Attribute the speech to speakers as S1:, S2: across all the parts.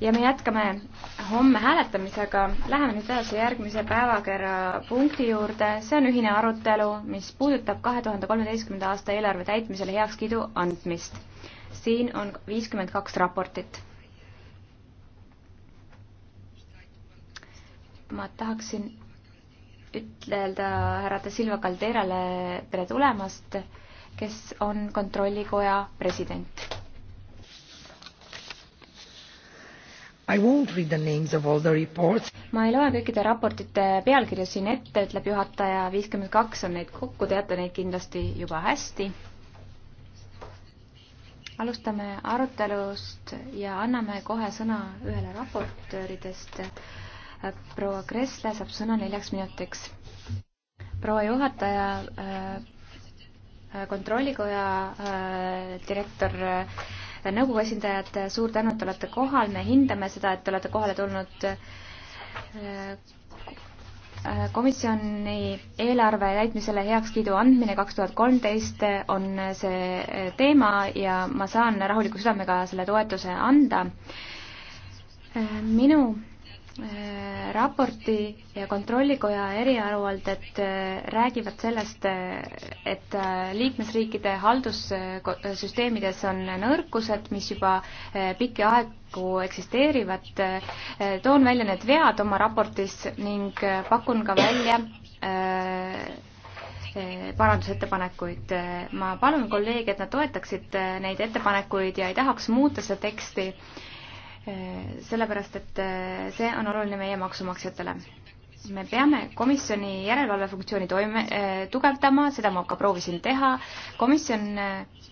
S1: ja me jätkame homme hääletamisega. Läheme nüüd edasi järgmise päevakorrapunkti juurde. see on ühine arutelu, mis puudutab kahe tuhande kolmeteistkümnenda aasta eelarve täitmisele heakskiidu andmist. siin on viiskümmend kaks raportit. ma tahaksin ütelda härra De Silva Calderale tere tulemast, kes on kontrollikoja president
S2: ma
S1: ei loe kõikide raportite pealkirju siin ette, ütleb juhataja, viiskümmend kaks on neid kokku, teate neid kindlasti juba hästi. alustame arutelust ja anname kohe sõna ühele raportööridest. proua Kressle saab sõna neljaks minutiks. proua juhataja, äh, kontrollikoja äh, direktor äh, nõukogu esindajad, suur tänu, et olete kohal, me hindame seda, et te olete kohale tulnud äh, komisjoni eelarve täitmisele heakskiidu andmine kaks tuhat kolmteist on see äh, teema ja ma saan rahuliku südamega selle toetuse anda. Äh, minu Äh, raporti ja Kontrollikoja eriaruanded äh, räägivad sellest, äh, et liikmesriikide haldussüsteemides on nõrkused, mis juba pikki aegu eksisteerivad. toon välja need vead oma raportis ning pakun ka välja parandusettepanekuid. ma palun kolleege, et nad toetaksid neid ettepanekuid ja ei tahaks muuta seda teksti sellepärast, et eh, see on oluline meie maksumaksjatele. me peame komisjoni järelevalvefunktsiooni toime, eh, tugevdama, seda ma ka proovisin teha, komisjon eh,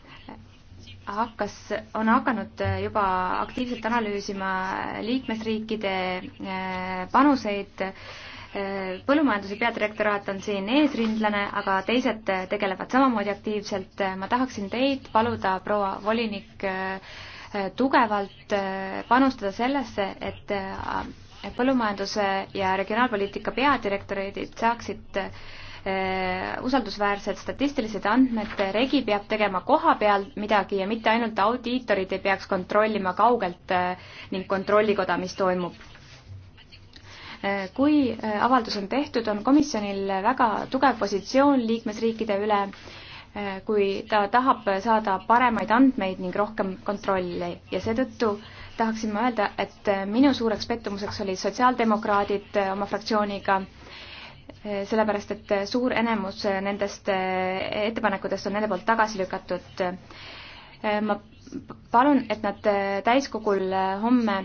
S1: hakkas, on hakanud juba aktiivselt analüüsima liikmesriikide panuseid, põllumajanduse peadirektoraat on siin eesrindlane, aga teised tegelevad samamoodi aktiivselt. ma tahaksin teid paluda, proua volinik, tugevalt äh, panustada sellesse, et äh, põllumajanduse ja regionaalpoliitika peadirektoreidid saaksid äh, usaldusväärsed statistilised andmed, regi peab tegema koha peal midagi ja mitte ainult audiitorid ei peaks kontrollima kaugelt ning kontrollikoda, mis toimub kui avaldus on tehtud, on komisjonil väga tugev positsioon liikmesriikide üle kui ta tahab saada paremaid andmeid ning rohkem kontrolli ja seetõttu tahaksin ma öelda, et minu suureks pettumuseks olid sotsiaaldemokraadid oma fraktsiooniga, sellepärast et suur enamus nendest ettepanekutest on nende poolt tagasi lükatud. ma palun, et nad täiskogul homme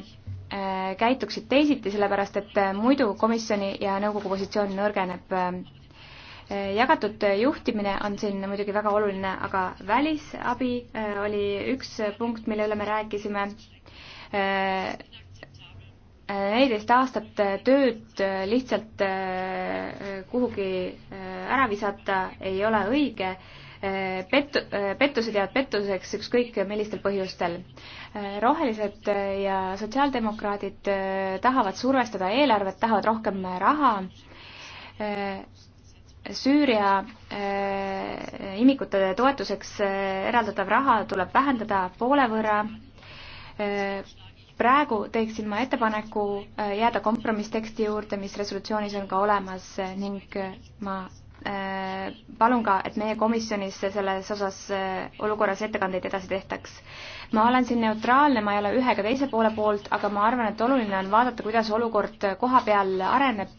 S1: käituksid teisiti, sellepärast et muidu komisjoni ja nõukogu positsioon nõrgeneb Eh, jagatud eh, juhtimine on siin muidugi väga oluline, aga välisabi eh, oli üks punkt, mille üle me rääkisime. neliteist aastat tööd lihtsalt kuhugi ära visata ei ole õige pet-, pettused jäävad pettuseks ükskõik millistel põhjustel. rohelised ja sotsiaaldemokraadid tahavad survestada eelarvet, tahavad rohkem raha Süüria äh, imikute toetuseks äh, eraldatav raha tuleb vähendada poole võrra äh,. praegu teeksin ma ettepaneku äh, jääda kompromissteksti juurde, mis resolutsioonis on ka olemas äh, ning äh, ma Äh, palun ka, et meie komisjonis selles osas äh, olukorras ettekandeid edasi tehtaks. ma olen siin neutraalne, ma ei ole ühe ega teise poole poolt, aga ma arvan, et oluline on vaadata, kuidas olukord koha peal areneb,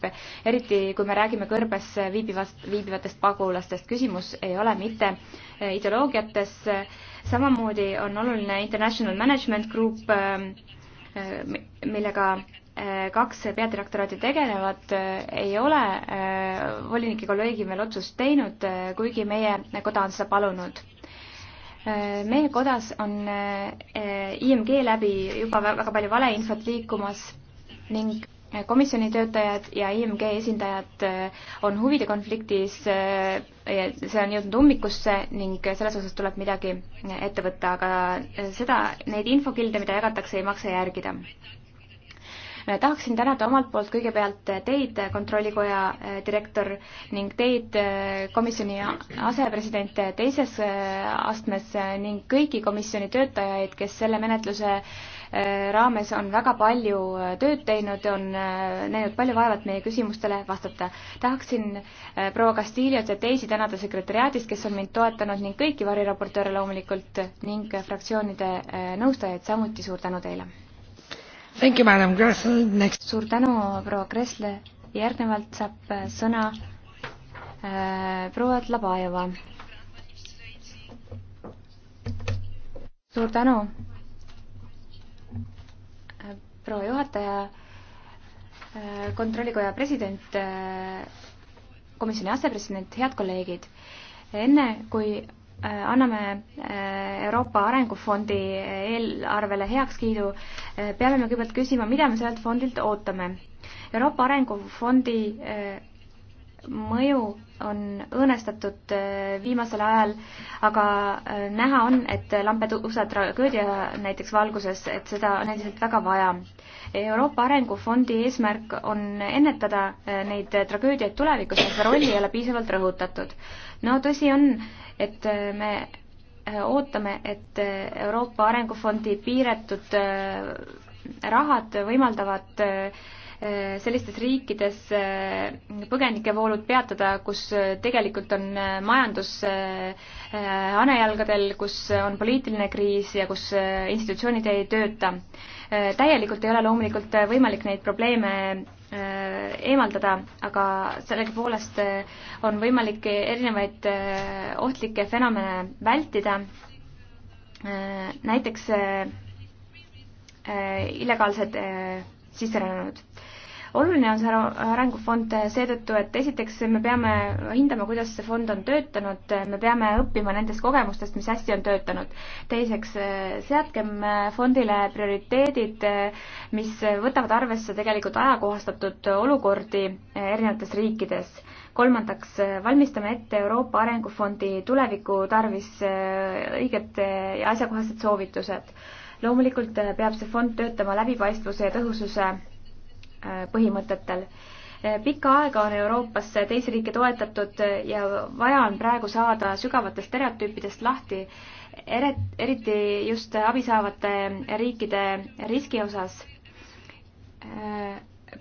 S1: eriti kui me räägime kõrbes viibivast, viibivatest pagulastest. küsimus ei ole mitte äh, ideoloogiates, samamoodi on oluline International Management Group, millega kaks peadirektoraati tegelevad, eh, ei ole eh, volinike kolleegium veel otsust teinud, eh, kuigi meie koda on seda palunud. meie kodas on IMG läbi juba väga palju valeinfot liikumas ning komisjoni töötajad ja IMG esindajad on huvide konfliktis, see on jõudnud ummikusse ning selles osas tuleb midagi ette võtta, aga seda, neid infokilde, mida jagatakse, ei maksa järgida Äh, tahaksin tänada omalt poolt kõigepealt äh, teid, äh, Kontrollikoja direktor, ning teid, komisjoni asepresident teises astmes ning kõiki komisjoni töötajaid, kes selle menetluse raames on väga palju tööd teinud, on näinud palju vaevat meie küsimustele vastata. tahaksin proua Castillo't ja teisi tänada sekretäriaadist, kes on mind toetanud ning kõiki variraportööre loomulikult ning fraktsioonide nõustajaid samuti suur tänu teile suur tänu, proua Kressle. järgnevalt saab äh, sõna äh, proua Tlabajeva. suur tänu, äh, proua juhataja äh,, kontrollikoja president äh,, komisjoni asepresident, head kolleegid. enne kui Äh, anname äh, Euroopa Arengufondi eelarvele heakskiidu, äh, peame me kõigepealt küsima, mida me sellelt fondilt ootame. Euroopa Arengufondi mõju on õõnestatud viimasel ajal, aga näha on, et Lampedusa tragöödia näiteks valguses, et seda on endiselt väga vaja. Euroopa Arengufondi eesmärk on ennetada neid tragöödiaid tulevikus, et see roll ei ole piisavalt rõhutatud no tõsi on, et äh, me äh, ootame, et äh, Euroopa Arengufondi piiratud rahad võimaldavad sellistes riikides põgenikevoolud peatada, kus tegelikult on majandus hanejalgadel, kus on poliitiline kriis ja kus institutsioonid ei tööta. täielikult ei ole loomulikult võimalik neid probleeme Äh, eemaldada, aga sellegipoolest äh, on võimalik erinevaid äh, ohtlikke fenomene vältida. näiteks illegaalsed sisserännanud oluline on see arengufond eh, seetõttu, et esiteks me peame hindama, kuidas see fond on töötanud, eh, me peame õppima nendest kogemustest, mis hästi on töötanud. teiseks, eh, seadkem fondile prioriteedid, mis võtavad arvesse tegelikult ajakohastatud olukordi erinevates riikides kolmandaks, valmistame ette Euroopa Arengufondi tuleviku tarvis õiged ja asjakohased soovitused. loomulikult peab see fond töötama läbipaistvuse ja tõhususe Äh, põhimõtetel. Äh, pikka aega on Euroopas teisi riike toetatud äh, ja vaja on praegu saada sügavatest stereotüüpidest lahti, eriti just abi saavate riikide riski osas.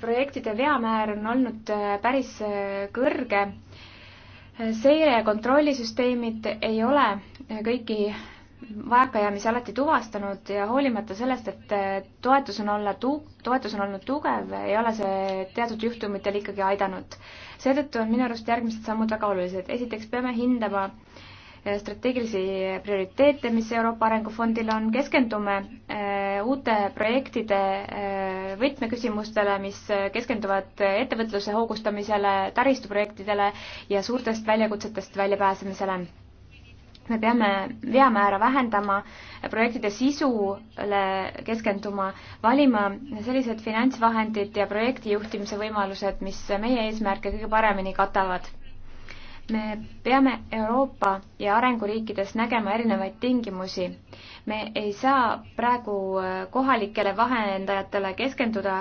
S1: projektide veamäär on olnud päris kõrge seire- ja kontrollisüsteemid ei ole kõiki vajakajäämisi alati tuvastanud ja hoolimata sellest, et eh, toetus on olla tu-, toetus on olnud tugev, ei ole see teatud juhtumitel ikkagi aidanud. seetõttu on minu arust järgmised sammud väga olulised. esiteks peame hindama eh, strateegilisi prioriteete, mis Euroopa Arengufondil on, keskendume eh, uute projektide võtmeküsimustele, mis keskenduvad ettevõtluse hoogustamisele, taristuprojektidele ja suurtest väljakutsetest väljapääsemisele me peame veamäära vähendama, projektide sisule keskenduma, valima sellised finantsvahendid ja projektijuhtimise võimalused, mis meie eesmärke kõige paremini katavad. me peame Euroopa ja arenguriikides nägema erinevaid tingimusi. me ei saa praegu kohalikele vahendajatele keskenduda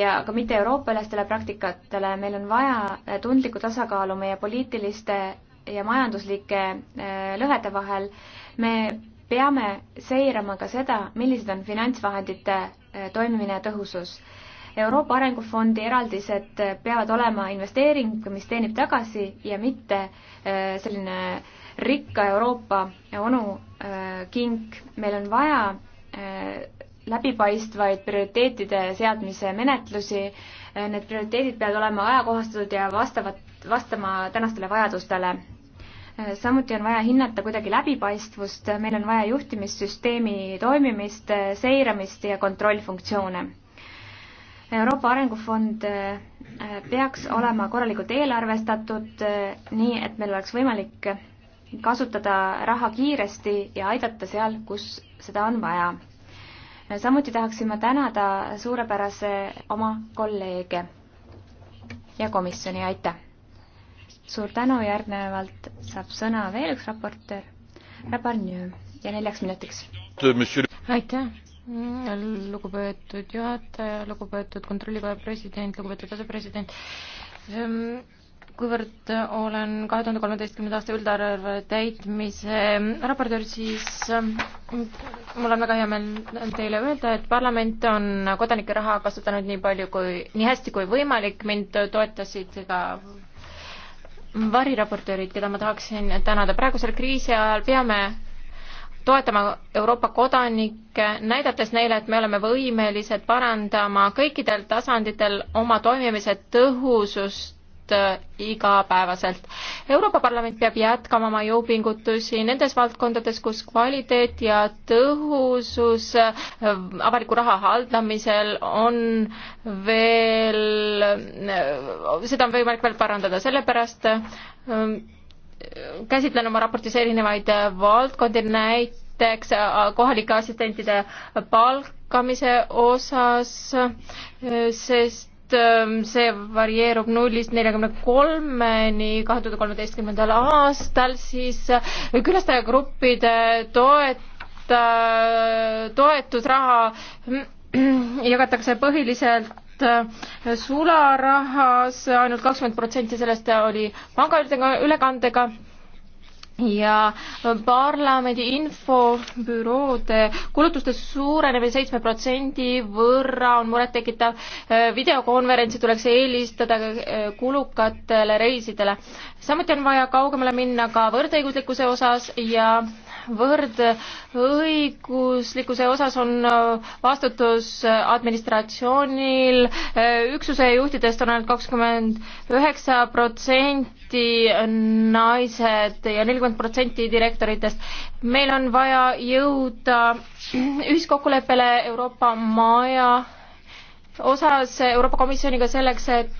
S1: ja ka mitte eurooplastele praktikatele, meil on vaja tundlikku tasakaalu meie poliitiliste ja majanduslike äh, lõhede vahel, me peame seirama ka seda, millised on finantsvahendite äh, toimimine ja tõhusus. Euroopa Arengufondi eraldised peavad olema investeering, mis teenib tagasi ja mitte äh, selline rikka Euroopa onu kink. meil on vaja läbipaistvaid prioriteetide seadmise menetlusi, need prioriteedid peavad olema ajakohastatud ja vastavad, vastama tänastele vajadustele samuti on vaja hinnata kuidagi läbipaistvust, meil on vaja juhtimissüsteemi toimimist, seiramist ja kontrollfunktsioone. Euroopa Arengufond äh, peaks olema korralikult eelarvestatud, äh, nii et meil oleks võimalik kasutada raha kiiresti ja aidata seal, kus seda on vaja. samuti tahaksin ma tänada suurepärase oma kolleege ja komisjoni, aitäh! suur tänu, järgnevalt saab sõna veel üks
S2: raportöör, Rabarnjõ ja neljaks minutiks. aitäh, lugupeetud juhataja, lugupeetud kontrollikoja president, lugupeetud asepresident. Ehm, kuivõrd olen kahe tuhande kolmeteistkümnenda aasta üldarve täitmise raportöör, siis ehm, mul on väga hea meel teile öelda, et parlament on kodanike raha kasutanud nii palju kui, nii hästi kui võimalik, mind toetasid ka variraportöörid, keda ma tahaksin tänada. praegusel kriisi ajal peame toetama Euroopa kodanikke, näidates neile, et me oleme võimelised parandama kõikidel tasanditel oma toimimise tõhusust Äh, igapäevaselt. Euroopa Parlament peab jätkama oma jõupingutusi nendes valdkondades, kus kvaliteet ja tõhusus äh, avaliku raha haldamisel on veel, äh, seda on võimalik veel parandada, sellepärast käsitlen oma raportis erinevaid valdkondi, näiteks kohalike assistentide palkamise osas, sest Ähm, see varieerub nullist neljakümne kolmeni kahe tuhande kolmeteistkümnendal aastal, siis äh, külastajagruppide toet-, äh, toetusraha jagatakse põhiliselt äh, sularahas ainult kakskümmend protsenti sellest oli pangaülekandega ja parlamendi infobüroode kulutuste suurenemine seitsme protsendi võrra on murettekitav. Äh, videokonverentsi tuleks eelistada äh, kulukatele reisidele. samuti on vaja kaugemale minna ka võrdõiguslikkuse osas ja võrdõiguslikkuse osas on äh, vastutus äh, administratsioonil, äh, üksuse juhtidest on ainult kakskümmend üheksa protsenti naised ja nelikümmend protsenti direktoritest. meil on vaja jõuda ühiskokkuleppele Euroopa Maja osas Euroopa Komisjoniga selleks, et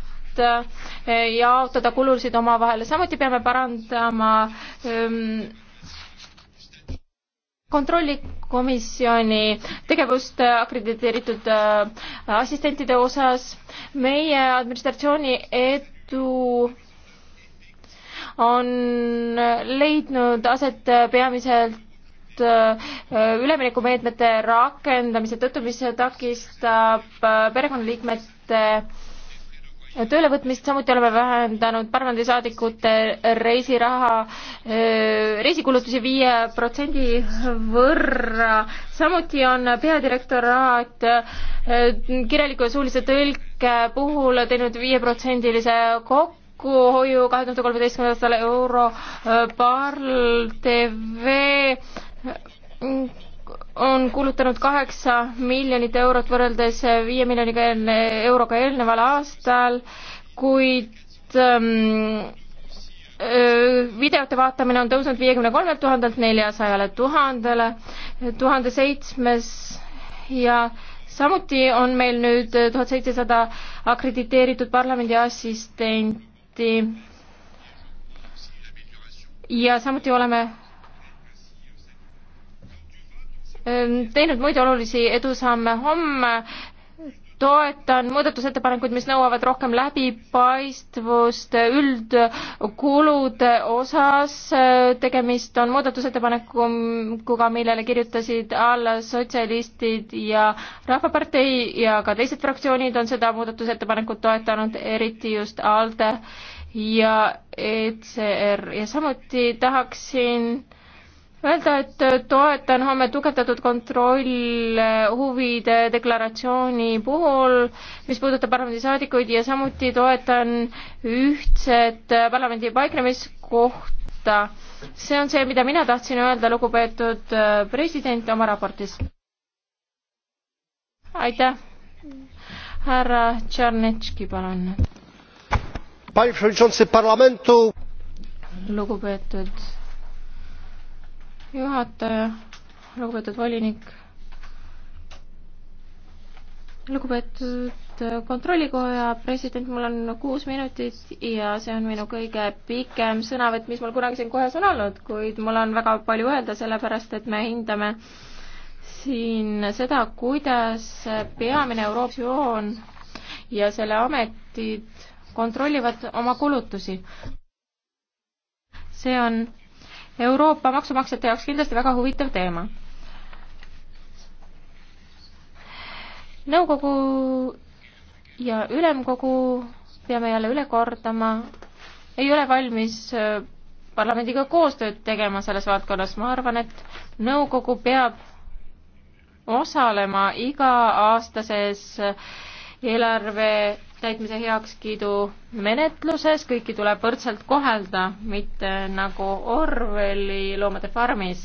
S2: jaotada kulusid omavahel, samuti peame parandama öö, ähm, kontrollikomisjoni tegevust akrediteeritud äh, assistentide osas. meie administratsiooni edu on leidnud aset peamiselt äh, üleminekumeetmete rakendamise tõttu, mis takistab äh, perekonnaliikmete töölevõtmist, samuti oleme vähendanud parlamendisaadikute reisiraha, reisikulutusi viie protsendi võrra, samuti on peadirektoraat kirjaliku ja suulise tõlke puhul teinud viieprotsendilise kokku, kokkuhoiu kahe tuhande kolmeteistkümnenda aastal Euro Parl TV on kulutanud kaheksa miljonit eurot võrreldes viie miljoniga eelne, euroga eelneval aastal, kuid ähm, videote vaatamine on tõusnud viiekümne kolmelt tuhandelt neljasajale tuhandele, tuhande seitsmes ja samuti on meil nüüd tuhat seitsesada akrediteeritud parlamendi assistenti. ja samuti oleme Ehm, teinud muid olulisi edusamme. homme toetan muudatusettepanekuid, mis nõuavad rohkem läbipaistvust üldkulude osas. tegemist on muudatusettepanekuga, millele kirjutasid alla sotsialistid ja Rahvapartei ja ka teised fraktsioonid on seda muudatusettepanekut toetanud, eriti just ALDE ja ECR ja samuti tahaksin öelda, et äh, toetan homme tugevdatud kontroll äh, huvide deklaratsiooni puhul, mis puudutab parlamendisaadikuid ja samuti toetan ühtset äh, parlamendi paiknemiskohta. see on see, mida mina tahtsin öelda, lugupeetud president, oma raportis. aitäh. härra Tšernetški, palun. lugupeetud juhataja, lugupeetud volinik, lugupeetud kontrollikoja president, mul on kuus minutit ja see on minu kõige pikem sõnavõtt, mis mul kunagi siin kojas on olnud, kuid mul on väga palju öelda, sellepärast et me hindame siin seda, kuidas peamine Euroopa joon ja selle ametid kontrollivad oma kulutusi. see on Euroopa maksumaksjate jaoks kindlasti väga huvitav teema. nõukogu ja ülemkogu, peame jälle üle kordama, ei ole valmis äh, parlamendiga koostööd tegema selles valdkonnas, ma arvan, et nõukogu peab osalema iga-aastases äh, eelarve täitmise heakskiidu menetluses, kõiki tuleb võrdselt kohelda, mitte nagu Orwelli Loomade farmis,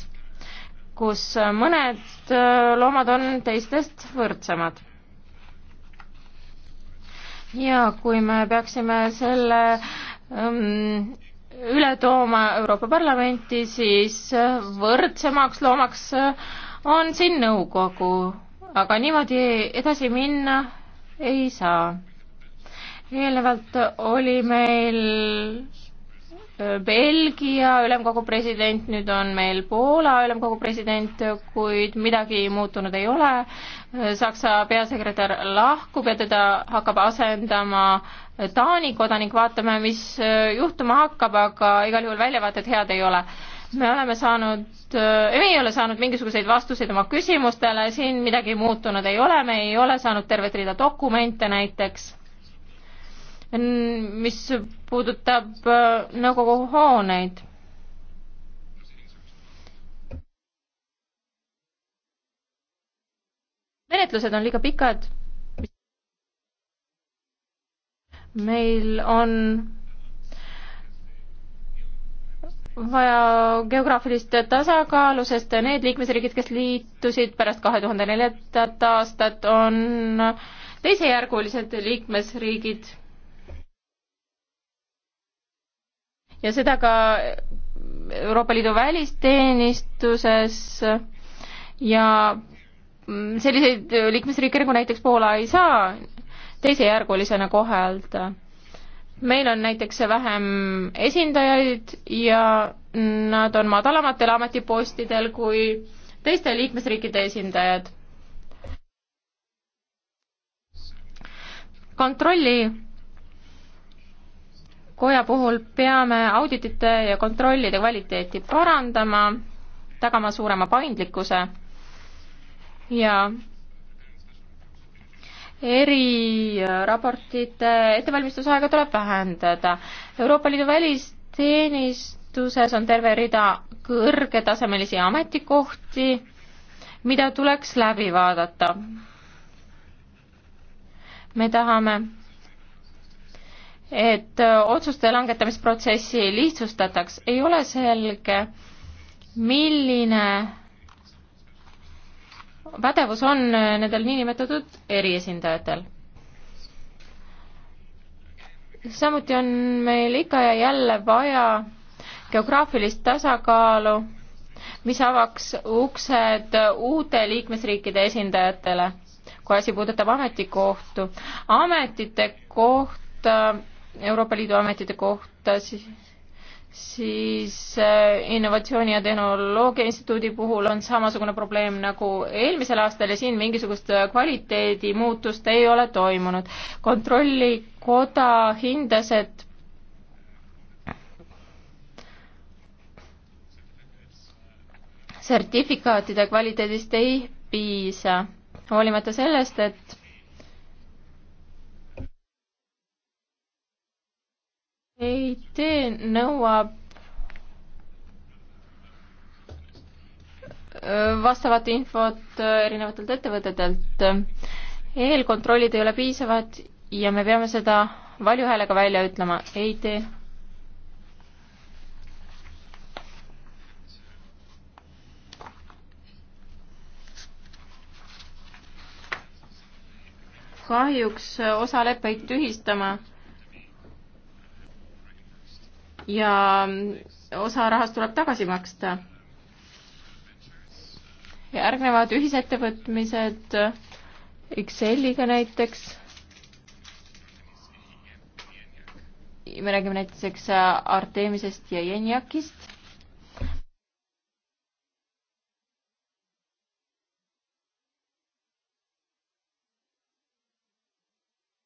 S2: kus mõned äh, loomad on teistest võrdsemad. ja kui me peaksime selle um, üle tooma Euroopa Parlamenti, siis äh, võrdsemaks loomaks äh, on siin nõukogu, aga niimoodi edasi minna ei saa eelnevalt oli meil äh, Belgia ülemkogu president, nüüd on meil Poola ülemkogu president, kuid midagi muutunud ei ole. Äh, Saksa peasekretär lahkub ja teda hakkab asendama äh, Taani kodanik, vaatame, mis juhtuma hakkab, aga igal juhul väljavaated head ei ole me oleme saanud, me ei ole saanud mingisuguseid vastuseid oma küsimustele, siin midagi muutunud ei ole, me ei ole saanud tervet rida dokumente näiteks mis puudutab äh, nõukogu hooneid. menetlused on liiga pikad. meil on vaja geograafilist tasakaalu, sest need liikmesriigid, kes liitusid pärast kahe tuhande neljandat aastat, on teisejärgulised liikmesriigid. ja seda ka Euroopa Liidu välisteenistuses ja selliseid liikmesriike nagu näiteks Poola ei saa teisejärgulisena kohelda. meil on näiteks vähem esindajaid ja nad on madalamatel ametipostidel kui teiste liikmesriikide esindajad. kontrolli koja puhul peame auditite ja kontrollide kvaliteeti parandama, tagama suurema paindlikkuse ja eriraportite äh, ettevalmistusaega tuleb vähendada. Euroopa Liidu välisteenistuses on terve rida kõrgetasemelisi ametikohti, mida tuleks läbi vaadata. me tahame et äh, otsuste langetamisprotsessi lihtsustataks, ei ole selge, milline pädevus on äh, nendel niinimetatud eriesindajatel. samuti on meil ikka ja jälle vaja geograafilist tasakaalu, mis avaks uksed uute liikmesriikide esindajatele, kui asi puudutab ametikohtu. ametite kohta äh, Euroopa Liidu ametite kohta, siis äh, Innovatsiooni ja Tehnoloogia Instituudi puhul on samasugune probleem nagu eelmisel aastal ja siin mingisugust kvaliteedi muutust ei ole toimunud. kontrollikoda hindas, et sertifikaatide kvaliteedist ei piisa, hoolimata sellest, et ei tee, nõuab vastavat infot erinevatelt ettevõtetelt. eelkontrollid ei ole piisavad ja me peame seda valjuhäälega välja ütlema, ei tee. kahjuks osa leppeid tühistama ja osa rahast tuleb tagasi maksta. järgnevad ühisettevõtmised Exceliga näiteks. me räägime näiteks Artemisest ja Jenjakist.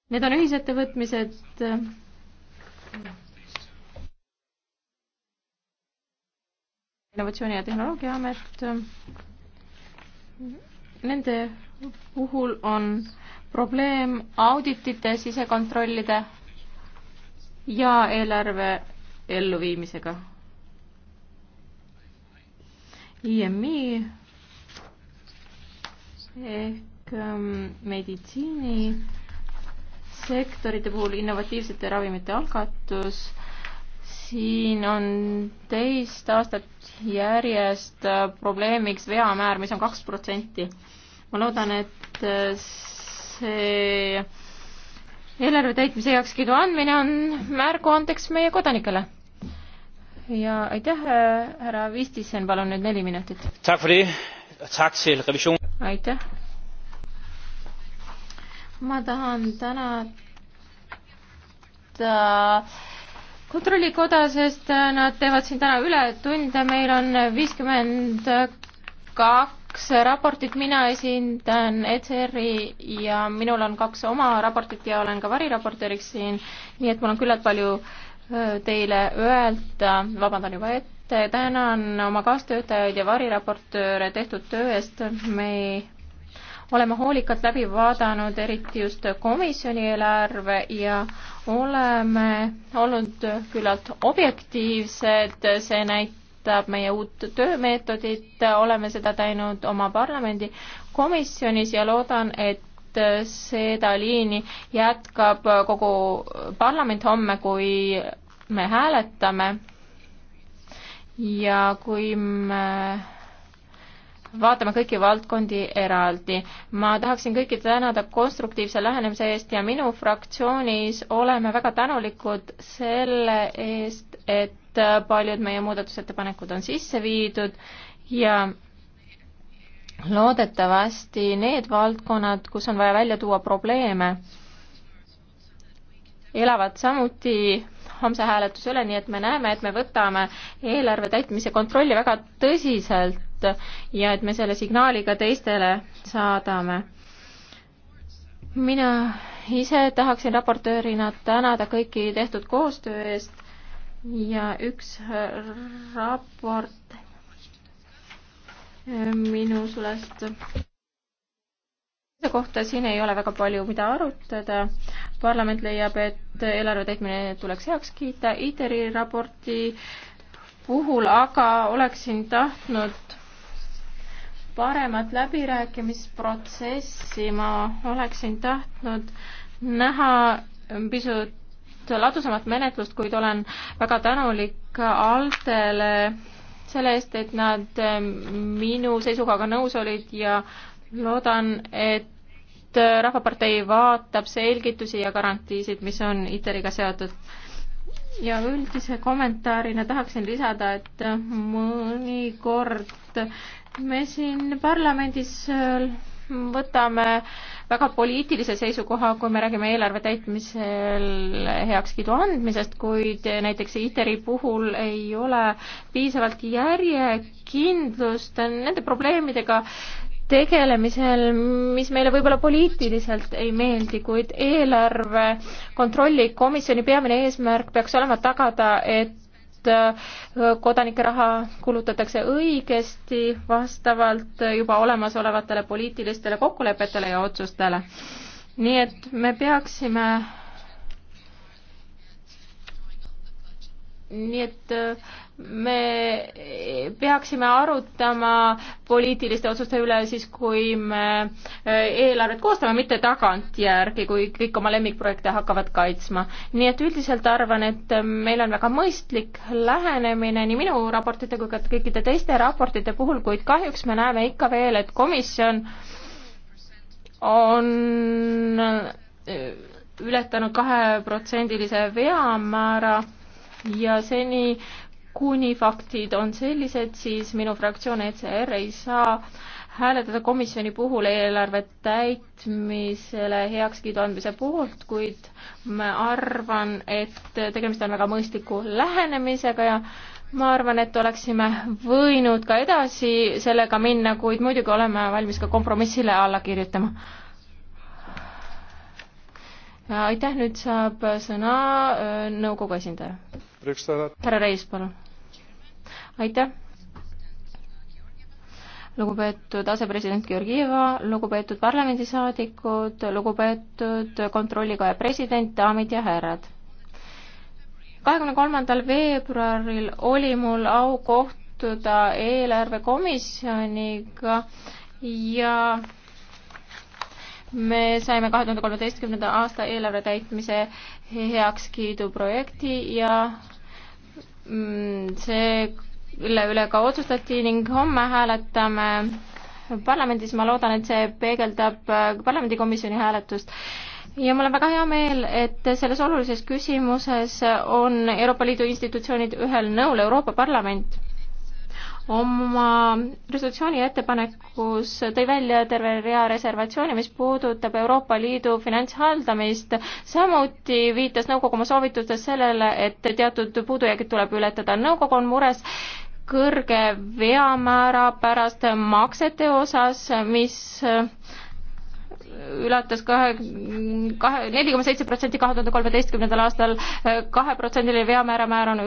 S2: Need on ühisettevõtmised innovatsiooni ja tehnoloogiaamet. Nende puhul on probleem auditite, sisekontrollide ja eelarve elluviimisega. IMI ehk ähm, meditsiinisektorite puhul innovatiivsete ravimite algatus siin on teist aastat järjest äh, probleemiks veamäär, mis on kaks protsenti. ma loodan, et äh, see eelarve täitmise heakskiidu andmine on märguandeks meie kodanikele. ja aitäh, äh, härra Vistisen, palun nüüd neli minutit. aitäh. ma tahan tänada kontrollikoda, sest äh, nad teevad siin täna ületunde, meil on viiskümmend kaks raportit, mina esindan ECR-i ja minul on kaks oma raportit ja olen ka variraportööriks siin, nii et mul on küllalt palju äh, teile öelda, vabandan juba ette, tänan oma kaastöötajaid ja variraportööre tehtud töö eest, me oleme hoolikalt läbi vaadanud eriti just komisjoni eelarve ja oleme olnud küllalt objektiivsed, see näitab meie uut töömeetodit, oleme seda teinud oma parlamendi komisjonis ja loodan, et seda liini jätkab kogu parlament homme, kui me hääletame ja kui me vaatama kõiki valdkondi eraldi. ma tahaksin kõiki tänada konstruktiivse lähenemise eest ja minu fraktsioonis oleme väga tänulikud selle eest, et paljud meie muudatusettepanekud on sisse viidud ja loodetavasti need valdkonnad, kus on vaja välja tuua probleeme, elavad samuti homse hääletuse üle, nii et me näeme, et me võtame eelarve täitmise kontrolli väga tõsiselt infot ja et me selle signaali ka teistele saadame. mina ise tahaksin raportöörina tänada kõiki tehtud koostöö eest ja üks raport minu sulest selle kohta siin ei ole väga palju, mida arutada. parlament leiab, et eelarve täitmine tuleks heaks kiita. ITER-i raporti puhul aga oleksin tahtnud paremat läbirääkimisprotsessi ma oleksin tahtnud näha pisut ladusamat menetlust, kuid olen väga tänulik Altele selle eest, et nad eh, minu seisukohaga nõus olid ja loodan, et Rahvapartei vaatab selgitusi ja garantiisid, mis on ITER-iga seotud ja üldise kommentaarina tahaksin lisada, et mõnikord me siin parlamendis äh, võtame väga poliitilise seisukoha, kui me räägime eelarve täitmisel heakskiidu andmisest, kuid näiteks ITER-i puhul ei ole piisavalt järjekindlust nende probleemidega, tegelemisel, mis meile võib-olla poliitiliselt ei meeldi, kuid eelarve kontrolli komisjoni peamine eesmärk peaks olema tagada, et äh, kodanike raha kulutatakse õigesti vastavalt juba olemasolevatele poliitilistele kokkulepetele ja otsustele. nii et me peaksime nii et äh, me peaksime arutama poliitiliste otsuste üle siis, kui me eh, eelarvet koostame, mitte tagantjärgi, kui kõik oma lemmikprojekte hakkavad kaitsma. nii et üldiselt arvan, et meil on väga mõistlik lähenemine nii minu raportite kui ka kõikide teiste raportite puhul, kuid kahjuks me näeme ikka veel, et komisjon on eh, ületanud kaheprotsendilise veamäära ja seni äh, kuni faktid on sellised, siis minu fraktsioon ECR ei saa hääletada komisjoni puhul eelarve täitmisele heakskiidu andmise poolt, kuid ma arvan, et tegemist on väga mõistliku lähenemisega ja ma arvan, et oleksime võinud ka edasi sellega minna, kuid muidugi oleme valmis ka kompromissile alla kirjutama. aitäh, nüüd saab sõna äh, nõukogu esindaja. härra Reis, palun aitäh! lugupeetud asepresident Georgieva, lugupeetud parlamendisaadikud, lugupeetud kontrollikoja president, daamid ja härrad. kahekümne kolmandal veebruaril oli mul au kohtuda eelarvekomisjoniga ja me saime kahe tuhande kolmeteistkümnenda aasta eelarve täitmise heakskiidu projekti ja mm, see mille üle ka otsustati ning homme hääletame parlamendis, ma loodan, et see peegeldab äh, parlamendikomisjoni hääletust ja mul on väga hea meel, et selles olulises küsimuses on Euroopa Liidu institutsioonid ühel nõul, Euroopa Parlament oma resolutsiooni ettepanekus tõi välja terve rea reservatsioone, mis puudutab Euroopa Liidu finantshaldamist. samuti viitas nõukogu oma soovitustes sellele, et teatud puudujäägid tuleb ületada. nõukogu on mures kõrge veamäära pärast maksete osas, mis äh, ületas kahe, kahe, neli koma seitse protsenti kahe tuhande kolmeteistkümnendal aastal, äh, kaheprotsendiline veamäära määr on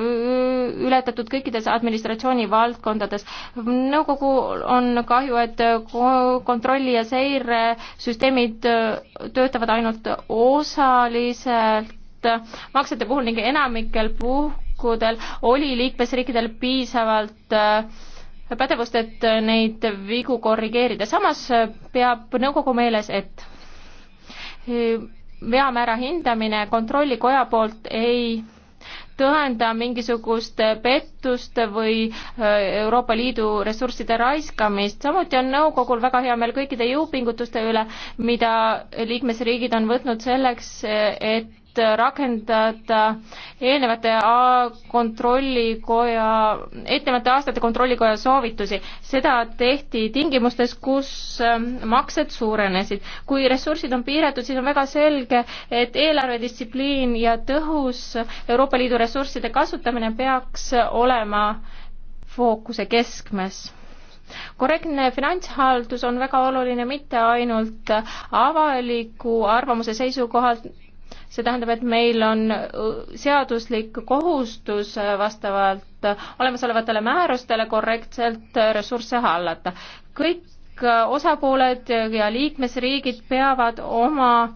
S2: ületatud kõikides administratsiooni valdkondades. nõukogu on kahju, et kontrolli ja seiresüsteemid äh, töötavad ainult osaliselt maksete puhul ning enamikel puhkudel puhkudel oli liikmesriikidel piisavalt äh, pädevust, et äh, neid vigu korrigeerida. samas äh, peab nõukogu meeles, et veamäära hindamine kontrollikoja poolt ei tõenda mingisugust pettust või Euroopa Liidu ressursside raiskamist. samuti on nõukogul väga hea meel kõikide jõupingutuste üle, mida liikmesriigid on võtnud selleks, et et rakendada eelnevate kontrollikoja, eelnevate aastate kontrollikoja soovitusi. seda tehti tingimustes, kus ähm, maksed suurenesid. kui ressursid on piiratud, siis on väga selge, et eelarvedistsipliin ja tõhus Euroopa Liidu ressursside kasutamine peaks olema fookuse keskmes korrektne finantshaldus on väga oluline mitte ainult avaliku arvamuse seisukohalt, see tähendab, et meil on seaduslik kohustus vastavalt olemasolevatele määrustele korrektselt ressursse hallata. kõik osapooled ja liikmesriigid peavad oma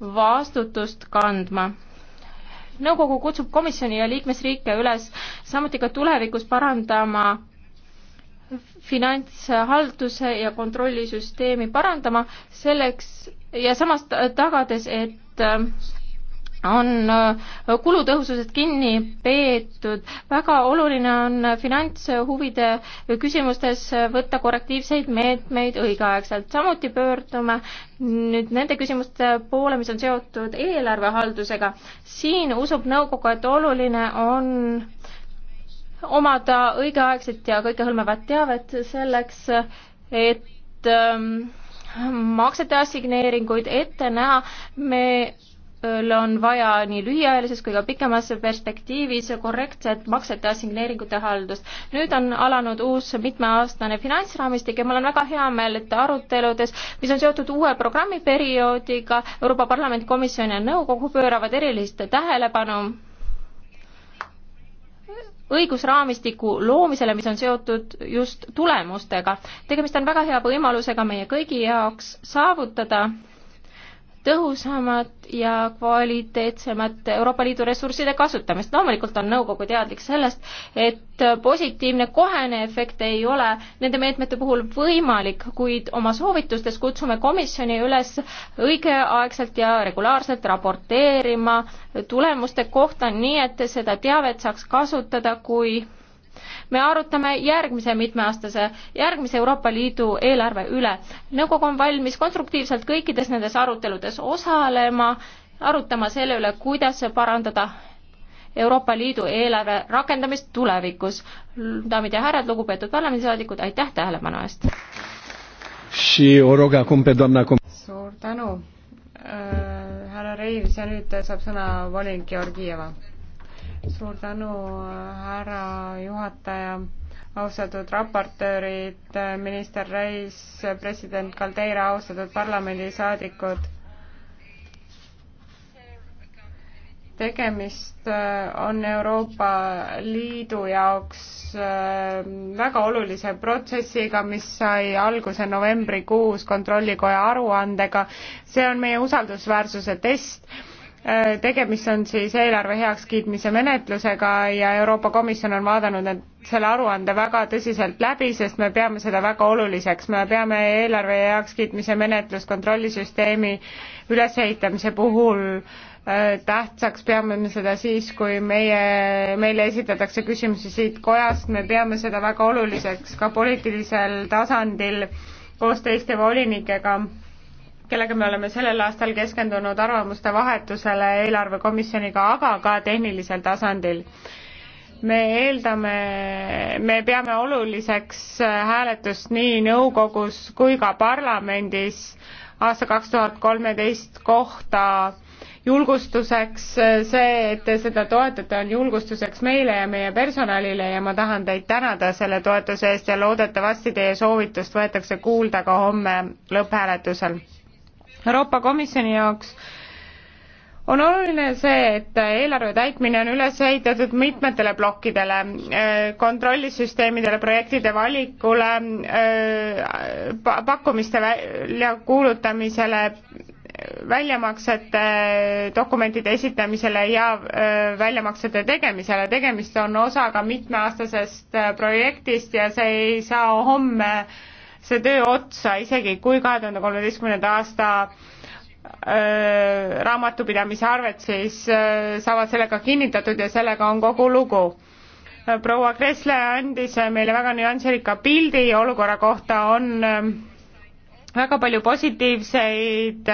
S2: vastutust kandma nõukogu kutsub komisjoni ja liikmesriike üles samuti ka tulevikus parandama finantshalduse ja kontrollisüsteemi parandama selleks ja samas tagades, et on äh, kulutõhususest kinni peetud. väga oluline on finantshuvide küsimustes võtta korrektiivseid meetmeid õigeaegselt. samuti pöördume nüüd nende küsimuste poole, mis on seotud eelarvehaldusega. siin usub nõukogu, et oluline on omada õigeaegset ja kõikehõlmavat teavet selleks, et ähm, maksete assigneeringuid ette näha. me on vaja nii lühiajalises kui ka pikemas perspektiivis korrektset maksete assigneeringute haldust. nüüd on alanud uus mitmeaastane finantsraamistik ja mul on väga hea meel, et aruteludes, mis on seotud uue programmiperioodiga, Euroopa Parlamendi komisjon ja nõukogu pööravad erilist tähelepanu õigusraamistiku loomisele, mis on seotud just tulemustega. tegemist on väga hea võimalusega meie kõigi jaoks saavutada tõhusamat ja kvaliteetsemat Euroopa Liidu ressursside kasutamist. loomulikult on nõukogu teadlik sellest, et positiivne kohene efekt ei ole nende meetmete puhul võimalik, kuid oma soovitustes kutsume komisjoni üles õigeaegselt ja regulaarselt raporteerima tulemuste kohta, nii et seda teavet saaks kasutada, kui me arutame järgmise mitmeaastase, järgmise Euroopa Liidu eelarve üle. nõukogu on valmis konstruktiivselt kõikides nendes aruteludes osalema, arutama selle üle, kuidas parandada Euroopa Liidu eelarve rakendamist tulevikus. daamid ja härrad, lugupeetud parlamendisaadikud,
S3: aitäh tähelepanu eest! suur tänu äh,, härra Reivs ja nüüd saab sõna volinik Georgieva suur tänu, härra juhataja, austatud raportöörid, minister Reis, president Caldeira, austatud parlamendisaadikud. tegemist äh, on Euroopa Liidu jaoks äh, väga olulise protsessiga, mis sai alguse novembrikuus Kontrollikoja aruandega. see on meie usaldusväärsuse test Äh, tegemist on siis eelarve heakskiitmise menetlusega ja Euroopa Komisjon on vaadanud need, selle aruande väga tõsiselt läbi, sest me peame seda väga oluliseks, me peame eelarve heakskiitmise menetluskontrollisüsteemi ülesehitamise puhul äh, tähtsaks peame me seda siis, kui meie, meile esitatakse küsimusi siit kojast, me peame seda väga oluliseks ka poliitilisel tasandil koos teiste volinikega kellega me oleme sellel aastal keskendunud arvamuste vahetusele eelarvekomisjoniga, aga ka tehnilisel tasandil. me eeldame, me peame oluliseks hääletust nii nõukogus kui ka parlamendis aasta kaks tuhat kolmeteist kohta julgustuseks, see, et te seda toetate, on julgustuseks meile ja meie personalile ja ma tahan teid tänada selle toetuse eest ja loodetavasti teie soovitust võetakse kuulda ka homme lõpphääletusel Euroopa Komisjoni jaoks on oluline see, et eelarve täitmine on üles ehitatud mitmetele plokkidele, äh, kontrollisüsteemidele, projektide valikule, äh, pakkumiste väljakuulutamisele, väljamaksete äh, dokumentide esitamisele ja väljamaksete tegemisele. tegemist on osaga mitmeaastasest projektist ja see ei saa homme see töö otsa, isegi kui kahe tuhande kolmeteistkümnenda aasta äh, raamatupidamise arved siis äh, saavad sellega kinnitatud ja sellega on kogu lugu äh,. proua Kressle andis meile väga nüansirikka pildi olukorra kohta, on väga palju positiivseid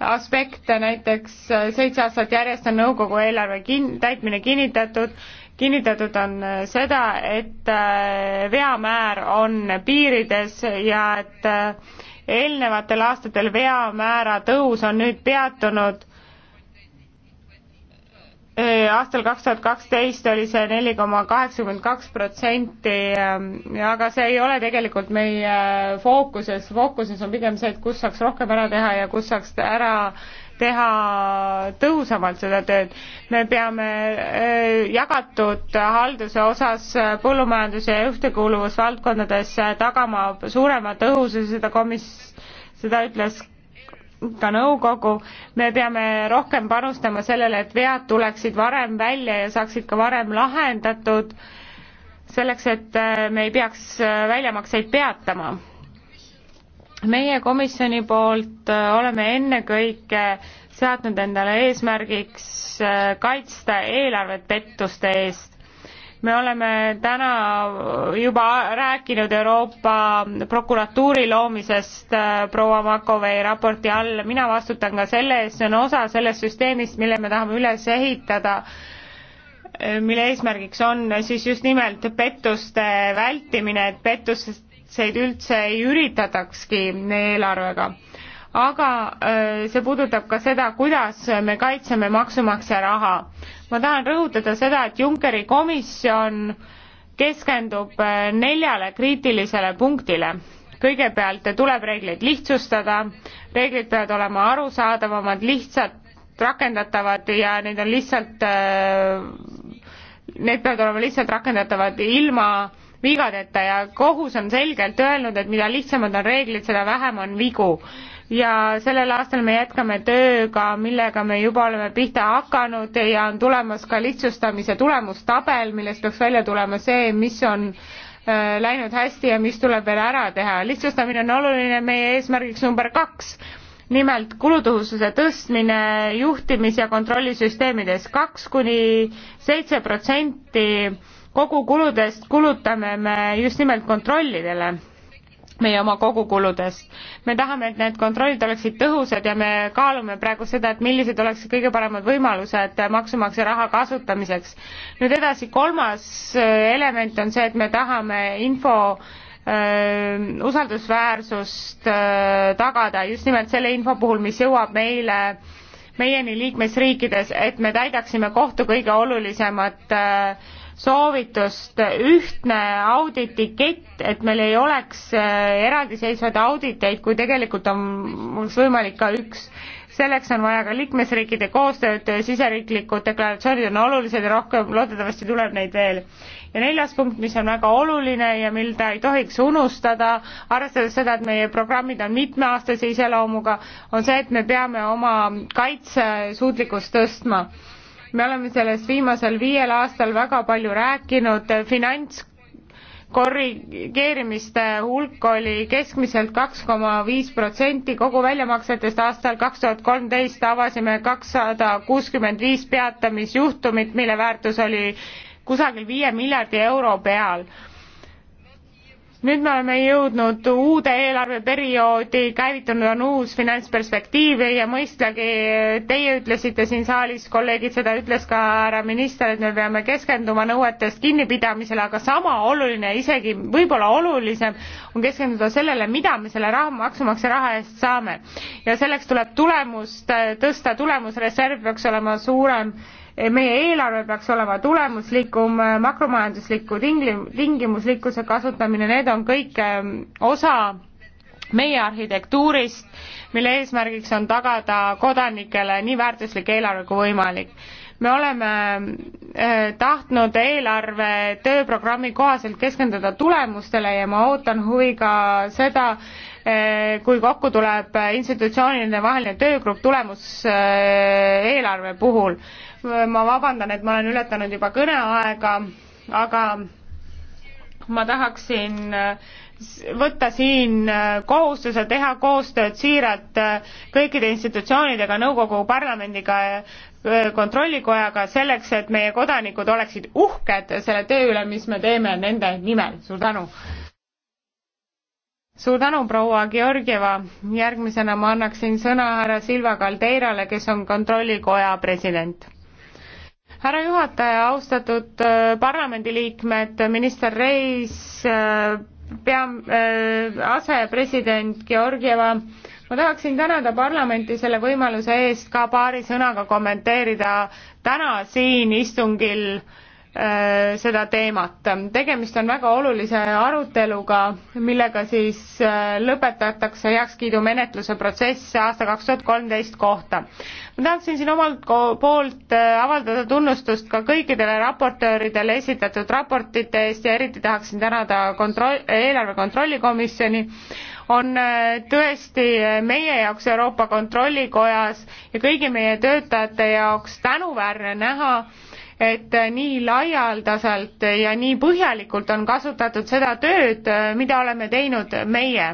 S3: aspekte, näiteks seitse aastat järjest on nõukogu eelarve kin-, täitmine kinnitatud, kinnitatud on seda, et äh, veamäär on piirides ja et äh, eelnevatel aastatel veamäära tõus on nüüd peatunud. Äh, aastal kaks tuhat kaksteist oli see neli koma kaheksakümmend kaks protsenti, ähm, aga see ei ole tegelikult meie fookuses, fookuses on pigem see, et kus saaks rohkem ära teha ja kus saaks ära teha tõhusamalt seda tööd. me peame äh, jagatud halduse osas äh, põllumajanduse ja ühtekuuluvusvaldkondades äh, tagama suurema tõhususe, seda komis-, seda ütles ka nõukogu, me peame rohkem panustama sellele, et vead tuleksid varem välja ja saaksid ka varem lahendatud, selleks et me ei peaks väljamakseid peatama meie komisjoni poolt äh, oleme ennekõike seadnud endale eesmärgiks äh, kaitsta eelarvet pettuste eest me oleme täna juba rääkinud Euroopa prokuratuuri loomisest äh, proua Makovei raporti all, mina vastutan ka selle eest, see on osa sellest süsteemist, mille me tahame üles ehitada, mille eesmärgiks on siis just nimelt pettuste vältimine, et pettustest seid üldse ei üritatakski eelarvega. aga äh, see puudutab ka seda, kuidas me kaitseme maksumaksja raha. ma tahan rõhutada seda, et Junckeri komisjon keskendub äh, neljale kriitilisele punktile kõigepealt tuleb reegleid lihtsustada, reeglid peavad olema arusaadavamad, lihtsalt rakendatavad ja need on lihtsalt, äh, need peavad olema lihtsalt rakendatavad ilma vigadeta ja kohus on selgelt öelnud, et mida lihtsamad on reeglid, seda vähem on vigu. ja sellel aastal me jätkame tööga, millega me juba oleme pihta hakanud ja on tulemas ka lihtsustamise tulemustabel, millest peaks välja tulema see, mis on äh, läinud hästi ja mis tuleb veel ära teha. lihtsustamine on oluline meie eesmärgiks number kaks, nimelt kulutõhususe tõstmine juhtimis- ja kontrollisüsteemides kaks kuni seitse protsenti kogukuludest kulutame me just nimelt kontrollidele meie oma kogukuludest. me tahame, et need kontrollid oleksid tõhusad ja me kaalume praegu seda, et millised oleksid kõige paremad võimalused maksumaksja raha kasutamiseks. nüüd edasi, kolmas äh, element on see, et me tahame info öö, äh, usaldusväärsust öö, äh, tagada just nimelt selle info puhul, mis jõuab meile meieni liikmesriikides, et me täidaksime kohtu kõige olulisemat äh, soovitust, ühtne auditikett, et meil ei oleks äh, eraldiseisvaid auditeid, kui tegelikult on, oleks võimalik ka üks. selleks on vaja ka liikmesriikide koostööd, siseriiklikud deklaratsioonid on olulised ja rohkem, loodetavasti tuleb neid veel. ja neljas punkt, mis on väga oluline ja mida ei tohiks unustada, arvestades seda, et meie programmid on mitmeaastase iseloomuga, on see, et me peame oma kaitsesuutlikkust tõstma me oleme sellest viimasel viiel aastal väga palju rääkinud, finants korrigeerimiste hulk oli keskmiselt kaks koma viis protsenti kogu väljamaksetest aastal kaks tuhat kolmteist avasime kakssada kuuskümmend viis peatamisjuhtumit, mille väärtus oli kusagil viie miljardi euro peal nüüd me oleme jõudnud uude eelarveperioodi, käivitunud on uus finantsperspektiiv ja mõistagi teie ütlesite siin saalis, kolleegid, seda ütles ka härra minister, et me peame keskenduma nõuetest kinnipidamisele, aga sama oluline, isegi võib-olla olulisem on keskenduda sellele, mida me selle raha, maksumaksja raha eest saame. ja selleks tuleb tulemust tõsta, tulemusreserv peaks olema suurem meie eelarve peaks olema tulemuslikum, makromajandusliku tingli-, tingimuslikkuse kasutamine, need on kõik ähm, osa meie arhitektuurist, mille eesmärgiks on tagada kodanikele nii väärtuslik eelarve kui võimalik. me oleme äh, tahtnud eelarve tööprogrammi kohaselt keskenduda tulemustele ja ma ootan huviga seda, äh, kui kokku tuleb institutsioonide vaheline töögrupp tulemuseelarve äh, puhul ma vabandan, et ma olen ületanud juba kõneaega, aga ma tahaksin äh, võtta siin äh, kohustuse teha koostööd siiralt äh, kõikide institutsioonidega, nõukogu, parlamendiga, kontrollikojaga, selleks et meie kodanikud oleksid uhked selle töö üle, mis me teeme nende nimel. suur tänu! suur tänu, proua Georgieva, järgmisena ma annaksin sõna härra Silva Caldeirale, kes on kontrollikoja president härra juhataja, austatud äh, parlamendiliikmed, minister Reis, äh, pea-, äh, asepresident Georgieva, ma tahaksin tänada parlamenti selle võimaluse eest ka paari sõnaga kommenteerida täna siin istungil äh, Äh, seda teemat. tegemist on väga olulise aruteluga, millega siis äh, lõpetatakse heakskiidumenetluse protsess aasta kaks tuhat kolmteist kohta. ma tahaksin siin omalt poolt äh, avaldada tunnustust ka kõikidele raportööridele esitatud raportite eest ja eriti tahaksin tänada kontroll, eelarve kontrolli komisjoni, on tõesti meie jaoks Euroopa Kontrollikojas ja kõigi meie töötajate jaoks tänuväärne näha, et nii laialdaselt ja nii põhjalikult on kasutatud seda tööd, mida oleme teinud meie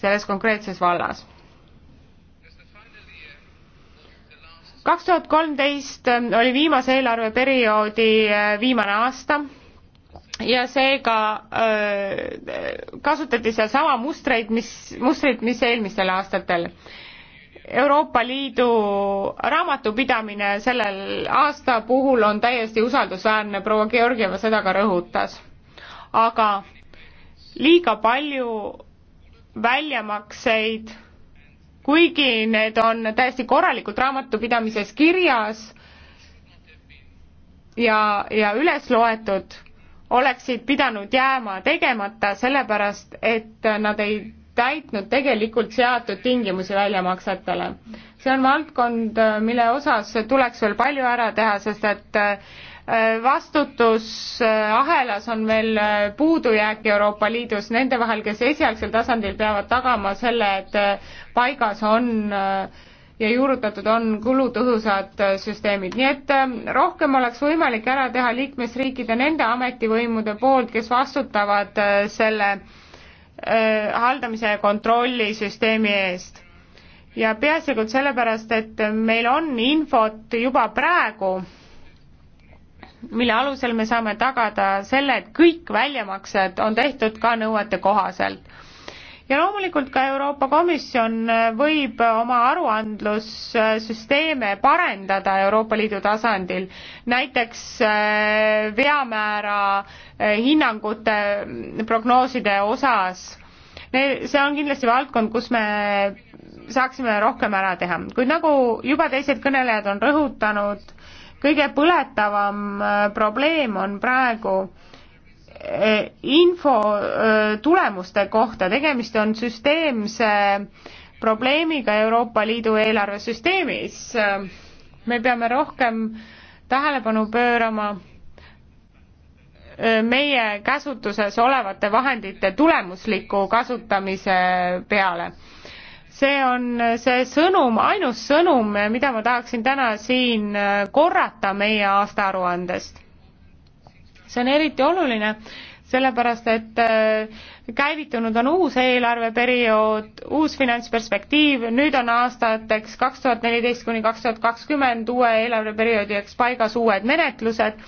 S3: selles konkreetses vallas. kaks tuhat kolmteist oli viimase eelarveperioodi äh, viimane aasta ja seega äh, kasutati seal sama mustreid, mis, mustreid, mis eelmistel aastatel Euroopa Liidu raamatupidamine sellel aasta puhul on täiesti usaldusväärne, proua Georgieva seda ka rõhutas. aga liiga palju väljamakseid, kuigi need on täiesti korralikult raamatupidamises kirjas ja, ja üles loetud, oleksid pidanud jääma tegemata, sellepärast et nad ei täitnud tegelikult seatud tingimusi väljamaksetele. see on valdkond, äh, mille osas tuleks veel palju ära teha, sest et äh, vastutusahelas äh, on veel puudujääk Euroopa Liidus nende vahel, kes esialgsel tasandil peavad tagama selle, et paigas on ja juurutatud on kulutõhusad süsteemid, nii et rohkem oleks võimalik ära teha liikmesriikide nende ametivõimude poolt, kes vastutavad selle Äh, haldamise ja kontrollisüsteemi eest. ja peaasjalikult sellepärast, et meil on infot juba praegu, mille alusel me saame tagada selle, et kõik väljamaksed on tehtud ka nõuete kohaselt ja loomulikult ka Euroopa Komisjon äh, võib äh, oma aruandlussüsteeme parendada Euroopa Liidu tasandil, näiteks äh, veamäära hinnangute mm, prognooside osas. see on kindlasti valdkond, kus me saaksime rohkem ära teha, kuid nagu juba teised kõnelejad on rõhutanud, kõige põletavam probleem on praegu äh, info tulemuste kohta, tegemist on süsteemse probleemiga Euroopa Liidu eelarvesüsteemis. me peame rohkem tähelepanu pöörama meie käsutuses olevate vahendite tulemusliku kasutamise peale. see on see sõnum, ainus sõnum, mida ma tahaksin täna siin korrata meie aastaaruandest see on eriti oluline, sellepärast et äh, käivitunud on uus eelarveperiood, uus finantsperspektiiv, nüüd on aastateks kaks tuhat neliteist kuni kaks tuhat kakskümmend uue eelarveperioodi jaoks paigas uued menetlused.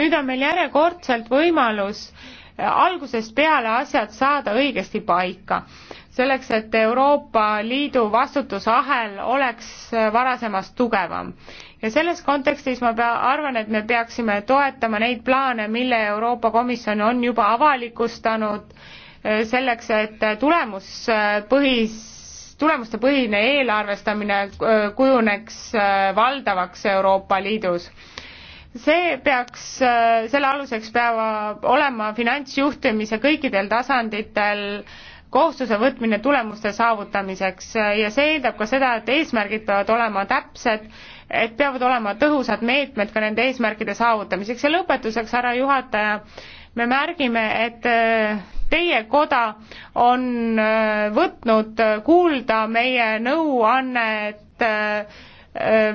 S3: nüüd on meil järjekordselt võimalus äh, algusest peale asjad saada õigesti paika, selleks et Euroopa Liidu vastutusahel oleks äh, varasemast tugevam ja selles kontekstis ma pea, arvan, et me peaksime toetama neid plaane, mille Euroopa Komisjon on juba avalikustanud eh, selleks, et tulemuspõhis, eh, tulemustepõhine eelarvestamine eh, kujuneks valdavaks Euroopa Liidus see peaks, selle aluseks peavad olema finantsjuhtimise kõikidel tasanditel kohustuse võtmine tulemuste saavutamiseks ja see eeldab ka seda, et eesmärgid peavad olema täpsed et peavad olema tõhusad meetmed ka nende eesmärkide saavutamiseks ja lõpetuseks, härra juhataja, me märgime, et äh, teie koda on äh, võtnud kuulda meie nõuannet äh,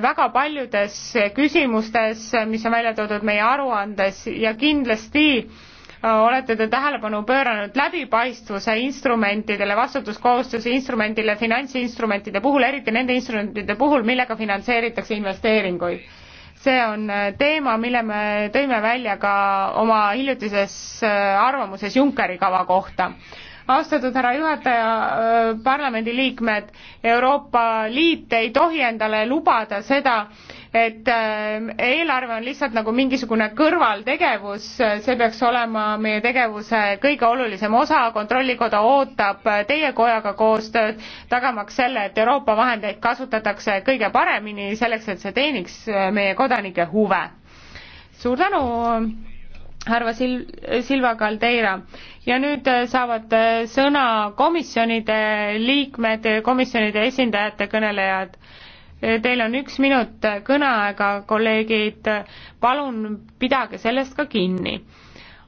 S3: väga paljudes küsimustes, mis on välja toodud meie aruandes ja kindlasti olete te tähelepanu pööranud läbipaistvuse instrumentidele, vastutuskohustuse instrumendile finantsinstrumentide puhul, eriti nende instrumentide puhul, millega finantseeritakse investeeringuid. see on äh, teema, mille me tõime välja ka oma hiljutises äh, arvamuses Junckeri kava kohta austatud härra juhataja, äh, parlamendiliikmed, Euroopa Liit ei tohi endale lubada seda, et äh, eelarve on lihtsalt nagu mingisugune kõrvaltegevus, see peaks olema meie tegevuse kõige olulisem osa, Kontrollikoda ootab äh, teie kojaga koostööd, tagamaks selle, et Euroopa vahendeid kasutatakse kõige paremini, selleks et see teeniks meie kodanike huve. suur tänu härra Sil-, Silva Caldeira. ja nüüd äh, saavad äh, sõna komisjonide liikmed, komisjonide esindajate kõnelejad. Äh, teil on üks minut kõneaega, kolleegid, palun pidage sellest ka kinni.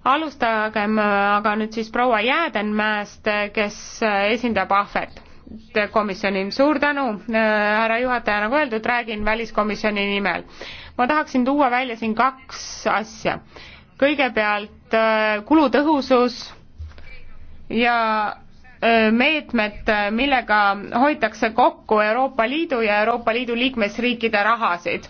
S3: alustagem aga nüüd siis proua Jäädenmäest, kes esindab ahvet komisjoni. suur tänu, härra juhataja, nagu öeldud, räägin väliskomisjoni nimel. ma tahaksin tuua välja siin kaks asja kõigepealt äh, kulutõhusus ja äh, meetmed, millega hoitakse kokku Euroopa Liidu ja Euroopa Liidu liikmesriikide rahasid.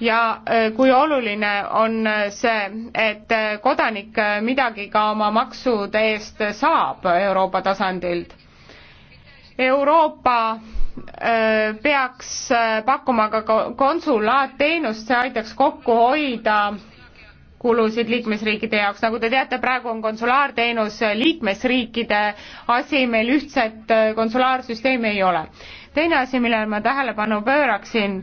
S3: ja äh, kui oluline on see, et kodanik midagi ka oma maksude eest saab Euroopa tasandilt. Euroopa peaks pakkuma ka konsulaаттeenust, see aitaks kokku hoida kulusid liikmesriikide jaoks, nagu te teate, praegu on konsulaarteenus liikmesriikide asi, meil ühtset äh, konsulaarsüsteemi ei ole. teine asi, millele ma tähelepanu pööraksin,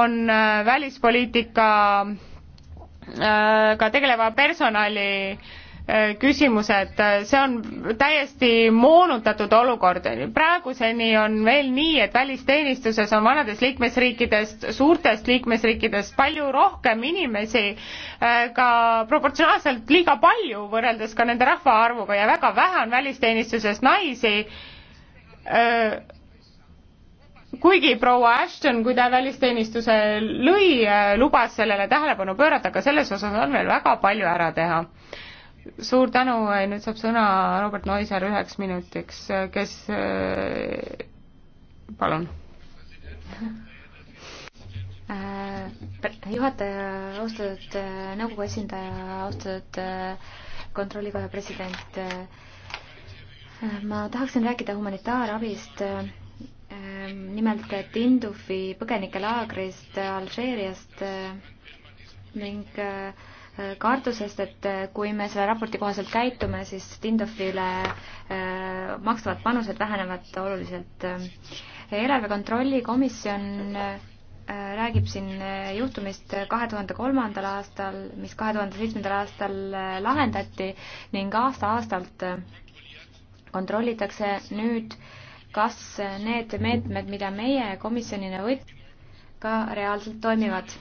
S3: on äh, välispoliitika äh, ka tegeleva personali äh, Äh, küsimused, äh, see on täiesti moonutatud olukord. praeguseni on veel nii, et välisteenistuses on vanadest liikmesriikidest, suurtest liikmesriikidest palju rohkem inimesi, äh, ka proportsionaalselt liiga palju võrreldes ka nende rahvaarvuga ja väga vähe on välisteenistuses naisi kuigi proua Ashton, kui ta välisteenistuse lõi, lubas sellele tähelepanu pöörata, aga selles osas on veel väga palju ära teha suur tänu, nüüd saab sõna Robert Noiser üheks minutiks, kes palun.
S1: Äh, juhataja, austatud äh, nõukogu esindaja, austatud äh, kontrollikoja president, ma tahaksin rääkida humanitaarabist nimelt Tindufi põgenikelaagrist Alžeeriast ning äh, kartusest, et äh, kui me selle raporti kohaselt käitume, siis Tindofile äh, makstavad panused vähenevad oluliselt. Äh, eelarve kontrolli komisjon räägib siin juhtumist kahe tuhande kolmandal aastal, mis kahe tuhande seitsmendal aastal lahendati ning aasta-aastalt kontrollitakse nüüd, kas need meetmed, mida meie komisjonina võt-, ka reaalselt toimivad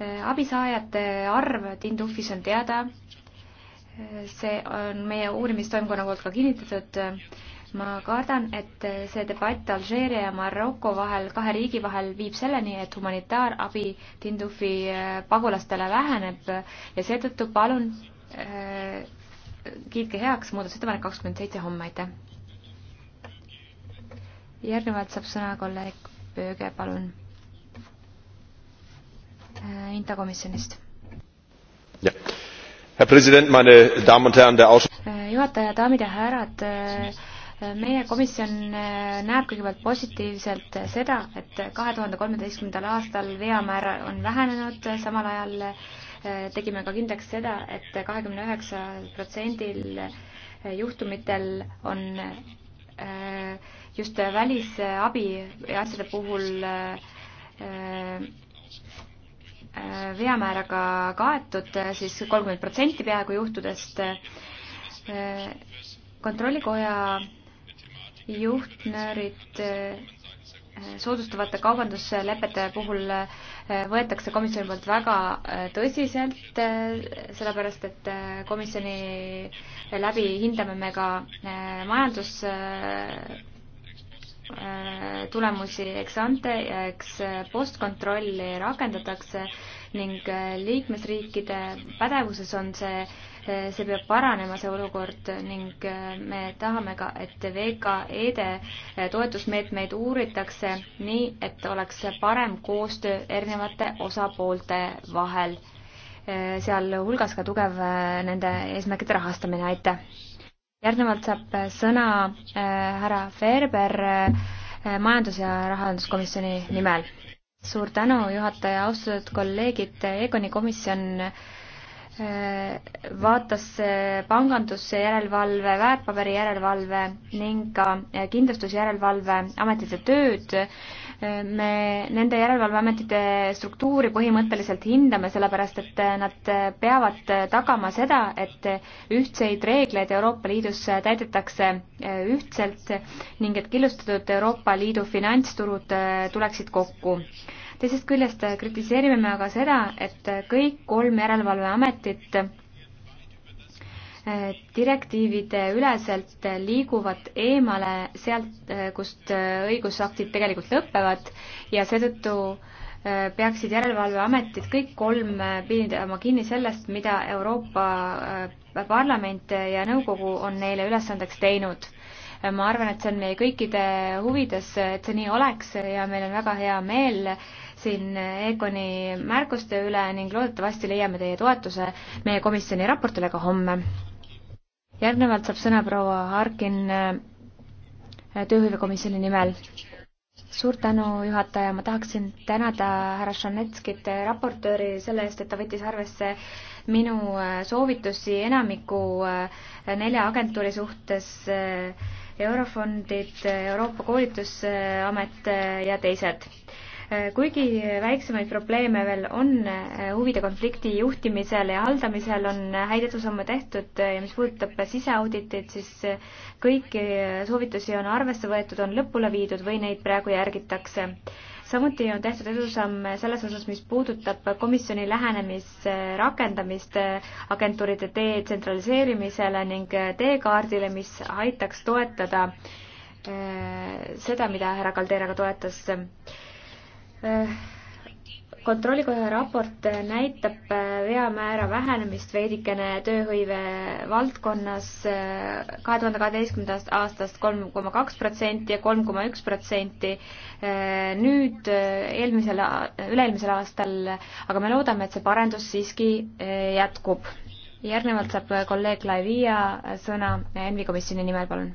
S1: Äh, abisaajate arv Tindufis on teada, äh, see on meie uurimistoimkonna poolt ka kinnitatud. ma kardan, et see debatt Alžeeria ja Maroko vahel, kahe riigi vahel viib selleni, et humanitaarabi Tindufi äh, pagulastele väheneb ja seetõttu palun äh, kiitke heaks muudatusettepanek kakskümmend seitse homme, aitäh! järgnevalt saab sõna kolleeg Pööge, palun Äh, Inta komisjonist. Äh, juhataja, daamid ja härrad, äh, meie komisjon näeb kõigepealt positiivselt seda, et kahe tuhande kolmeteistkümnendal aastal veamäär on vähenenud, samal ajal tegime ka kindlaks seda et, et kahekümne üheksa protsendil juhtumitel on just välisabi asjade puhul Äh, veamääraga kaetud äh, siis kolmkümmend protsenti peaaegu juhtudest. Äh, kontrollikoja juhtnöörid soodustavate kaubanduslepete puhul võetakse komisjoni poolt väga tõsiselt, sellepärast et komisjoni läbi hindame me ka majandus Äh, tulemusi eks ante ja eks postkontrolli rakendatakse ning äh, liikmesriikide pädevuses on see, äh, see peab paranema, see olukord ning me tahame ka, et VKE-de e toetusmeetmeid uuritakse nii, et oleks parem koostöö erinevate osapoolte vahel, sealhulgas ka tugev nende eesmärkide rahastamine, aitäh! järgnevalt saab äh, sõna äh, härra Ferber äh, majandus- ja rahanduskomisjoni nimel. suur tänu, juhataja, austatud kolleegid, Egoni komisjon vaatas pangandusjärelevalve, väärtpaberijärelevalve ning ka kindlustusjärelevalve ametite tööd me nende järelevalveametite struktuuri põhimõtteliselt hindame, sellepärast et nad peavad tagama seda, et ühtseid reegleid Euroopa Liidus täidetakse ühtselt ning et killustatud Euroopa Liidu finantsturud tuleksid kokku teisest küljest kritiseerime me aga seda, et kõik kolm järelevalveametit direktiivide üleselt liiguvad eemale sealt, eh, kust eh, õigusaktid tegelikult lõpevad ja seetõttu eh, peaksid Järelevalveametid kõik kolm pidama kinni sellest, mida Euroopa Parlament ja Nõukogu on neile ülesandeks teinud. ma arvan, et see on meie kõikide huvides, et see nii oleks ja meil on väga hea meel siin Econi märkuste üle ning loodetavasti leiame teie toetuse meie komisjoni raportile ka homme järgnevalt saab sõna proua Harkin äh, tööhõivekomisjoni nimel. suur tänu, juhataja, ma tahaksin tänada härra Šanetskit, äh, raportööri, selle eest, et ta võttis arvesse minu äh, soovitusi enamiku nelja agentuuri suhtes, Eurofondid, Euroopa Koolitusamet ja teised Äh, kuigi väiksemaid probleeme veel on äh, huvide konflikti juhtimisel ja haldamisel, on äh, häid edusamme tehtud ja mis puudutab siseauditit, siis kõiki soovitusi on arvesse võetud, on lõpule viidud või neid praegu järgitakse samuti on tehtud edusamme selles osas, mis puudutab komisjoni lähenemist, rakendamist agentuuride detsentraliseerimisele ning teekaardile, mis aitaks toetada seda, mida härra Kaldera ka toetas Eh, kontrollikoja raport näitab eh, veamäära vähenemist veidikene tööhõive valdkonnas eh, kahe tuhande kaheteistkümnendast aastast kolm koma kaks protsenti ja kolm koma üks protsenti nüüd eelmisel, üle-eelmisel aastal, aga me loodame, et see parendus siiski jätkub. järgnevalt saab kolleeg Laivia sõna ENVI komisjoni nimel,
S3: palun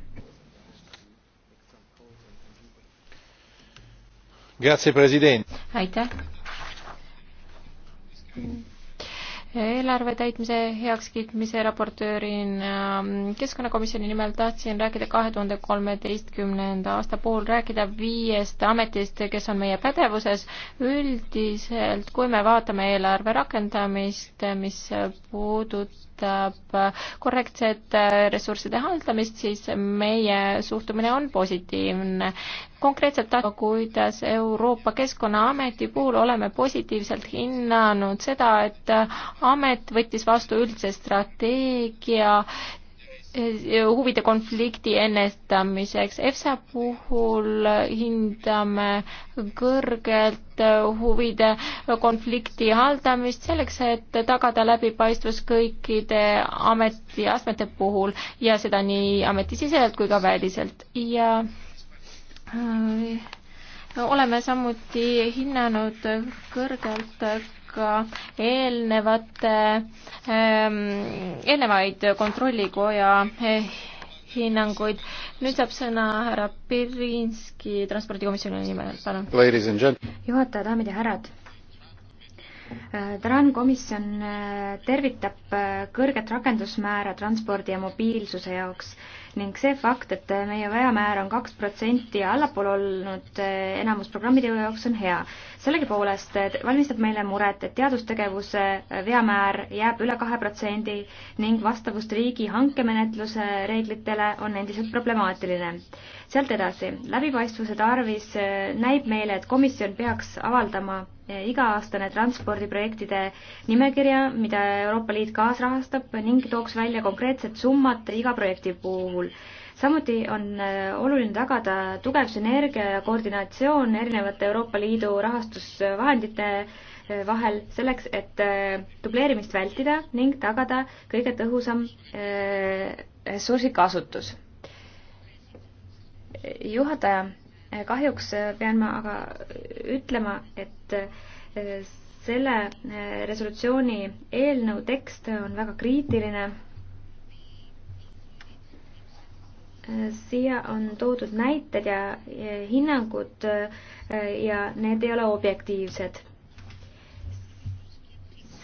S2: aitäh eelarve täitmise heakskiitmise raportöörina ähm, keskkonnakomisjoni nimel tahtsin rääkida kahe tuhande kolmeteistkümnenda aasta puhul rääkida viiest ametist, kes on meie pädevuses. üldiselt, kui me vaatame eelarve rakendamist, mis puudutab korrektset ressursside haldamist, siis meie suhtumine on positiivne konkreetselt tahta, kuidas Euroopa Keskkonnaameti puhul oleme positiivselt hinnanud seda, et amet võttis vastu üldse strateegia eh, huvide konflikti ennetamiseks. EFSA puhul hindame kõrgelt huvide konflikti haldamist selleks, et tagada läbipaistvus kõikide ametiastmete puhul ja seda nii ametisiseselt kui ka väliselt ja Äh, oleme samuti hinnanud kõrgelt ka eelnevate, ähm, eelnevaid kontrollikoja eh, hinnanguid. nüüd saab sõna härra Pirinski transpordikomisjoni nimel, palun. juhataja, daamid ja härrad äh,
S1: TRAN komisjon äh, tervitab kõrget rakendusmäära transpordi ja mobiilsuse jaoks ning see fakt, et meie veamäär on kaks protsenti allapool olnud eh, enamus programmide jaoks on hea sellegipoolest valmistab meile muret, et teadustegevuse veamäär jääb üle kahe protsendi ning vastavust riigi hankemenetluse reeglitele on endiselt problemaatiline. sealt edasi, läbipaistvuse tarvis eh, näib meile, et komisjon peaks avaldama eh, iga-aastane transpordiprojektide nimekirja, mida Euroopa Liit kaasrahastab ning tooks välja konkreetsed summad iga projekti puhul samuti on äh, oluline tagada tugev sünergia ja koordinatsioon erinevate Euroopa Liidu rahastusvahendite äh, vahel selleks, et äh, dubleerimist vältida ning tagada kõige tõhusam ressursikasutus. juhataja, kahjuks pean ma aga ütlema, et selle resolutsiooni eelnõu tekst on väga kriitiline siia on toodud näited ja hinnangud äh, ja need ei ole objektiivsed.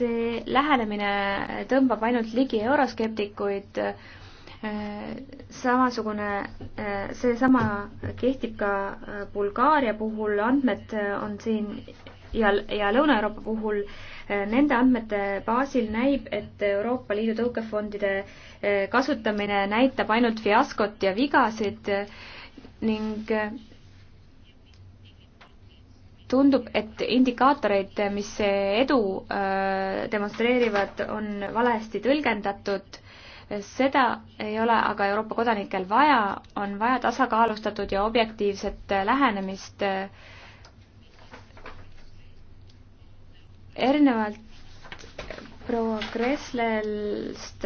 S1: see lähenemine tõmbab ainult ligi euroskeptikuid. Äh, samasugune, äh, seesama kehtib ka Bulgaaria puhul, andmed on siin
S3: ja, ja Lõuna-Euroopa
S1: puhul äh, Nende andmete baasil näib, et Euroopa Liidu tõukefondide eh, kasutamine näitab ainult fiaskot ja vigasid eh, ning eh, tundub, et indikaatoreid, mis edu demonstreerivad, on valesti tõlgendatud. seda ei ole aga Euroopa kodanikel vaja, on vaja tasakaalustatud ja objektiivset lähenemist äh, erinevalt proua Kresslest,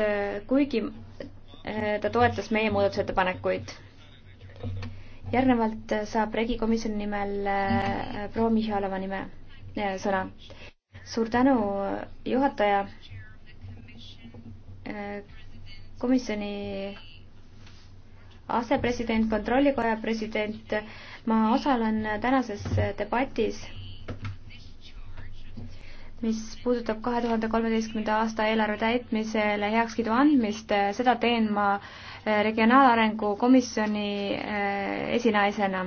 S1: kuigi äh, ta toetas meie muudatusettepanekuid. järgnevalt saab regikomisjoni nimel äh, proua Mihhailova nime, äh, sõna. suur tänu, juhataja. komisjoni asepresident, kontrollikoja president, ma osalen tänases debatis mis puudutab kahe tuhande kolmeteistkümnenda aasta eelarve täitmisele heakskiidu andmist, seda teen ma eh, Regionaalarengu komisjoni eh, esinaisena.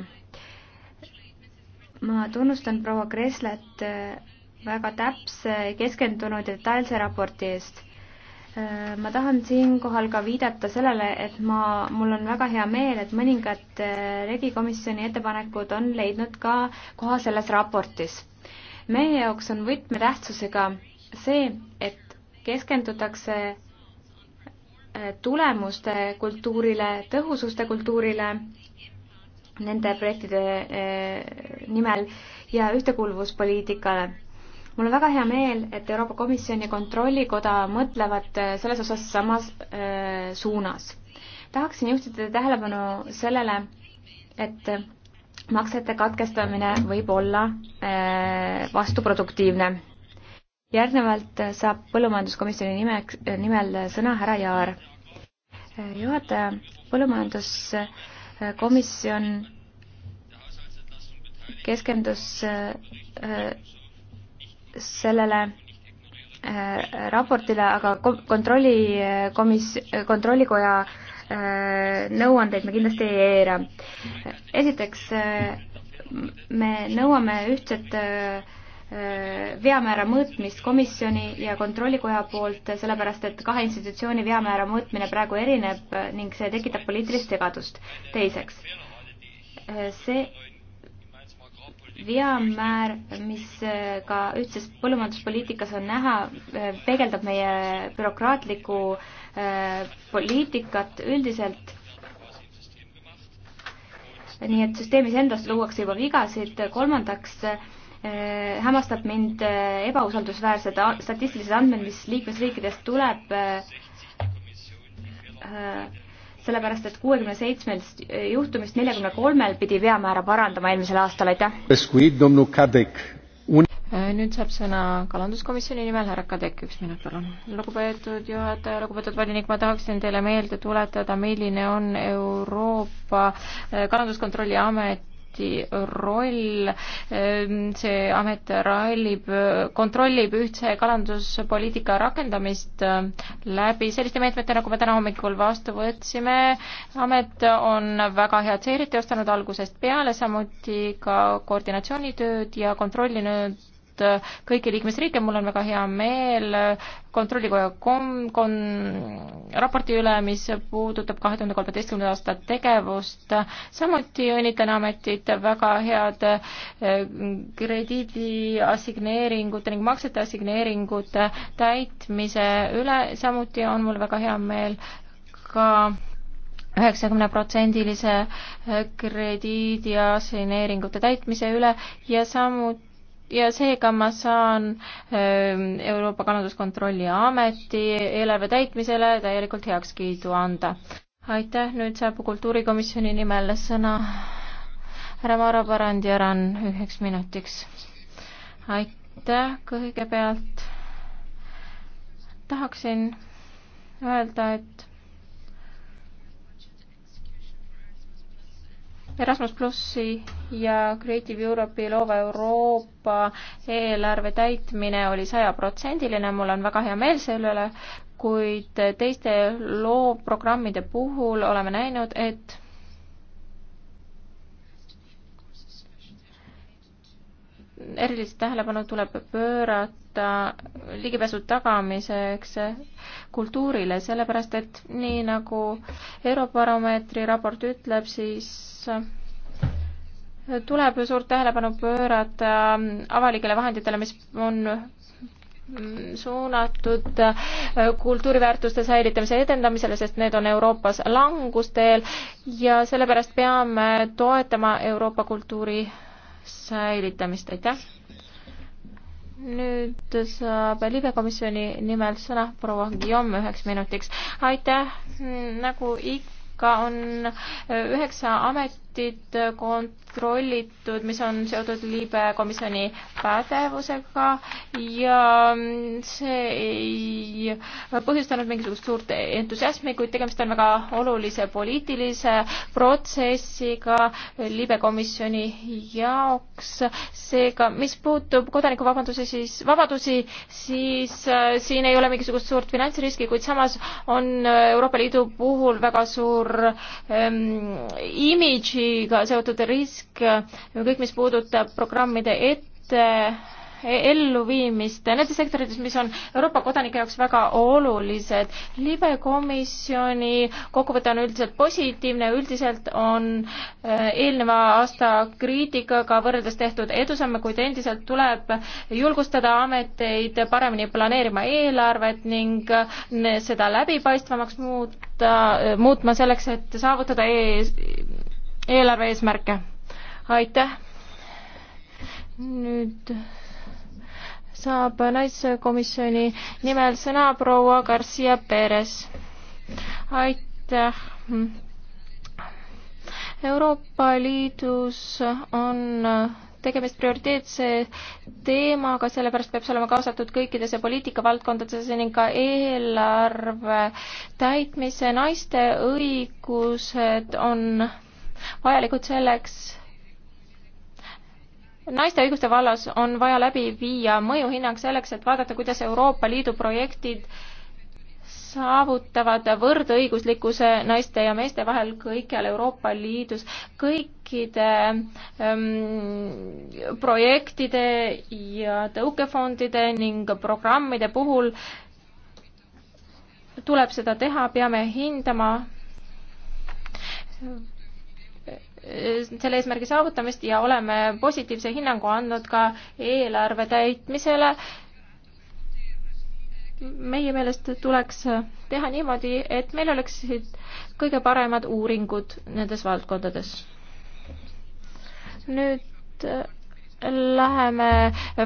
S1: ma tunnustan proua Kreslet eh, väga täpse, keskendunud ja detailse raporti eest ma tahan siinkohal ka viidata sellele, et ma, mul on väga hea meel, et mõningad regikomisjoni ettepanekud on leidnud ka koha selles raportis meie jaoks on võtmetähtsusega see, et keskendutakse äh, tulemuste kultuurile, tõhususte kultuurile nende projektide äh, nimel ja ühtekuuluvuspoliitikale. mul on väga hea meel, et Euroopa Komisjon ja Kontrollikoda mõtlevad äh, selles osas samas suunas. tahaksin juhtida teie tähelepanu sellele, et maksete katkestamine võib olla äh, vastuproduktiivne. järgnevalt saab põllumajanduskomisjoni nimeks, äh, nimel sõna härra Jaar. Äh, juhataja, põllumajanduskomisjon keskendus sellele raportile, aga kontrolli komis-, kontrollikoja Äh, nõuandeid me kindlasti ei eira. esiteks, äh, me nõuame ühtset äh, veamäära mõõtmist komisjoni ja kontrollikoja poolt, sellepärast et kahe institutsiooni veamäära mõõtmine praegu erineb ning see tekitab poliitilist segadust. teiseks, see veamäär, mis ka ühtses põllumajanduspoliitikas on näha, peegeldab meie bürokraatlikku äh, Äh, poliitikat üldiselt. nii et süsteemis endas luuakse juba vigasid, kolmandaks äh, hämmastab mind äh, ebausaldusväärsed statistilised andmed, mis liikmesriikidest tuleb sellepärast, et kuuekümne seitsmest juhtumist neljakümne kolmel pidi veamäära parandama eelmisel aastal, aitäh.
S2: Äh, nüüd saab sõna kalanduskomisjoni nimel härra Kadek, üks minut palun. lugupeetud juhataja, lugupeetud volinik, ma tahaksin teile meelde tuletada, milline on Euroopa äh, Kalanduskontrolli Amet roll, äh, see amet rallib, kontrollib ühtse kalanduspoliitika rakendamist läbi selliste meetmete, nagu me täna hommikul vastu võtsime. amet on väga head seiret teostanud algusest peale, samuti ka koordinatsioonitööd ja kontrollinud puudutavad äh, kõiki liikmesriike, mul on väga hea meel äh, kontrollikoja kom-, kon-, raporti üle, mis puudutab kahe tuhande kolmeteistkümnenda aasta tegevust. samuti õnnitlen ametit väga head äh, krediidi assigneeringute ning maksete assigneeringute täitmise üle, samuti on mul väga hea meel ka üheksakümneprotsendilise krediidi assigneeringute täitmise üle ja samuti ja seega ma saan ähm, Euroopa Kalanduskontrolli Ameti eelarve täitmisele täielikult heakskiidu anda. aitäh, nüüd saab kultuurikomisjoni nimel sõna härra Maro Parandjaran üheks minutiks. aitäh, kõigepealt tahaksin öelda, et Erasmus plussi ja Creative Europe'i loova Euroopa eelarve täitmine oli sajaprotsendiline, mul on väga hea meel selle üle, kuid teiste loovprogrammide puhul oleme näinud, et erilist tähelepanu tuleb pöörata ligipääsu tagamiseks kultuurile, sellepärast et nii nagu Eurobaromeetri raport ütleb, siis tuleb suurt tähelepanu pöörata avalikele vahenditele, mis on suunatud kultuuriväärtuste säilitamise edendamisele, sest need on Euroopas langusteel ja sellepärast peame toetama Euroopa kultuuri säilitamist, aitäh! nüüd saab libekomisjoni nimel sõna proua Guillaume üheks minutiks. aitäh, nagu ikka on üheksa amet punktid kontrollitud, mis on seotud liibe komisjoni pädevusega ja see ei põhjustanud mingisugust suurt entusiasmi, kuid tegemist on väga olulise poliitilise protsessiga liibe komisjoni jaoks. seega, mis puutub kodanikuvabadusi, siis, vabadusi, siis äh, siin ei ole mingisugust suurt finantsriski, kuid samas on Euroopa Liidu puhul väga suur ähm, imidži kriisiga seotud risk, kõik, mis puudutab programmide ette e-, elluviimist nendes sektorites, mis on Euroopa kodanike jaoks väga olulised. libekomisjoni kokkuvõte on üldiselt positiivne, üldiselt on eh, eelneva aasta kriitikaga võrreldes tehtud edusamme, kuid endiselt tuleb julgustada ameteid paremini planeerima eelarvet ning eh, seda läbipaistvamaks muuta, eh, muutma selleks, et saavutada ees eelarve eesmärke. aitäh. nüüd saab naiskomisjoni nimel sõna proua Garcia Perez. aitäh. Euroopa Liidus on tegemist prioriteetse teemaga, sellepärast peab see olema kaasatud kõikidesse poliitikavaldkondadesse ning ka eelarve täitmise naiste õigused on vajalikud selleks naiste õiguste vallas on vaja läbi viia mõjuhinnang selleks, et vaadata, kuidas Euroopa Liidu projektid saavutavad võrdõiguslikkuse naiste ja meeste vahel kõikjal Euroopa Liidus, kõikide ähm, projektide ja tõukefondide ning programmide puhul tuleb seda teha, peame hindama selle eesmärgi saavutamist ja oleme positiivse hinnangu andnud ka eelarve täitmisele. meie meelest tuleks teha niimoodi, et meil oleksid kõige paremad uuringud nendes valdkondades. nüüd äh, läheme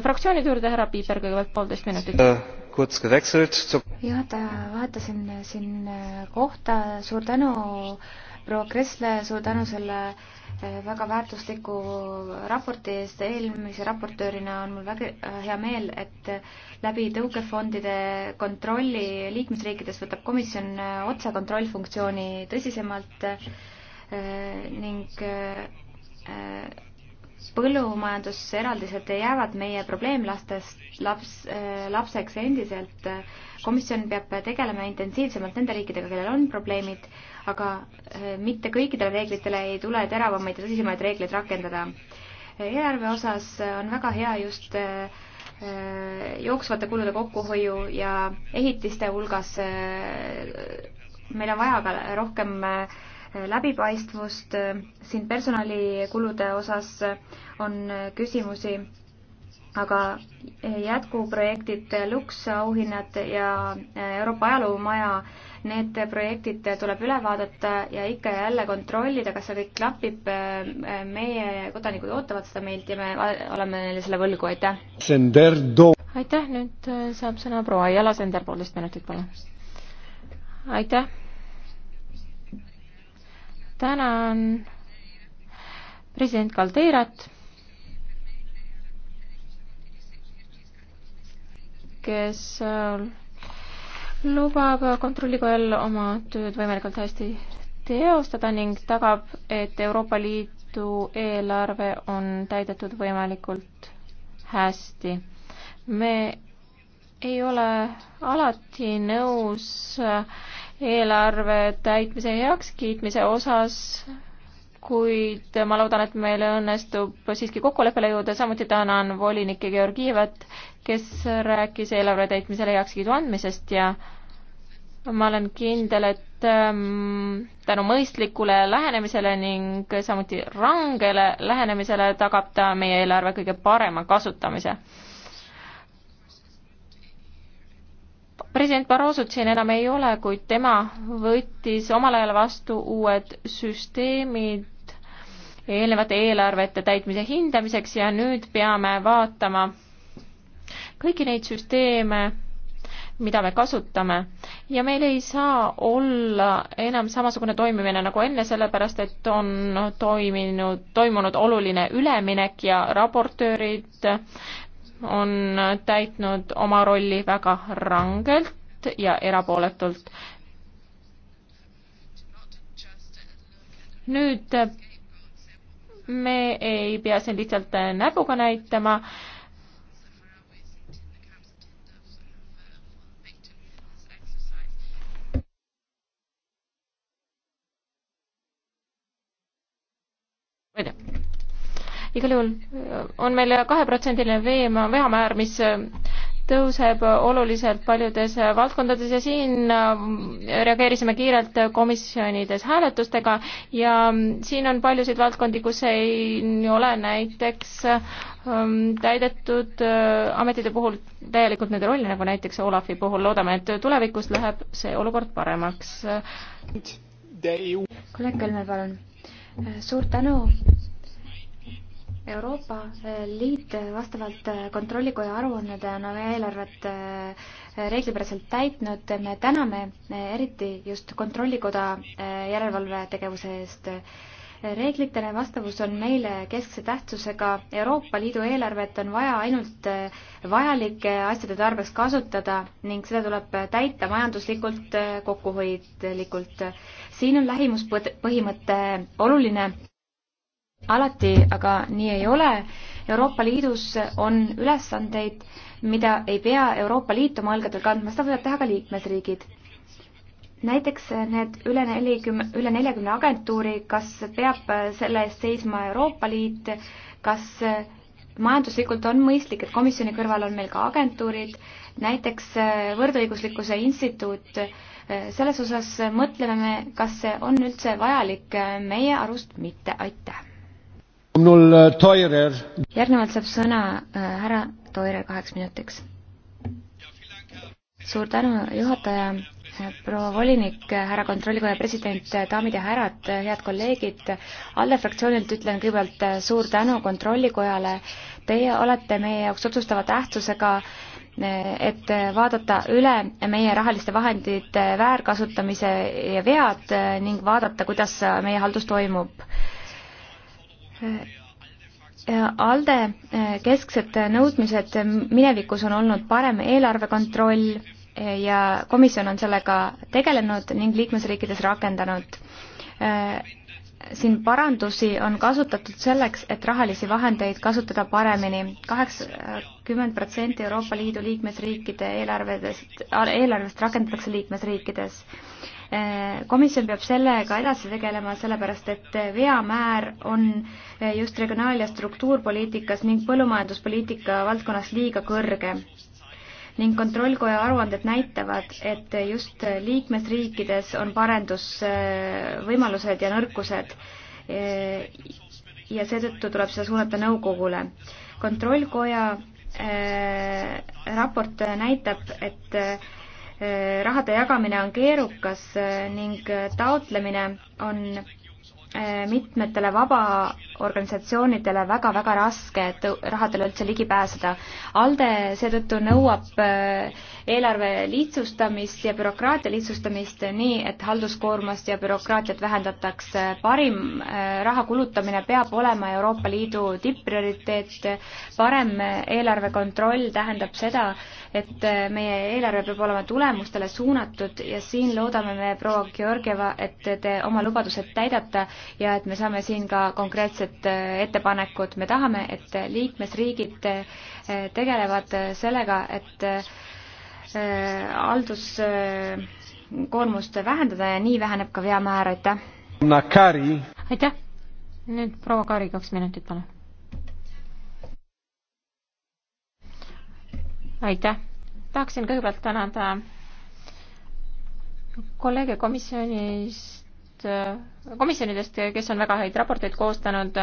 S2: fraktsioonide juurde, härra Piiper kõigepealt poolteist minutit äh kurz gewechselt. Juhataja,
S1: vaatasin siin kohta, suur tänu proua Kressle, suur tänu selle eh, väga väärtusliku eh, raporti eest, eelmise raportöörina on mul väga eh, hea meel, et läbi tõukefondide kontrolli liikmesriikides võtab komisjon otse kontrollfunktsiooni tõsisemalt ning põllumajanduseraldised jäävad meie probleemlastest laps, lapseks endiselt. komisjon peab tegelema intensiivsemalt nende riikidega, kellel on probleemid aga eh, mitte kõikidele reeglitele ei tule teravamaid ja tõsisemaid reegleid rakendada. eelarve osas eh, on väga hea just eh, jooksvate kulude kokkuhoiu ja ehitiste hulgas meil on vaja ka rohkem läbipaistvust, siin personalikulude osas on küsimusi aga jätkuprojektid, Lux auhinnad ja Euroopa ajaloomaja, need projektid tuleb üle vaadata ja ikka ja jälle kontrollida, kas see kõik klapib. meie kodanikud ootavad seda meilt ja me oleme neile selle
S2: võlgu, aitäh. aitäh, nüüd äh, saab sõna proua Jala Sender, poolteist minutit, palun. aitäh. tänan president Kalderat kes äh, lubab kontrollikojal oma tööd võimalikult hästi teostada ning tagab, et Euroopa Liidu eelarve on täidetud võimalikult hästi. me ei ole alati nõus äh, eelarve täitmise heakskiitmise osas kuid ma loodan, et meil õnnestub siiski kokkuleppele jõuda, samuti tänan volinik Georgievat, kes rääkis eelarve täitmisele heakskiidu andmisest ja ma olen kindel, et ähm, tänu mõistlikule lähenemisele ning samuti rangele lähenemisele tagab ta meie eelarve kõige parema kasutamise president Barrosot siin enam ei ole, kuid tema võttis omal ajal vastu uued süsteemid eelnevate eelarvete täitmise hindamiseks ja nüüd peame vaatama kõiki neid süsteeme, mida me kasutame. ja meil ei saa olla enam samasugune toimimine nagu enne, sellepärast et on toiminud, toimunud oluline üleminek ja raportöörid on täitnud oma rolli väga rangelt ja erapooletult. nüüd me ei pea siin lihtsalt näpuga näitama. ma ei tea igal juhul on meil kaheprotsendiline veema, veamäär, mis tõuseb oluliselt paljudes valdkondades ja siin äh, reageerisime kiirelt komisjonides hääletustega ja mm, siin on paljusid valdkondi, kus ei ole näiteks ähm, täidetud äh, ametite puhul täielikult nende rolli, nagu näiteks Olafi puhul. loodame, et tulevikus läheb see olukord paremaks.
S1: kolleeg Kölmel, palun. suur tänu Euroopa eh, Liit eh, vastavalt eh, Kontrollikoja aruannele on oma eelarvet reeglipäraselt täitnud. me täname eriti just Kontrollikoda järelevalvetegevuse eest. reeglitele vastavus on meile keskse tähtsusega. Euroopa Liidu eelarvet on vaja ainult vajalike asjade tarbeks kasutada ning seda tuleb täita majanduslikult, kokkuhoidlikult. siin on lähimuspõhimõte oluline alati aga nii ei ole. Euroopa Liidus on ülesandeid, mida ei pea Euroopa Liit oma õlgadel kandma, seda võivad teha ka liikmesriigid näiteks need üle nelikümne, üle neljakümne agentuuri, kas peab selle eest seisma Euroopa Liit, kas majanduslikult on mõistlik, et komisjoni kõrval on meil ka agentuurid, näiteks Võrdõiguslikkuse Instituut, selles osas mõtleme me, kas see on üldse vajalik, meie arust mitte, aitäh!
S3: Äh,
S1: järgnevalt saab sõna äh, härra Toirer kaheks minutiks. suur tänu, juhataja äh, proua volinik, härra kontrollikoja president, daamid ja härrad, head kolleegid, ALDE fraktsioonilt ütlen kõigepealt suur tänu kontrollikojale. Teie olete meie jaoks otsustava tähtsusega, et vaadata üle meie rahaliste vahendite väärkasutamise ja vead ning vaadata, kuidas meie haldus toimub Äh, ALDE äh, kesksed nõudmised äh, minevikus on olnud parem eelarvekontroll ja komisjon on sellega tegelenud ning liikmesriikides rakendanud. siin parandusi on kasutatud selleks, et rahalisi vahendeid kasutada paremini. kaheksakümmend protsenti Euroopa Liidu liikmesriikide eelarvedest, eelarvest rakendatakse liikmesriikides Äh, komisjon peab sellega edasi tegelema, sellepärast et veamäär on äh, just regionaal- ja struktuurpoliitikas ning põllumajanduspoliitika valdkonnas liiga kõrge ning Kontrollkoja aruanded näitavad, et just liikmesriikides on parendusvõimalused äh, ja nõrkused ja seetõttu tuleb seda suunata nõukogule. kontrollkoja äh, raport näitab, et äh, rahade jagamine on keerukas eh, ning eh, taotlemine on eh, mitmetele vabaorganisatsioonidele väga-väga raske, et rahadele üldse ligi pääseda. ALDE seetõttu nõuab eelarve lihtsustamist ja bürokraatia lihtsustamist nii, et halduskoormust ja bürokraatiat vähendatakse. parim raha kulutamine peab olema Euroopa Liidu tipprioriteet, parem eelarve kontroll tähendab seda, et äh, meie eelarve peab olema tulemustele suunatud ja siin loodame me, proua Georgieva, et te oma lubadused täidate ja et me saame siin ka konkreetsed äh, ettepanekud. me tahame, et liikmesriigid äh, tegelevad sellega, et halduskoormust vähendada ja nii väheneb ka veamäär, aitäh!
S2: aitäh! nüüd proua Kaari, kaks minutit, palun aitäh. tahaksin kõigepealt tänada kolleege komisjonist, komisjonidest, kes on väga häid raporteid koostanud.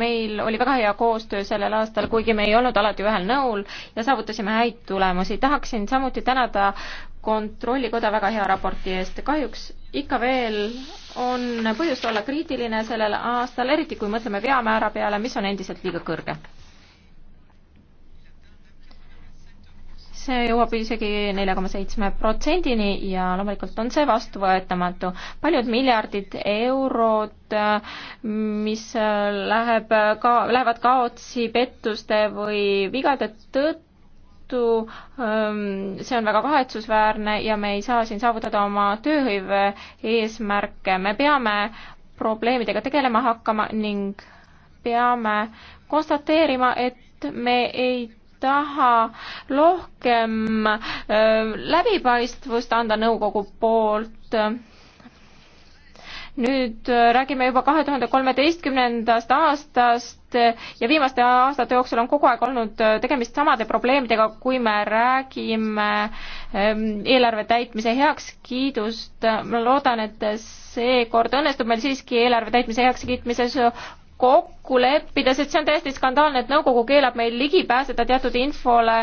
S2: meil oli väga hea koostöö sellel aastal, kuigi me ei olnud alati ühel nõul ja saavutasime häid tulemusi. tahaksin samuti tänada kontrollikoda väga hea raporti eest. kahjuks ikka veel on põhjust olla kriitiline sellel aastal, eriti kui mõtleme veamäära peale, mis on endiselt liiga kõrge see jõuab isegi nelja koma seitsme protsendini ja loomulikult on see vastuvõetamatu. paljud miljardid eurod, mis läheb ka, lähevad kaotsi pettuste või vigade tõttu, ähm, see on väga kahetsusväärne ja me ei saa siin saavutada oma tööhõive eesmärke, me peame probleemidega tegelema hakkama ning peame konstateerima, et me ei taha rohkem äh, läbipaistvust anda nõukogu poolt nüüd äh, räägime juba kahe tuhande kolmeteistkümnendast aastast ja viimaste aastate jooksul on kogu aeg olnud äh, tegemist samade probleemidega, kui me räägime ähm, eelarve täitmise heakskiidust. ma loodan, et seekord õnnestub meil siiski eelarve täitmise heakskiitmises kokku leppida, sest see on täiesti skandaalne, et nõukogu keelab meil ligi pääseda teatud infole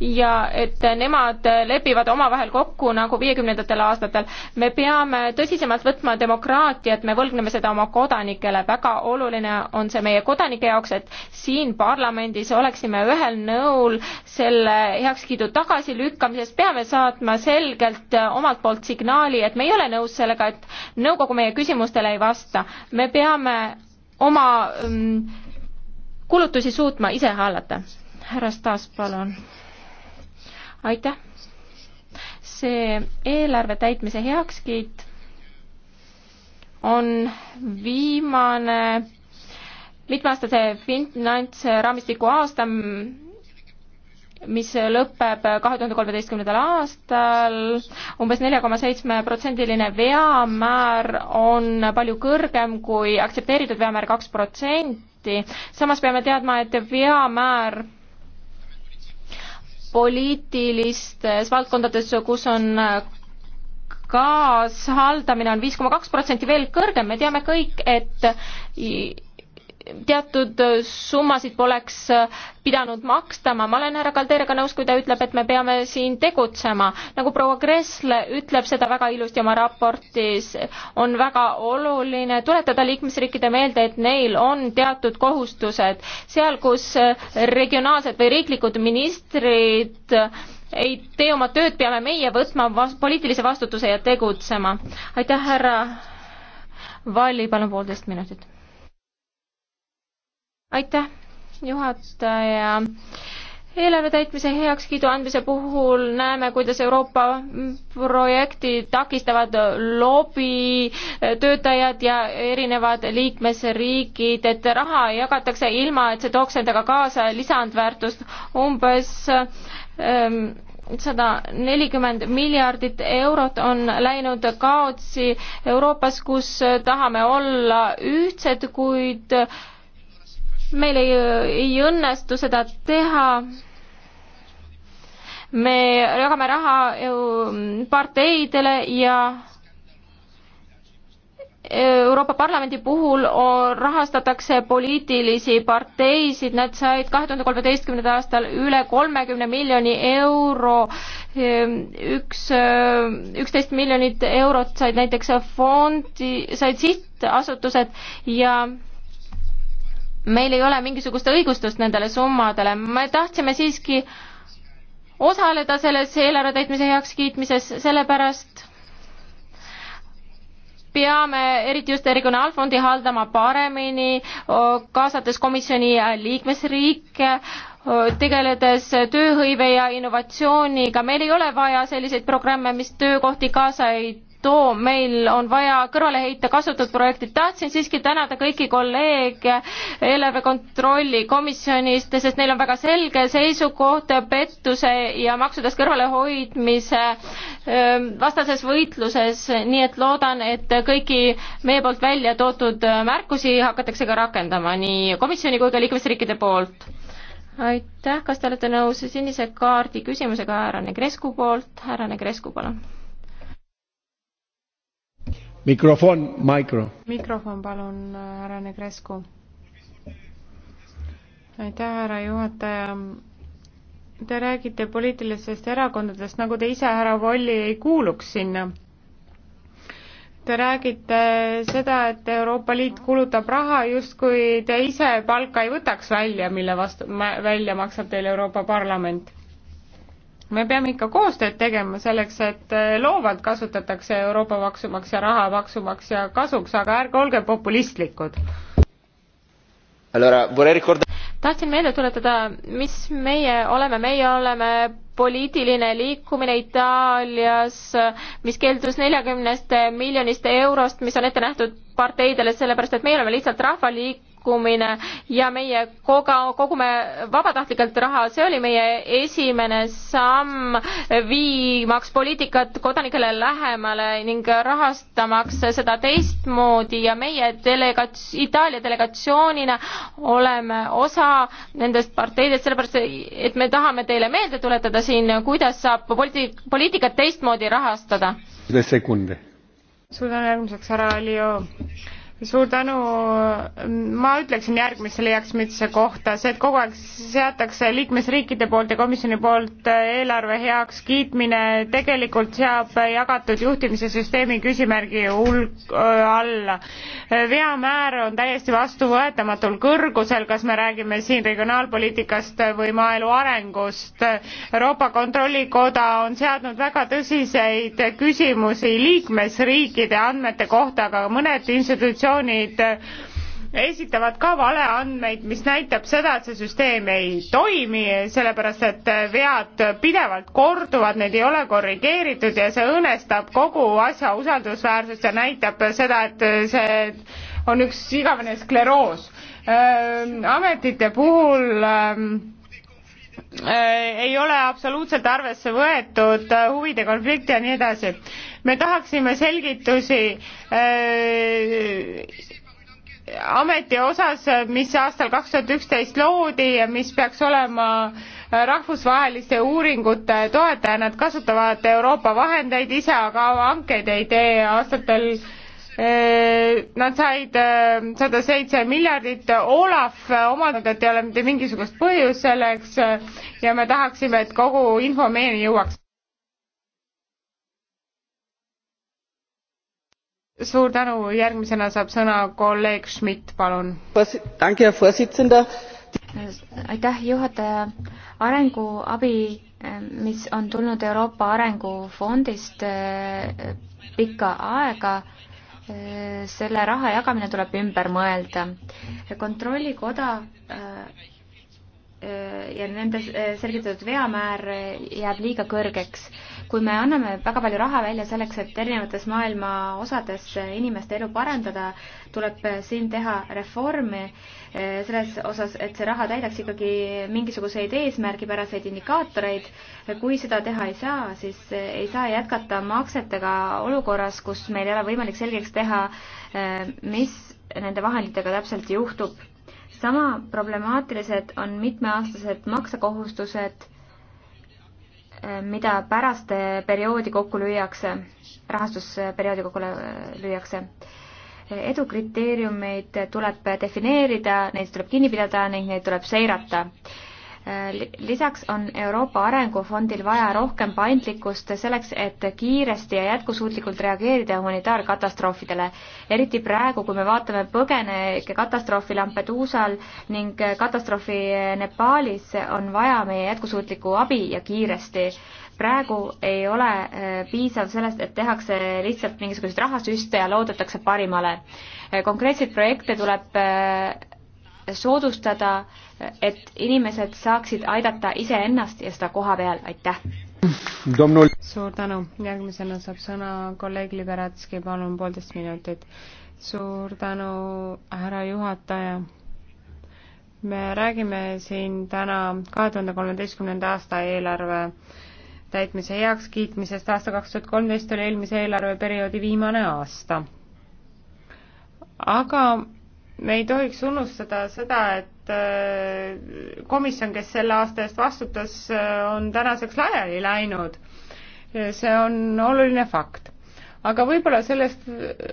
S2: ja et nemad lepivad omavahel kokku nagu viiekümnendatel aastatel. me peame tõsisemalt võtma demokraatiat, me võlgneme seda oma kodanikele, väga oluline on see meie kodanike jaoks, et siin parlamendis oleksime ühel nõul selle heakskiidu tagasilükkamises, peame saatma selgelt omalt poolt signaali, et me ei ole nõus sellega, et nõukogu meie küsimustele ei vasta. me peame oma mm, kulutusi suutma ise hallata. härra Staas, palun. aitäh. see eelarve täitmise heakskiit on viimane mitmeaastase finantsraamistiku aasta mis lõpeb kahe tuhande kolmeteistkümnendal aastal umbes, umbes nelja koma seitsme protsendiline veamäär on palju kõrgem kui aktsepteeritud veamäär kaks protsenti, samas peame teadma, et veamäär poliitilistes valdkondades, kus on kaashaldamine on viis koma kaks protsenti veel kõrgem, me teame kõik, et teatud äh, summasid poleks äh, pidanud makstama. ma olen härra Kaldeeraga nõus, kui ta ütleb, et me peame siin tegutsema. nagu proua Kressle ütleb seda väga ilusti oma raportis, on väga oluline tuletada liikmesriikide meelde, et neil on teatud kohustused. seal, kus äh, regionaalsed või riiklikud ministrid ei tee oma tööd, peame meie võtma vas poliitilise vastutuse ja tegutsema. aitäh, härra Valli, palun poolteist minutit aitäh, juhataja eelarve täitmise heakskiidu andmise puhul näeme, kuidas Euroopa projekti takistavad lobitöötajad ja erinevad liikmesriigid, et raha jagatakse ilma, et see tooks endaga kaasa lisandväärtust umbes ähm, sada nelikümmend miljardit eurot on läinud kaotsi Euroopas, kus tahame olla ühtsed, kuid äh, meil ei, ei õnnestu seda teha. me jagame raha parteidele ja Euroopa Parlamendi puhul rahastatakse poliitilisi parteisid, nad said kahe tuhande kolmeteistkümnendal aastal üle kolmekümne miljoni euro, üks, üksteist miljonit eurot said näiteks fondi, said sihtasutused ja meil ei ole mingisugust õigustust nendele summadele, me tahtsime siiski osaleda selles eelarve täitmise heakskiitmises, sellepärast peame eriti just regionaalfondi haldama paremini, kaasates komisjoni liikmesriike, tegeledes tööhõive ja innovatsiooniga, meil ei ole vaja selliseid programme, mis töökohti kaasa ei too, meil on vaja kõrvale heita kasutatud projektid. tahtsin siiski tänada kõiki kolleege eelarve kontrolli komisjonist, sest neil on väga selge seisukoht pettuse ja maksudest kõrvalehoidmise ähm, vastases võitluses, nii et loodan, et kõiki meie poolt välja toodud märkusi hakatakse ka rakendama nii komisjoni kui ka liikmesriikide poolt. aitäh, kas te olete nõus sinise kaardi küsimusega härra Negrescu poolt, härra Negrescu, palun
S1: mikrofon, mikro.
S3: mikrofon palun härra Negrescu. aitäh, härra juhataja. Te räägite poliitilistest erakondadest, nagu te ise, härra Volli, ei kuuluks sinna te räägite seda, et Euroopa Liit kulutab raha, justkui te ise palka ei võtaks välja, mille vastu, välja maksab teile Euroopa Parlament me peame ikka koostööd tegema selleks, et äh, loovalt kasutatakse Euroopa maksumaksja raha maksumaksja kasuks, aga ärge olge populistlikud. tahtsin meelde tuletada, mis
S2: meie oleme, meie oleme poliitiline liikumine Itaalias, mis keeldus neljakümnest miljonist eurost, mis on ette nähtud parteidele, sellepärast et meie oleme lihtsalt rahvaliik-, sekkumine ja meie koga, kogume vabatahtlikult raha, see oli meie esimene samm viimaks poliitikat kodanikele lähemale ning rahastamaks seda teistmoodi ja meie delegats-, Itaalia delegatsioonina oleme osa nendest parteidest, sellepärast et me tahame teile meelde tuletada siin, kuidas saab politi-, poliitikat teistmoodi rahastada.
S3: suur tänu järgmiseks, härra Alio suur tänu, ma ütleksin järgmist selle heakskiitmise kohta, see, et kogu aeg seatakse liikmesriikide poolt ja komisjoni poolt eelarve heakskiitmine, tegelikult seab jagatud juhtimise süsteemi küsimärgi hulk äh, alla. veamäär on täiesti vastuvõetamatul kõrgusel, kas me räägime siin regionaalpoliitikast või maaelu arengust. Euroopa Kontrollikoda on seadnud väga tõsiseid küsimusi liikmesriikide andmete kohta, aga mõned institutsioonid fraktsioonid äh, esitavad ka valeandmeid, mis näitab seda, et see süsteem ei toimi, sellepärast et äh, vead pidevalt korduvad, need ei ole korrigeeritud ja see õõnestab kogu asja usaldusväärsust ja näitab seda, et äh, see on üks igavene skleroos. ametite puhul öö, ähm, Äh, ei ole absoluutselt arvesse võetud, äh, huvide konflikte ja nii edasi. me tahaksime selgitusi äh, ameti osas, mis aastal kaks tuhat üksteist loodi ja mis peaks olema rahvusvaheliste uuringute toetaja, nad kasutavad Euroopa vahendeid ise, aga hankeid ei tee aastatel kaks Äh, nad said äh, sada seitse miljardit, Olav omandab, et ei ole mitte mingisugust põhjust selleks äh, ja me tahaksime, et kogu info meieni jõuaks. suur tänu, järgmisena saab sõna kolleeg Schmidt, palun.
S1: aitäh, juhataja. arenguabi, mis on tulnud Euroopa Arengufondist pikka aega selle raha jagamine tuleb ümber mõelda. kontrollikoda äh, ja nende äh, selgitatud veamäär äh, jääb liiga kõrgeks. kui me anname väga palju raha välja selleks, et erinevates maailma osades inimeste elu parandada, tuleb siin teha reformi Eh, selles osas, et see raha täidaks ikkagi mingisuguseid eesmärgipäraseid indikaatoreid. Eh, kui seda teha ei saa, siis eh, ei saa jätkata maksetega olukorras, kus meil ei ole võimalik selgeks teha, mis nende vahenditega täpselt juhtub. sama problemaatilised on mitmeaastased maksekohustused, mida pärast perioodi kokku lüüakse, rahastusperioodi kokku lüüakse edukriteeriumeid tuleb defineerida, neist tuleb kinni pidada ning neid tuleb seirata. Lisaks on Euroopa Arengufondil vaja rohkem paindlikkust selleks, et kiiresti ja jätkusuutlikult reageerida humanitaarkatastroofidele. eriti praegu, kui me vaatame põgenike katastroofi Lampeduusal ning katastroofi Nepaalis, on vaja meie jätkusuutlikku abi ja kiiresti praegu ei ole äh, piisav sellest, et tehakse lihtsalt mingisuguseid rahasüste ja loodetakse parimale. Äh, konkreetseid projekte tuleb äh, soodustada, et inimesed saaksid aidata
S3: iseennast ja seda koha peal, aitäh! suur tänu, järgmisena saab sõna kolleeg Liberatski, palun poolteist minutit. suur tänu, härra juhataja me räägime siin täna kahe tuhande kolmeteistkümnenda aasta eelarve täitmise heakskiitmisest. aasta kaks tuhat kolmteist oli eelmise eelarveperioodi viimane aasta. aga me ei tohiks unustada seda, et äh, komisjon, kes selle aasta eest vastutas, äh, on tänaseks laiali läinud. see on oluline fakt. aga võib-olla sellest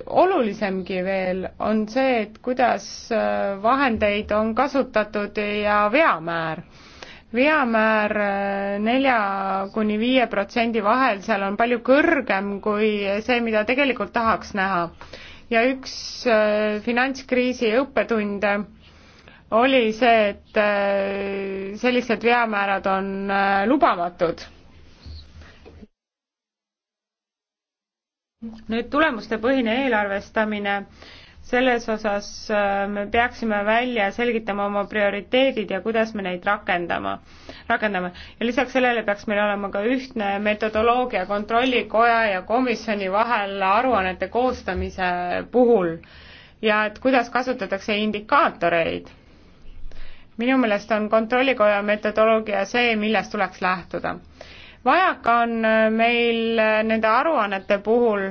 S3: olulisemgi veel on see, et kuidas äh, vahendeid on kasutatud ja veamäär veamäär äh, nelja kuni viie protsendi vahel, seal on palju kõrgem kui see, mida tegelikult tahaks näha. ja üks äh, finantskriisi õppetunde oli see, et äh, sellised veamäärad on lubamatud. nüüd tulemustepõhine eelarvestamine selles osas äh, me peaksime välja selgitama oma prioriteedid ja kuidas me neid rakendama, rakendame. ja lisaks sellele peaks meil olema ka ühtne metodoloogia Kontrollikoja ja komisjoni vahel aruannete koostamise puhul ja et kuidas kasutatakse indikaatoreid. minu meelest on Kontrollikoja metodoloogia see, millest tuleks lähtuda. vajaka on meil nende aruannete puhul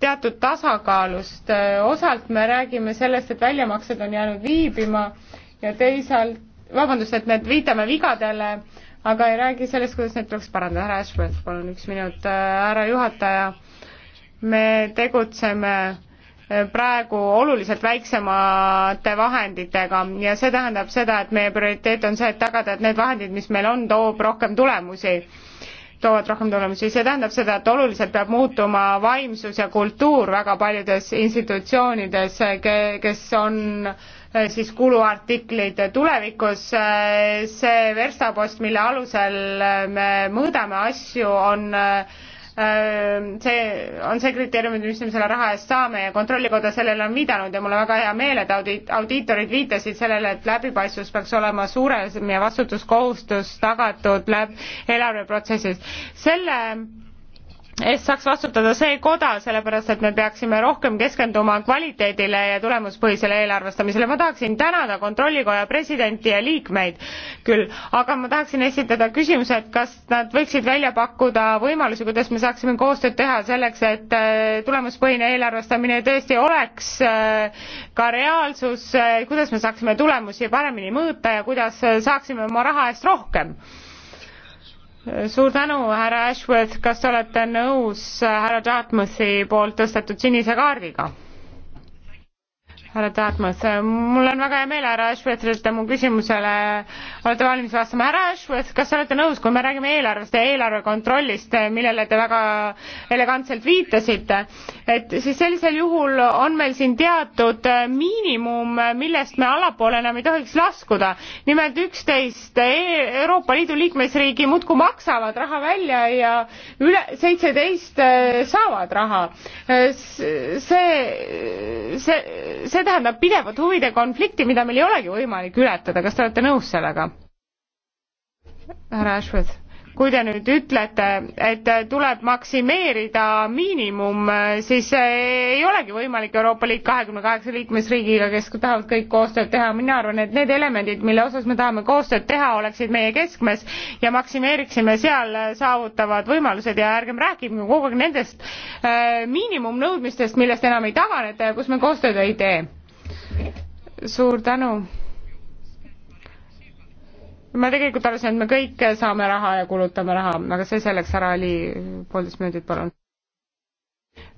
S3: teatud tasakaalust, osalt me räägime sellest, et väljamaksed on jäänud viibima ja teisalt, vabandust, et me viitame vigadele, aga ei räägi sellest, kuidas neid tuleks parandada, härra Ashworth, palun üks minut, härra juhataja, me tegutseme praegu oluliselt väiksemate vahenditega ja see tähendab seda, et meie prioriteet on see, et tagada, et need vahendid, mis meil on, toob rohkem tulemusi toovad rohkem tulemusi, see tähendab seda, et oluliselt peab muutuma vaimsus ja kultuur väga paljudes institutsioonides, kes on eh, siis kuluartiklid tulevikus, eh, see verstapost, mille alusel eh, me mõõdame asju, on Äh, see on see kriteerium, mis me selle raha eest saame ja Kontrollikoda sellele on viidanud ja mul on väga hea meel, et audiit, audiitorid viitasid sellele, et läbipaistvus peaks olema suurem ja vastutuskohustus tagatud läb-, eelarveprotsessis. selle eest saaks vastutada see koda, sellepärast et me peaksime rohkem keskenduma kvaliteedile ja tulemuspõhisele eelarvestamisele. ma tahaksin tänada Kontrollikoja presidenti ja liikmeid küll, aga ma tahaksin esitada küsimuse, et kas nad võiksid välja pakkuda võimalusi, kuidas me saaksime koostööd teha selleks, et äh, tulemuspõhine eelarvestamine tõesti oleks äh, ka reaalsus, äh, kuidas me saaksime tulemusi paremini mõõta ja kuidas saaksime oma raha eest rohkem suur tänu, härra Ashworth, kas te olete nõus härra Dartmouthi poolt tõstetud sinise kaardiga? härra Tartmas, mul on väga hea meel, härra Ashworth, et te mu küsimusele olete valmis vastama. härra Ashworth, kas te olete nõus, kui me räägime eelarvest ja eelarve kontrollist, millele te väga elegantselt viitasite, et siis sellisel juhul on meil siin teatud miinimum, millest me allapoole enam ei tohiks laskuda. nimelt üksteist Euroopa Liidu liikmesriigi muudkui maksavad raha välja ja üle seitseteist saavad raha. see, see, see see tähendab pidevat huvide konflikti, mida meil ei olegi võimalik ületada, kas te olete nõus sellega? härra Ashworth kui te nüüd ütlete, et tuleb maksimeerida miinimum, siis eh, ei olegi võimalik Euroopa Liit kahekümne kaheksa liikmesriigiga, kes tahavad kõik koostööd teha, mina arvan, et need elemendid, mille osas me tahame koostööd teha, oleksid meie keskmes ja maksimeeriksime seal saavutavad võimalused ja ärgem rääkigem kogu aeg nendest äh, miinimumnõudmistest, millest enam ei taganeta ja eh, kus me koostööd ei tee. suur tänu ma tegelikult arvasin, et me kõik saame raha ja kulutame raha, aga see selleks, härra Ali, poolteist minutit, palun.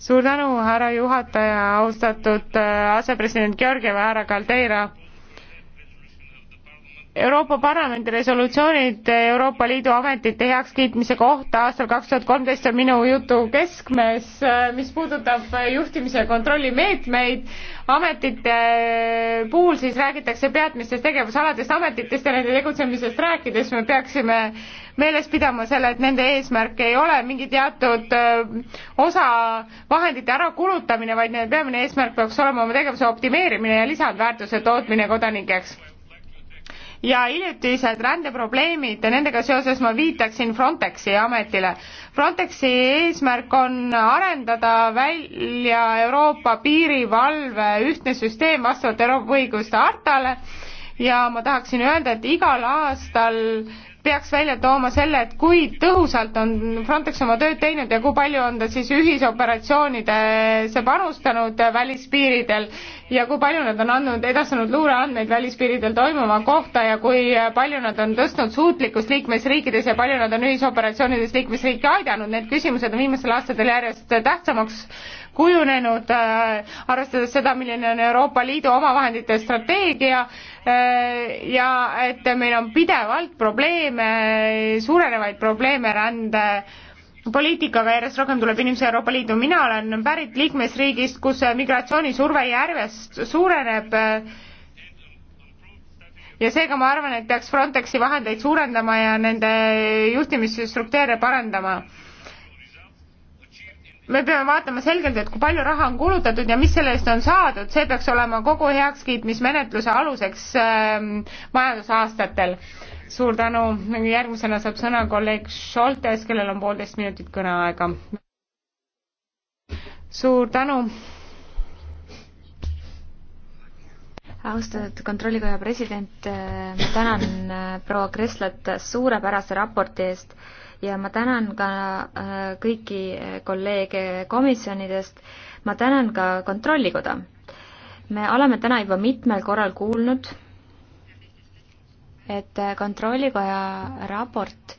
S3: suur tänu, härra juhataja, austatud äh, asepresident Georgieva, härra Caldeira Euroopa Parlamendi resolutsioonid Euroopa Liidu ametite heakskiitmise kohta aastal kaks tuhat kolmteist on minu jutu keskmes, mis puudutab juhtimise kontrolli meetmeid. ametite puhul siis räägitakse peatmistest tegevusaladest ametitest ja nende tegutsemisest rääkides me peaksime meeles pidama selle, et nende eesmärk ei ole mingi teatud äh, osa vahendite ärakulutamine, vaid nende peamine eesmärk peaks olema oma tegevuse optimeerimine ja lisandväärtuse tootmine kodanikeks ja hiljutised rändeprobleemid, nendega seoses ma viitaksin Frontexi ametile. Frontexi eesmärk on arendada välja Euroopa piirivalve ühtne süsteem vastavalt Euroopa õiguste hartale ja ma tahaksin öelda, et igal aastal peaks välja tooma selle, et kui tõhusalt on Frontex oma tööd teinud ja kui palju on ta siis ühisoperatsioonidesse panustanud välispiiridel ja kui palju nad on andnud, edastanud luureandmeid välispiiridel toimuva kohta ja kui palju nad on tõstnud suutlikkust liikmesriikides ja palju nad on ühisoperatsioonides liikmesriike aidanud, need küsimused on viimastel aastatel järjest tähtsamaks kujunenud, äh, arvestades seda, milline on Euroopa Liidu omavahendite strateegia äh, ja et meil on pidevalt probleeme, suurenevaid probleeme rände poliitikaga järjest rohkem tuleb inimesi Euroopa Liidu, mina olen pärit liikmesriigist, kus migratsioonisurve järjest suureneb äh, ja seega ma arvan, et peaks Frontexi vahendeid suurendama ja nende juhtimisstruktuure parandama me peame vaatama selgelt, et kui palju raha on kulutatud ja mis selle eest on saadud, see peaks olema kogu heakskiitmismenetluse aluseks äh, majandusaastatel. suur tänu, järgmisena saab sõna kolleeg Šoltes, kellel on poolteist minutit kõneaega. suur tänu. austatud Kontrollikoja
S1: president, ma äh, tänan äh, proua Kreslat suurepärase raporti eest ja ma tänan ka äh, kõiki kolleege komisjonidest, ma tänan ka Kontrollikoda. me oleme täna juba mitmel korral kuulnud, et Kontrollikoja raport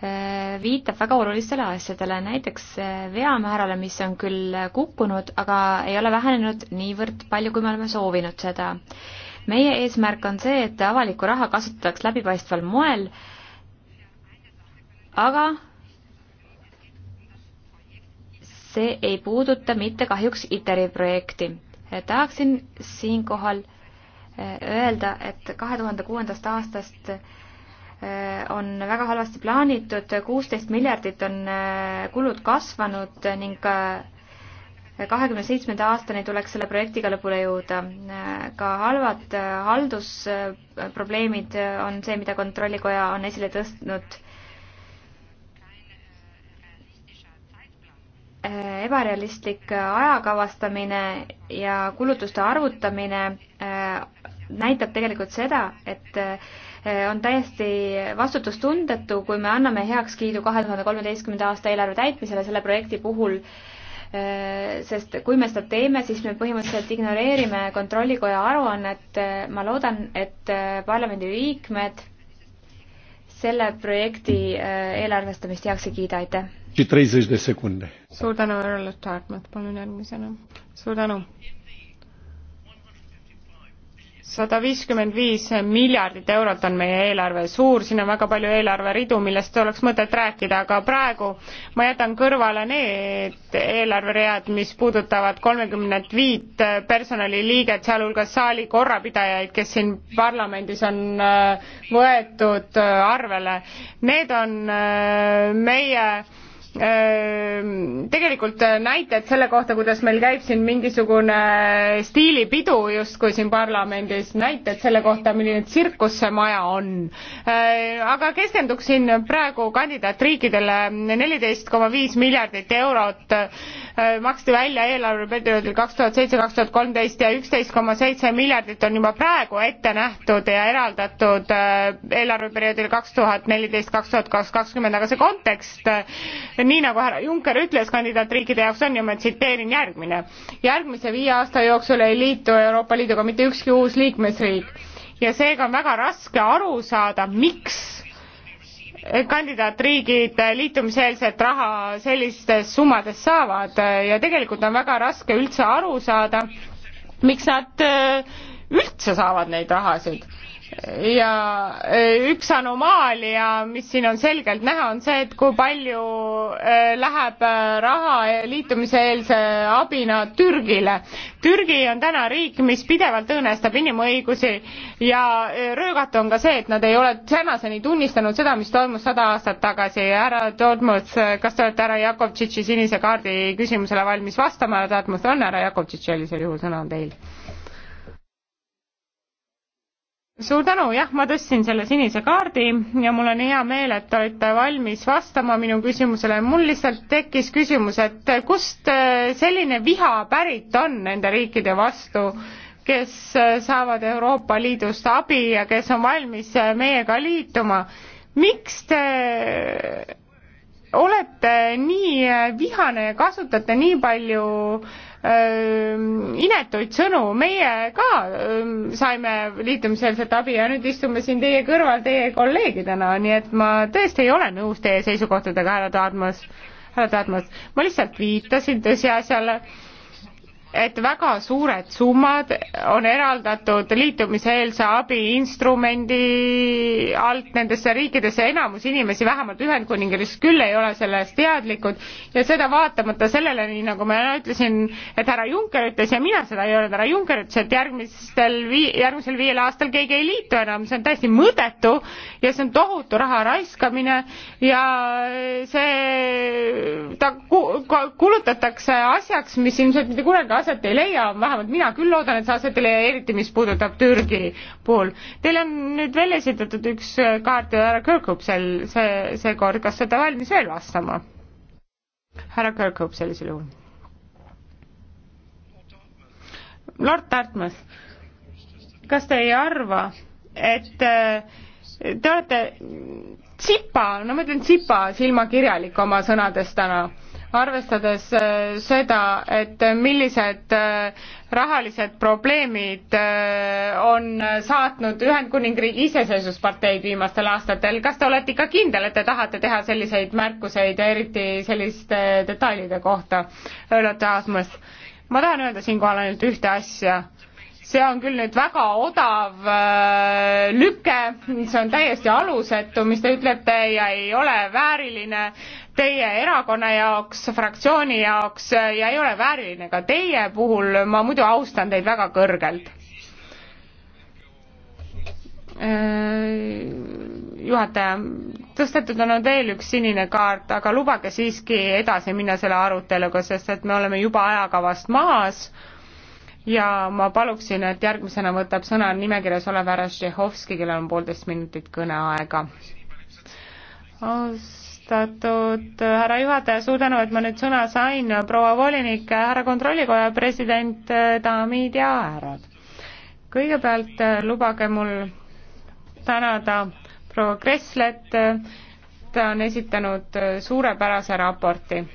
S1: äh, viitab väga olulistele asjadele, näiteks äh, veamäärale, mis on küll kukkunud, aga ei ole vähenenud niivõrd palju, kui me oleme soovinud seda meie eesmärk on see, et avalikku raha kasutataks läbipaistval moel aga see ei puuduta mitte kahjuks ITER-i projekti. tahaksin siinkohal eh, öelda, et kahe tuhande kuuendast aastast eh, on väga halvasti plaanitud, kuusteist miljardit on eh, kulud kasvanud ning kahekümne seitsmenda aastani tuleks selle projektiga lõpule jõuda. ka halvad haldusprobleemid on see, mida Kontrollikoja on esile tõstnud Äh, ebarealistlik äh, ajakavastamine ja kulutuste arvutamine äh, näitab tegelikult seda, et on täiesti vastutustundetu, kui me anname heakskiidu kahe tuhande kolmeteistkümnenda aasta eelarve täitmisele selle projekti puhul, sest kui me seda teeme, siis me põhimõtteliselt ignoreerime Kontrollikoja aruannet, ma loodan, et parlamendi liikmed selle projekti äh, eelarvestamist heaks ei kiida, aitäh!
S3: suur tänu, härra Lotard, ma palun järgmisena. suur tänu! sada viiskümmend viis miljardit eurot on meie eelarve suur, siin on väga palju eelarveridu, millest oleks mõtet rääkida, aga praegu ma jätan kõrvale need eelarveread, mis puudutavad kolmekümnet viit personaliliiget, sealhulgas saali korrapidajaid, kes siin parlamendis on äh, võetud äh, arvele. Need on äh, meie Ehm, tegelikult äh, näited selle kohta, kuidas meil käib siin mingisugune äh, stiilipidu justkui siin parlamendis, näited selle kohta, milline tsirkus see maja on. Äh, aga keskenduksin praegu kandidaatriikidele, neliteist koma viis miljardit eurot maksti välja eelarveperioodil kaks tuhat seitse, kaks tuhat kolmteist ja üksteist koma seitse miljardit on juba praegu ette nähtud ja eraldatud eelarveperioodil kaks tuhat neliteist, kaks tuhat kakskümmend, aga see kontekst nii nagu härra Juncker ütles kandidaatriikide jaoks on ja ma tsiteerin järgmine. järgmise viie aasta jooksul ei liitu Euroopa Liiduga mitte ükski uus liikmesriik ja seega on väga raske aru saada, miks kandidaatriigid liitumiseelset raha sellistes summades saavad ja tegelikult on väga raske üldse aru saada, miks nad äh, üldse saavad neid rahasid ja äh, üks anomaalia, mis siin on selgelt näha, on see, et kui palju äh, läheb äh, raha liitumiseelse abina Türgile. Türgi on täna riik, mis pidevalt õõnestab inimõigusi ja röögatu on ka see, et nad ei ole tänaseni tunnistanud seda, mis toimus sada aastat tagasi. härra Todmus, kas te olete härra Jakovtšitši sinise kaardi küsimusele valmis vastama? härra Todmus on, härra Jakovtšitš oli sel juhul, sõna on teil suur tänu, jah, ma tõstsin selle sinise kaardi ja mul on hea meel, et te olete valmis vastama minu küsimusele. mul lihtsalt tekkis küsimus, et kust äh, selline viha pärit on nende riikide vastu, kes äh, saavad Euroopa Liidust abi ja kes on valmis äh, meiega liituma. miks te olete nii vihane ja kasutate nii palju äh, inetuid sõnu, meie ka saime liitumiseelset abi ja nüüd istume siin teie kõrval teie kolleegidena, nii et ma tõesti ei ole nõus teie seisukohtadega, härra Taadmas, härra Taadmas, ma lihtsalt viitasin tõsiasjale et väga suured summad on eraldatud liitumiseelse abi instrumendi alt nendesse riikidesse, enamus inimesi vähemalt Ühendkuningriigis küll ei ole sellest teadlikud ja seda vaatamata sellele, nii nagu ma ütlesin, et härra Juncker ütles ja mina seda ei öelnud, härra Juncker ütles, et järgmistel vii-, järgmisel viiel aastal keegi ei liitu enam, see on täiesti mõõdetu ja see on tohutu raha raiskamine ja see, ta ku-, kulutatakse asjaks, mis ilmselt mitte kunagi aset ei leia, vähemalt mina küll loodan, et see aset ei leia, eriti mis puudutab Türgi pool. Teil on nüüd veel esitatud üks kaart ja härra Kõrgup sel, see, seekord, kas olete valmis veel vastama? härra Kõrgup sellisel juhul. Lord Dartmouth, kas te ei arva, et äh, te olete tsipa, no ma ütlen tsipa silmakirjalik oma sõnades täna arvestades äh, seda, et äh, millised äh, rahalised probleemid on saatnud Ühendkuningriigi iseseisvusparteid viimastel aastatel, kas te olete ikka kindel, et te tahate teha selliseid märkuseid ja eriti selliste detailide kohta, Öölo Taasmas? ma tahan öelda siinkohal ainult ühte asja see on küll nüüd väga odav äh, lüke, see on täiesti alusetu, mis te ütlete ja ei ole vääriline teie erakonna jaoks, fraktsiooni jaoks äh, ja ei ole vääriline ka teie puhul, ma muidu austan teid väga kõrgelt äh, juhataja, tõstetud on veel üks sinine kaart, aga lubage siiski edasi minna selle aruteluga, sest et me oleme juba ajakavast maas ja ma paluksin, et järgmisena võtab sõna nimekirjas olev härra Štehovski, kellel on poolteist minutit kõneaega. austatud härra juhataja, suur tänu, et ma nüüd sõna sain, proua volinik, härra kontrollikoja president, daamid ja härrad. kõigepealt lubage mul tänada proua Kresslet, ta on esitanud suurepärase raporti.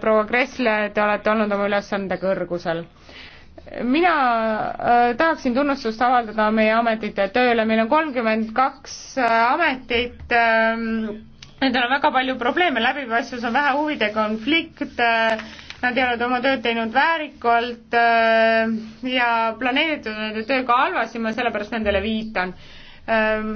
S3: proua Kressle, te olete olnud oma ülesande kõrgusel mina äh, tahaksin tunnustust avaldada meie ametite tööle, meil on kolmkümmend kaks äh, ametit äh,, nendel on väga palju probleeme, läbipaistvus on vähe, huvide konflikt äh,, nad ei ole oma tööd teinud väärikalt äh, ja planeeritud on nende töö ka halvasti, ma sellepärast nendele viitan ähm,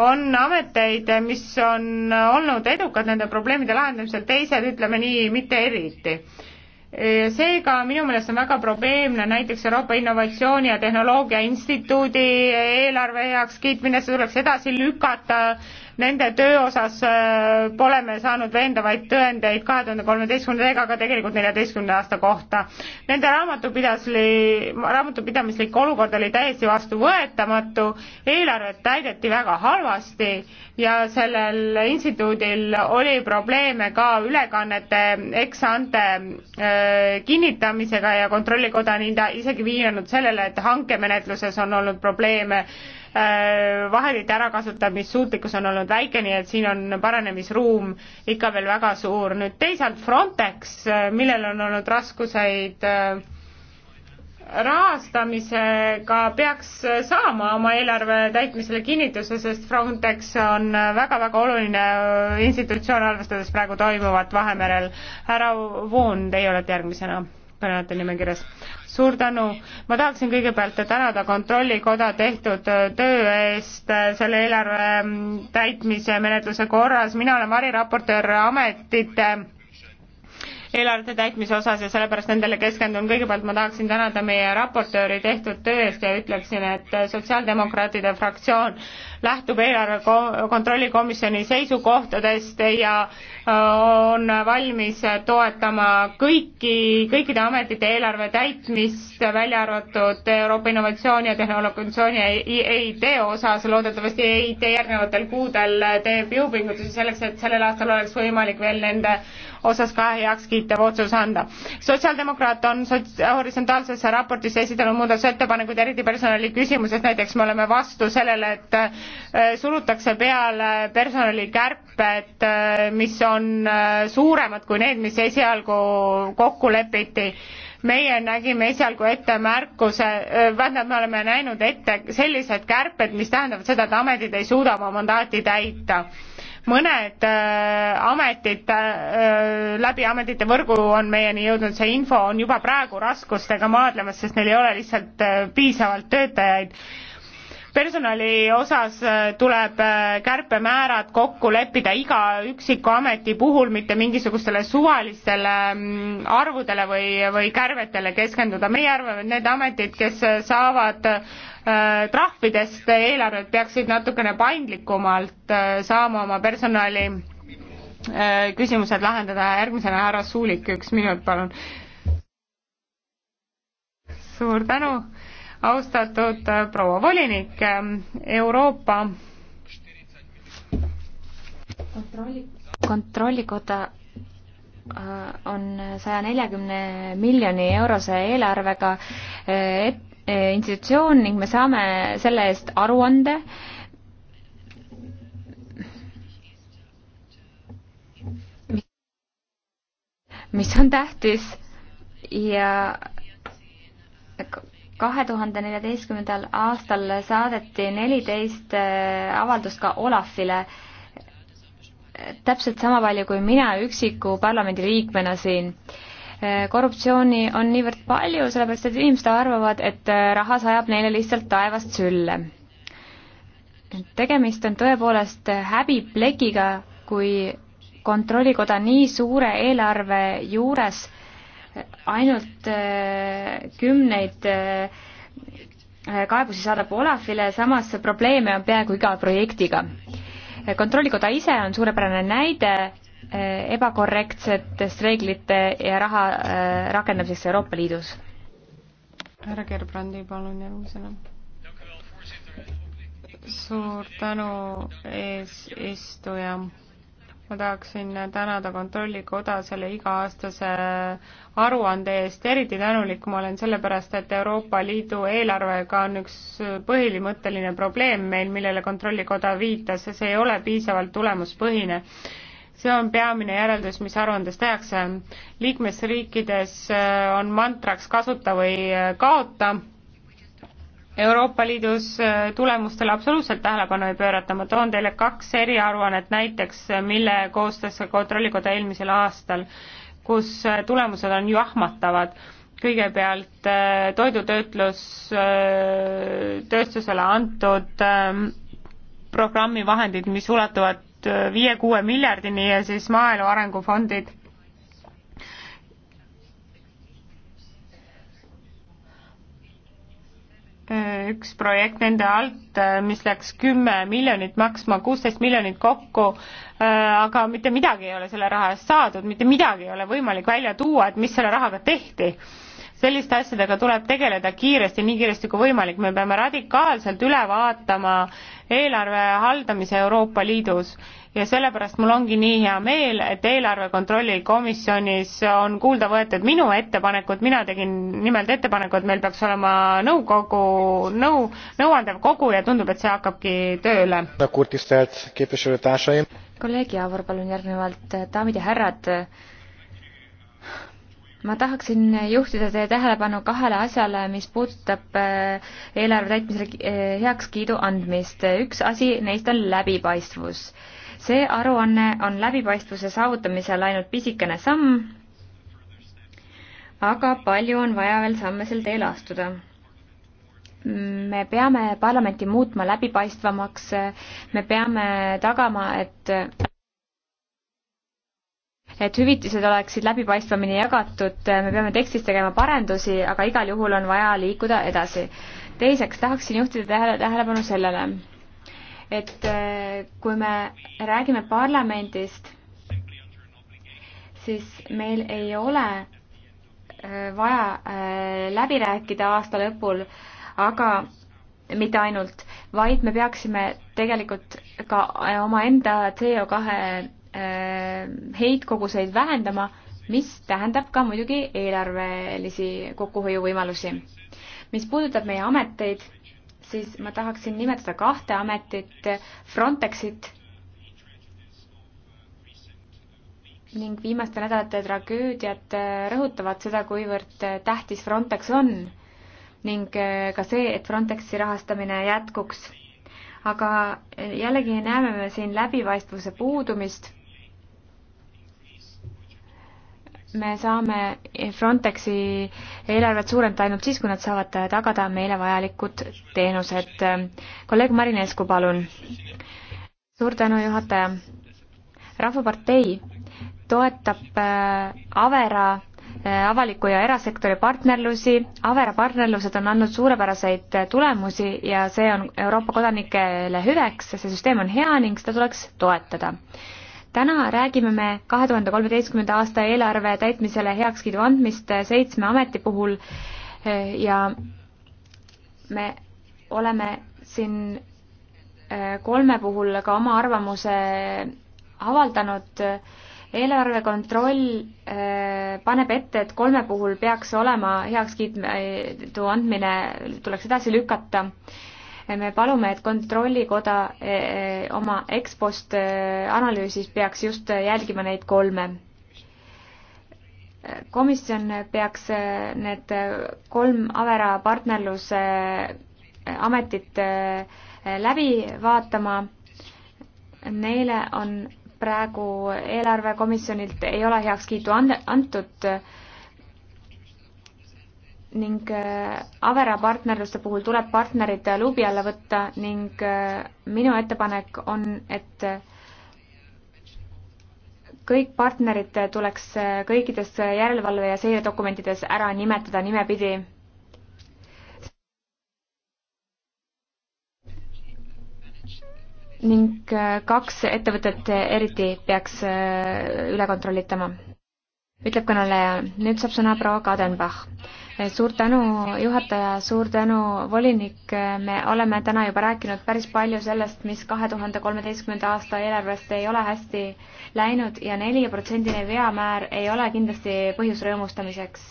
S3: on ameteid, mis on olnud edukad nende probleemide lahendamisel, teised ütleme nii, mitte eriti äh, seega minu meelest on väga probleemne näiteks Euroopa Innovatsiooni ja Tehnoloogia Instituudi eelarve heakskiitmine, see tuleks edasi lükata, nende töö osas äh, pole me saanud veendavaid tõendeid kahe tuhande kolmeteistkümnenda ega ka tegelikult neljateistkümnenda aasta kohta. Nende raamatupidasli, raamatupidamislik olukord oli täiesti vastuvõetamatu, eelarvet täideti väga halvasti ja sellel instituudil oli probleeme ka ülekannete ex-ante äh, kinnitamisega ja Kontrollikoda on isegi viidanud sellele, et hankemenetluses on olnud probleeme Äh, vahendite ärakasutamissuutlikkus on olnud väike, nii et siin on paranemisruum ikka veel väga suur. nüüd teisalt Frontex, äh, millel on olnud raskuseid äh, rahastamisega peaks saama oma eelarve täitmisele kinnituse, sest Frontex on väga-väga oluline institutsioon, arvestades praegu toimuvat Vahemerel. härra Voon, teie olete järgmisena kõnelejate nimekirjas suur tänu, ma tahaksin kõigepealt tänada Kontrollikoda tehtud äh, töö eest äh, selle eelarve mm, täitmise menetluse korras, mina olen variraportöör ametite eelarvete täitmise osas ja sellepärast nendele keskendun. kõigepealt ma tahaksin tänada meie raportööri tehtud töö eest ja ütleksin, et äh, Sotsiaaldemokraatide fraktsioon lähtub eelarve kontrolli komisjoni seisukohtadest ja on valmis toetama kõiki, kõikide ametite eelarve täitmist, välja arvatud Euroopa Innovatsiooni ja Tehnoloogiatsiooni EIT osas, loodetavasti EIT järgnevatel kuudel teeb jõupingutusi selleks, et sellel aastal oleks võimalik veel nende osas ka heakskiitev otsus anda. sotsiaaldemokraat on sots-, horisontaalsesse raportisse esitanud muudatusettepanekuid, eriti personaliküsimuses, näiteks me oleme vastu sellele, et Eh, surutakse peale personalikärped, eh, mis on eh, suuremad kui need, mis esialgu kokku lepiti. meie nägime esialgu ette märkuse, tähendab, me oleme näinud ette sellised kärped, mis tähendavad seda, et ametid ei suuda oma mandaati täita mõned äh, ametid äh,, läbi ametite võrgu on meieni jõudnud see info, on juba praegu raskustega maadlemas, sest neil ei ole lihtsalt äh, piisavalt töötajaid äh, personali osas äh, tuleb äh, kärpemäärad kokku leppida iga üksiku ameti puhul, mitte mingisugustele suvalistele mm, arvudele või, või kärvetele keskenduda. meie arvame, et need ametid, kes äh, saavad trahvidest eelarvet, peaksid natukene paindlikumalt saama oma personali küsimused lahendada. järgmisena härra Suulik, üks minut, palun. suur tänu austatud äh, proua volinik, ähm, Euroopa kontrolli,
S1: kontrollikoda äh, on saja neljakümne miljoni eurose eelarvega äh, institutsioon ning me saame selle eest aruande. mis on tähtis ja kahe tuhande neljateistkümnendal aastal saadeti neliteist äh, avaldust ka Olafile, täpselt sama palju kui mina üksiku parlamendiliikmena siin. Äh, korruptsiooni on niivõrd palju, sellepärast et inimesed arvavad, et äh, raha sajab neile lihtsalt taevast sülle. tegemist on tõepoolest häbiplekiga, kui kontrollikoda nii suure eelarve juures äh, ainult äh, kümneid äh, äh, kaebusi saadab Olafile, samas probleeme on peaaegu iga projektiga. kontrollikoda ise on suurepärane näide ebakorrektsetest reeglite ja raha rakendamiseks Euroopa
S3: Liidus. härra Gerbrandi, palun järgmisena suur tänu, eesistuja ma tahaksin tänada Kontrollikoda selle iga-aastase aruande eest, eriti tänulik ma olen sellepärast, et Euroopa Liidu eelarvega on üks põhimõtteline probleem meil, millele Kontrollikoda viitas, see ei ole piisavalt tulemuspõhine see on peamine järeldus, mis aruandes tehakse. liikmesriikides äh, on mantraks kasuta või äh, kaota Euroopa Liidus äh, tulemustele absoluutselt tähelepanu ei pöörata, ma toon teile kaks eriaruannet näiteks, äh, mille koostas Kontrollikoda eelmisel aastal, kus äh, tulemused on jahmatavad. kõigepealt toidutöötlustööstusele antud ähm, programmi vahendid, mis ulatuvad viie-kuue miljardini ja siis Maaelu Arengufondid üks projekt nende alt, äh, mis läks kümme miljonit maksma, kuusteist miljonit kokku, äh, aga mitte midagi ei ole selle raha eest saadud, mitte midagi ei ole võimalik välja tuua, et mis selle rahaga tehti. selliste asjadega tuleb tegeleda kiiresti, nii kiiresti kui võimalik, me peame radikaalselt üle vaatama eelarve haldamise Euroopa Liidus ja sellepärast mul ongi nii hea meel, et eelarve kontrolli komisjonis on kuulda võetud minu ettepanekut, mina tegin nimelt ettepaneku, et meil peaks olema nõukogu, nõu, nõuandev kogu ja tundub, et see hakkabki tööle. kolleeg Javor, palun
S1: järgnevalt, daamid ja härrad, ma tahaksin juhtida teie tähelepanu kahele asjale, mis puudutab eh, eelarve täitmisele eh, heakskiidu andmist. üks asi neist on läbipaistvus see aruanne on läbipaistvuse saavutamisel ainult pisikene samm, aga palju on vaja veel samme sel teel astuda. me peame parlamenti muutma läbipaistvamaks, me peame tagama, et et hüvitised oleksid läbipaistvamini jagatud, me peame tekstis tegema parendusi, aga igal juhul on vaja liikuda edasi. teiseks tahaksin juhtida tähele, tähelepanu sellele, et äh, kui me räägime parlamendist, siis meil ei ole äh, vaja äh, läbi rääkida aasta lõpul, aga mitte ainult, vaid me peaksime tegelikult ka omaenda CO2 heitkoguseid vähendama, mis tähendab ka muidugi eelarvelisi kokkuhoiuvõimalusi. mis puudutab meie ameteid siis ma tahaksin nimetada kahte ametit, Frontexit ning viimaste nädalate tragöödiad äh, rõhutavad seda, kuivõrd äh, tähtis Frontex on ning äh, ka see, et Frontexi rahastamine jätkuks. aga jällegi näeme me siin läbipaistvuse puudumist me saame Frontexi eelarvet suurendada ainult siis, kui nad saavad tagada meile vajalikud teenused. kolleeg Marinescu, palun. suur tänu, juhataja. rahvapartei toetab äh, Avera äh, avaliku ja erasektori partnerlusi, Avera partnerlused on andnud suurepäraseid äh, tulemusi ja see on Euroopa kodanikele hüveks, see süsteem on hea ning seda tuleks toetada täna räägime me kahe tuhande kolmeteistkümnenda aasta eelarve täitmisele heakskiidu andmist seitsme ameti puhul eh, ja me oleme siin eh, kolme puhul ka oma arvamuse eh, avaldanud. eelarve kontroll paneb ette, et kolme puhul peaks olema heakskiidu andmine, tuleks edasi lükata me palume, et Kontrollikoda eh, eh, oma EXPO-st eh, analüüsis peaks just jälgima neid kolme. komisjon peaks need kolm Avera partnerluse ametit läbi vaatama. Neile on praegu eelarvekomisjonilt ei ole heakskiitu antud ning äh, Avera partnerluste puhul tuleb partnerid äh, luubi alla võtta ning äh, minu ettepanek on, et kõik partnerid tuleks kõikides järelevalve- ja seiredokumentides ära nimetada nimepidi ning kaks ettevõtet eriti peaks üle kontrollitama ütleb kõneleja. nüüd saab sõna proua Kadenbach. suur tänu, juhataja, suur tänu, volinik. me oleme täna juba rääkinud päris palju sellest, mis kahe tuhande kolmeteistkümnenda aasta eelarvest ei ole hästi läinud ja neli protsendine veamäär ei ole kindlasti põhjus rõõmustamiseks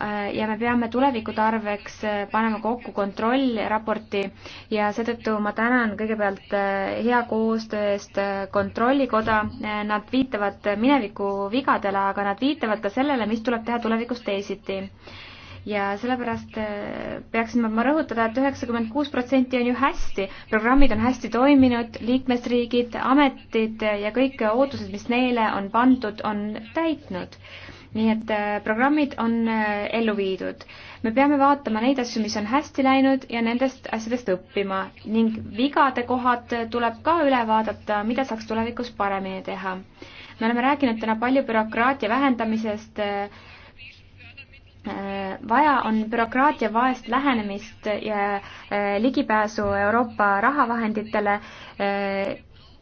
S1: Äh, ja me peame tuleviku tarveks äh, panema kokku kontrollraporti ja seetõttu ma tänan kõigepealt äh, hea koostöö eest Kontrollikoda, nad viitavad mineviku vigadele, aga nad viitavad ka sellele, mis tuleb teha tulevikus teisiti ja sellepärast peaksin ma rõhutada et, et üheksakümmend kuus protsenti on ju hästi, programmid on hästi toiminud, liikmesriigid, ametid ja kõik ootused, mis neile on pandud, on täitnud nii et äh, programmid on äh, ellu viidud. me peame vaatama neid asju, mis on hästi läinud ja nendest asjadest õppima ning vigade kohad äh, tuleb ka üle vaadata, mida saaks tulevikus paremini teha. me oleme rääkinud täna palju bürokraatia vähendamisest, vaja on bürokraatia vaest lähenemist ja ligipääsu Euroopa rahavahenditele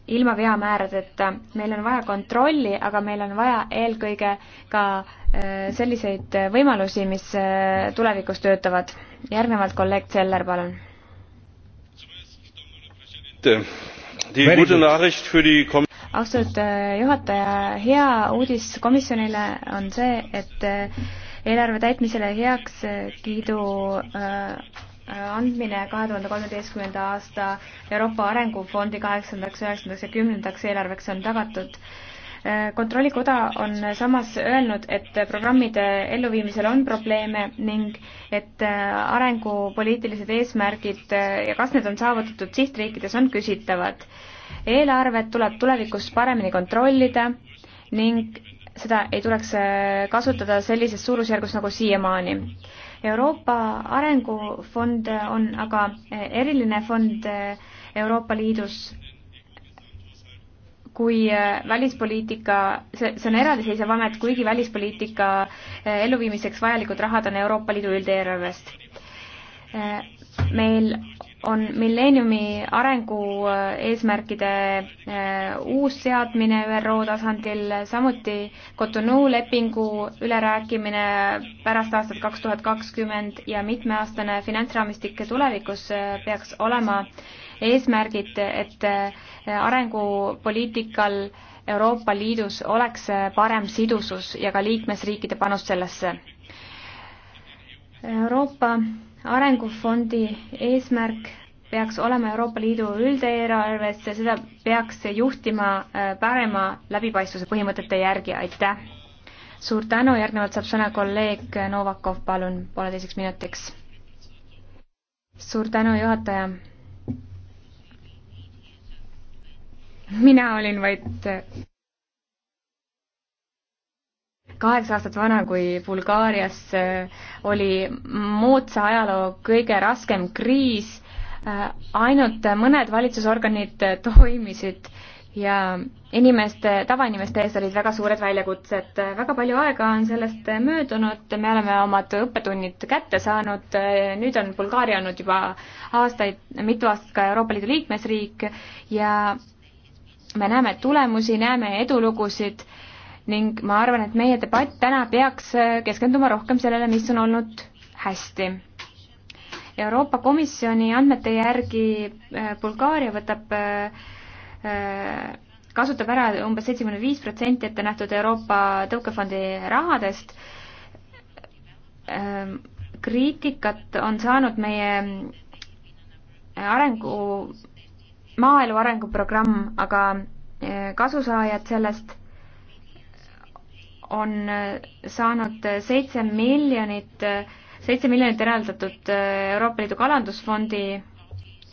S1: ilma veamääradeta. meil on vaja kontrolli, aga meil on vaja eelkõige ka äh, selliseid võimalusi, mis äh, tulevikus töötavad. järgnevalt kolleeg Zeller, palun. austatud äh, juhataja, hea uudis komisjonile on see, et eelarve täitmisele heakskiidu äh, andmine kahe tuhande kolmeteistkümnenda aasta Euroopa Arengufondi kaheksandaks, üheksandaks ja kümnendaks eelarveks on tagatud kontrollikoda on samas öelnud, et programmide elluviimisel on probleeme ning et arengupoliitilised eesmärgid ja kas need on saavutatud sihtriikides, on küsitavad. eelarvet tuleb tulevikus paremini kontrollida ning seda ei tuleks kasutada sellises suurusjärgus nagu siiamaani Euroopa Arengufond on aga eriline fond Euroopa Liidus kui äh, välispoliitika, see, see on eraldiseisev amet, kuigi välispoliitika äh, elluviimiseks vajalikud rahad on Euroopa Liidu üldeelarvest. Äh, meil on milleeniumi arengu äh, eesmärkide äh, uus seadmine ÜRO tasandil, samuti Cotonou lepingu ülerääkimine pärast aastat kaks tuhat kakskümmend ja mitmeaastane finantsraamistik tulevikus äh, peaks olema eesmärgid, et arengupoliitikal Euroopa Liidus oleks parem sidusus ja ka liikmesriikide panus sellesse. Euroopa arengufondi eesmärk peaks olema Euroopa Liidu üldeelarves ja seda peaks juhtima äh, parema läbipaistvuse põhimõtete järgi, aitäh! suur tänu, järgnevalt saab sõna kolleeg Novakov, palun, pooleteiseks minutiks. suur tänu, juhataja! mina olin vaid kaheksa aastat vana, kui Bulgaarias äh, oli moodsa ajaloo kõige raskem kriis, äh, ainult mõned valitsusorganid äh, toimisid ja inimeste, tavainimeste ees olid väga suured väljakutsed. väga palju aega on sellest möödunud, me oleme omad õppetunnid kätte saanud, nüüd on Bulgaaria olnud juba aastaid, mitu aastat ka Euroopa Liidu liikmesriik ja me näeme tulemusi, näeme edulugusid ning ma arvan, et meie debatt täna peaks äh, keskenduma rohkem sellele, mis on olnud hästi. Euroopa Komisjoni andmete järgi äh, Bulgaaria võtab äh, kasutab ära umbes seitsekümmend viis protsenti ette nähtud Euroopa tõukefondi rahadest. Ähm, kriitikat on saanud meie arengu, maaelu arenguprogramm, aga kasusaajad sellest on saanud seitse miljonit, seitse miljonit eraldatud Euroopa Liidu kalandusfondi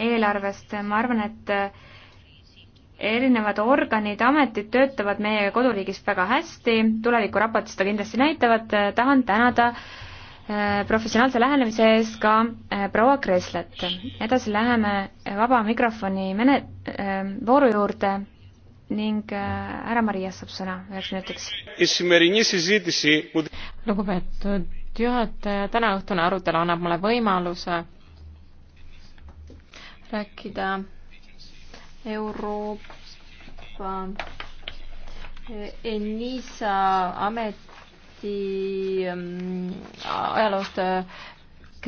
S1: eelarvest, ma arvan, et erinevad organid, ametid töötavad meie koduriigis väga hästi, tulevikuraportid seda kindlasti näitavad, tahan tänada äh, professionaalse lähenemise eest ka äh, proua Kreslet. edasi läheme vaba mikrofoni mene-, äh, vooru juurde ning äh, härra Marias saab
S2: sõna üheks minutiks. lugupeetud juhataja, tänaõhtune arutelu annab mulle võimaluse rääkida Euroopa e, ENISA ameti mm, ajaloost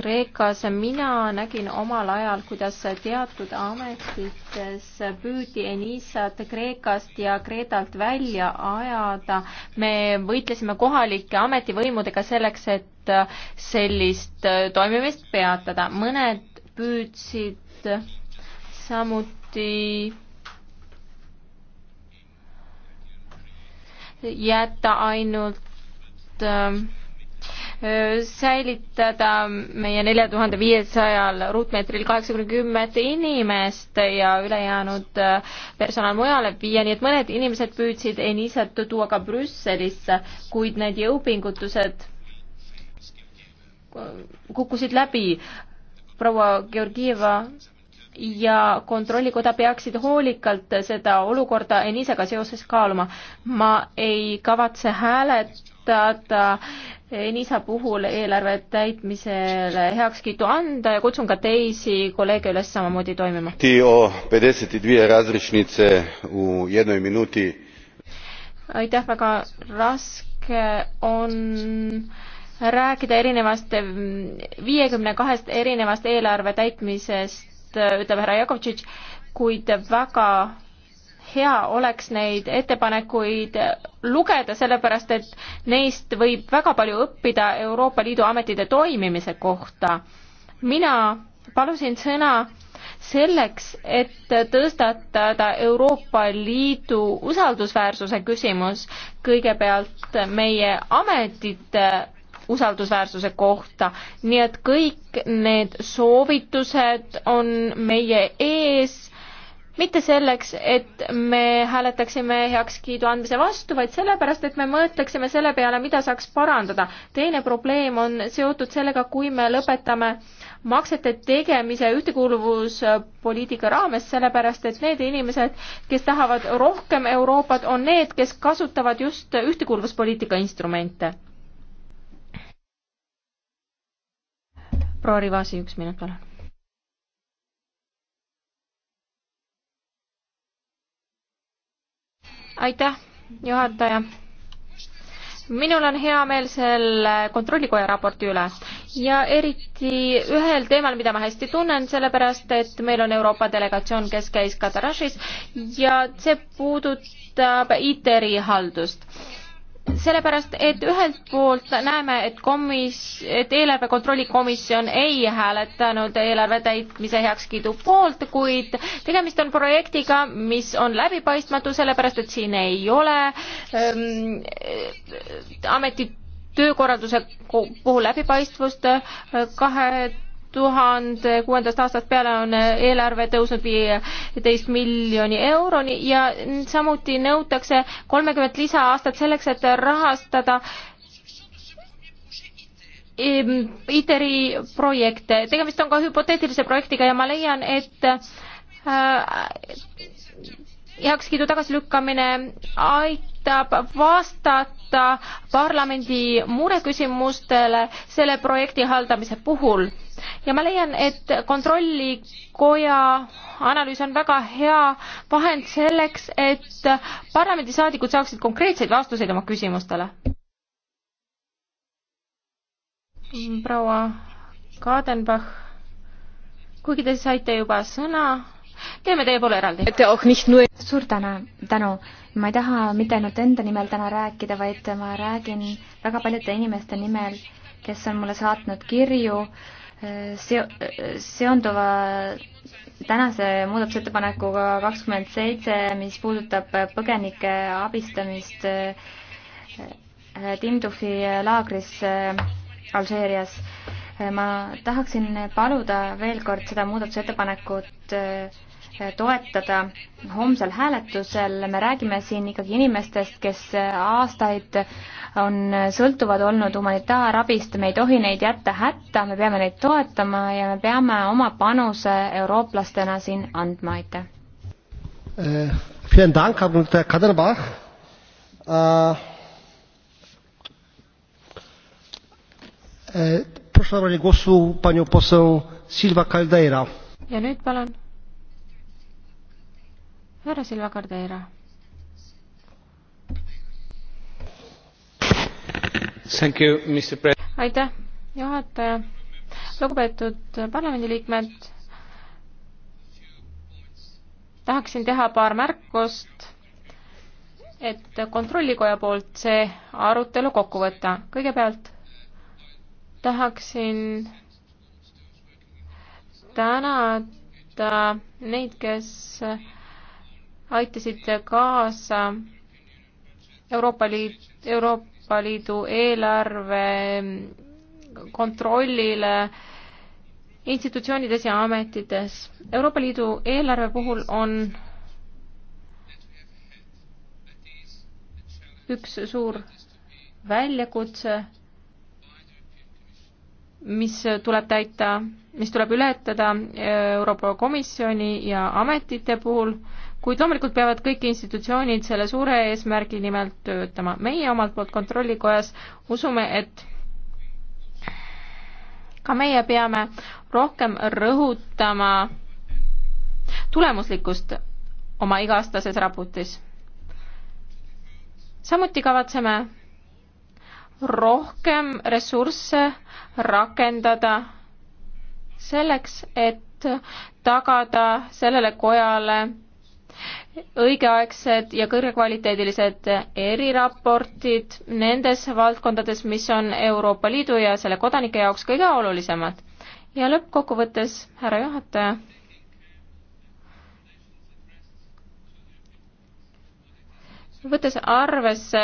S2: Kreekas. mina nägin omal ajal, kuidas teatud ametites püüdi Enissat Kreekast ja Kreetalt välja ajada. me võitlesime kohalike ametivõimudega selleks, et sellist toimimist peatada. mõned püüdsid samuti jätta ainult äh, säilitada meie nelja tuhande viiesajal ruutmeetril kaheksakümmend kümmet inimest ja ülejäänud äh, personal mujale viia, nii et mõned inimesed püüdsid Enisat tuua ka Brüsselisse, kuid need jõupingutused kukkusid läbi. proua Georgieva ja Kontrollikoda peaksid hoolikalt seda olukorda Enisega seoses kaaluma. ma ei kavatse hääletada Enisa puhul eelarve täitmisele heakskiitu anda ja kutsun ka teisi kolleege üles samamoodi toimima. aitäh, väga raske on rääkida erinevast, viiekümne kahest erinevast eelarve täitmisest, ütleb härra Jakovtšitš, kuid väga hea oleks neid ettepanekuid lugeda, sellepärast et neist võib väga palju õppida Euroopa Liidu ametite toimimise kohta. mina palusin sõna selleks, et tõstatada Euroopa Liidu usaldusväärsuse küsimus, kõigepealt meie ametite usaldusväärsuse kohta, nii et kõik need soovitused on meie ees mitte selleks, et me hääletaksime heakskiidu andmise vastu, vaid sellepärast, et me mõtleksime selle peale, mida saaks parandada. teine probleem on seotud sellega, kui me lõpetame maksete tegemise ühtekuuluvuspoliitika raames, sellepärast et need inimesed, kes tahavad rohkem Euroopat, on need, kes kasutavad just ühtekuuluvuspoliitika instrumente. proua Rivasi, üks minut, palun aitäh, juhataja minul on hea meel selle kontrollikoja raporti üle ja eriti ühel teemal, mida ma hästi tunnen, sellepärast et meil on Euroopa delegatsioon, kes käis Katarašis ja see puudutab ITER-i haldust sellepärast, et ühelt poolt näeme, et komis-, et eelarve kontrolli komisjon ei hääletanud eelarve täitmise heakskiidu poolt, kuid tegemist on projektiga, mis on läbipaistmatu, sellepärast et siin ei ole ähm, ameti töökorralduse puhul läbipaistvust äh, kahe tuhande kuuendast aastast peale on eelarve tõusnud viieteist miljoni euroni ja samuti nõutakse kolmekümmet lisaaastat selleks, et rahastada ITER-i projekte. tegemist on ka hüpoteetilise projektiga ja ma leian, et äh, heakskiidu tagasilükkamine aitab vastata parlamendi mureküsimustele selle projekti haldamise puhul ja ma leian, et kontrollikoja analüüs on väga hea vahend selleks, et parlamendisaadikud saaksid konkreetseid vastuseid oma küsimustele. proua Kadenbach, kuigi te saite juba sõna, teeme teie poole eraldi.
S1: suur tänu, tänu ma ei taha mitte ainult enda nimel täna rääkida, vaid ma räägin väga paljude inimeste nimel, kes on mulle saatnud kirju seo-, seonduva tänase muudatusettepanekuga kakskümmend seitse, mis puudutab põgenike abistamist äh, Timdufi laagris äh, Alžeerias. Äh, ma tahaksin paluda veel kord seda muudatusettepanekut toetada homsel hääletusel, me räägime siin ikkagi inimestest, kes aastaid on, sõltuvad olnud humanitaarabist, me ei tohi neid jätta hätta, me peame neid toetama ja me peame oma panuse eurooplastena siin andma, aitäh
S3: eh,. Eh, eh,
S1: proszę o zabranie głosu panią poseł Silva Caldeira.
S2: Ja nüüd palun härra Silva Cardeira. aitäh, juhataja. lugupeetud parlamendiliikmed, tahaksin teha paar märkust, et kontrollikoja poolt see arutelu kokku võtta. kõigepealt tahaksin tänada neid, kes aitasid kaasa Euroopa Liit, Euroopa Liidu eelarve kontrollile institutsioonides ja ametites. Euroopa Liidu eelarve puhul on üks suur väljakutse, mis tuleb täita, mis tuleb ületada Euroopa Komisjoni ja ametite puhul kuid loomulikult peavad kõik institutsioonid selle suure eesmärgi nimel töötama. meie omalt poolt Kontrollikojas usume, et ka meie peame rohkem rõhutama tulemuslikkust oma iga-aastases raportis. samuti kavatseme rohkem ressursse rakendada selleks, et tagada sellele kojale õigeaegsed ja kõrgekvaliteedilised eriraportid nendes valdkondades, mis on Euroopa Liidu ja selle kodanike jaoks kõige olulisemad. ja lõppkokkuvõttes, härra juhataja, võttes arvesse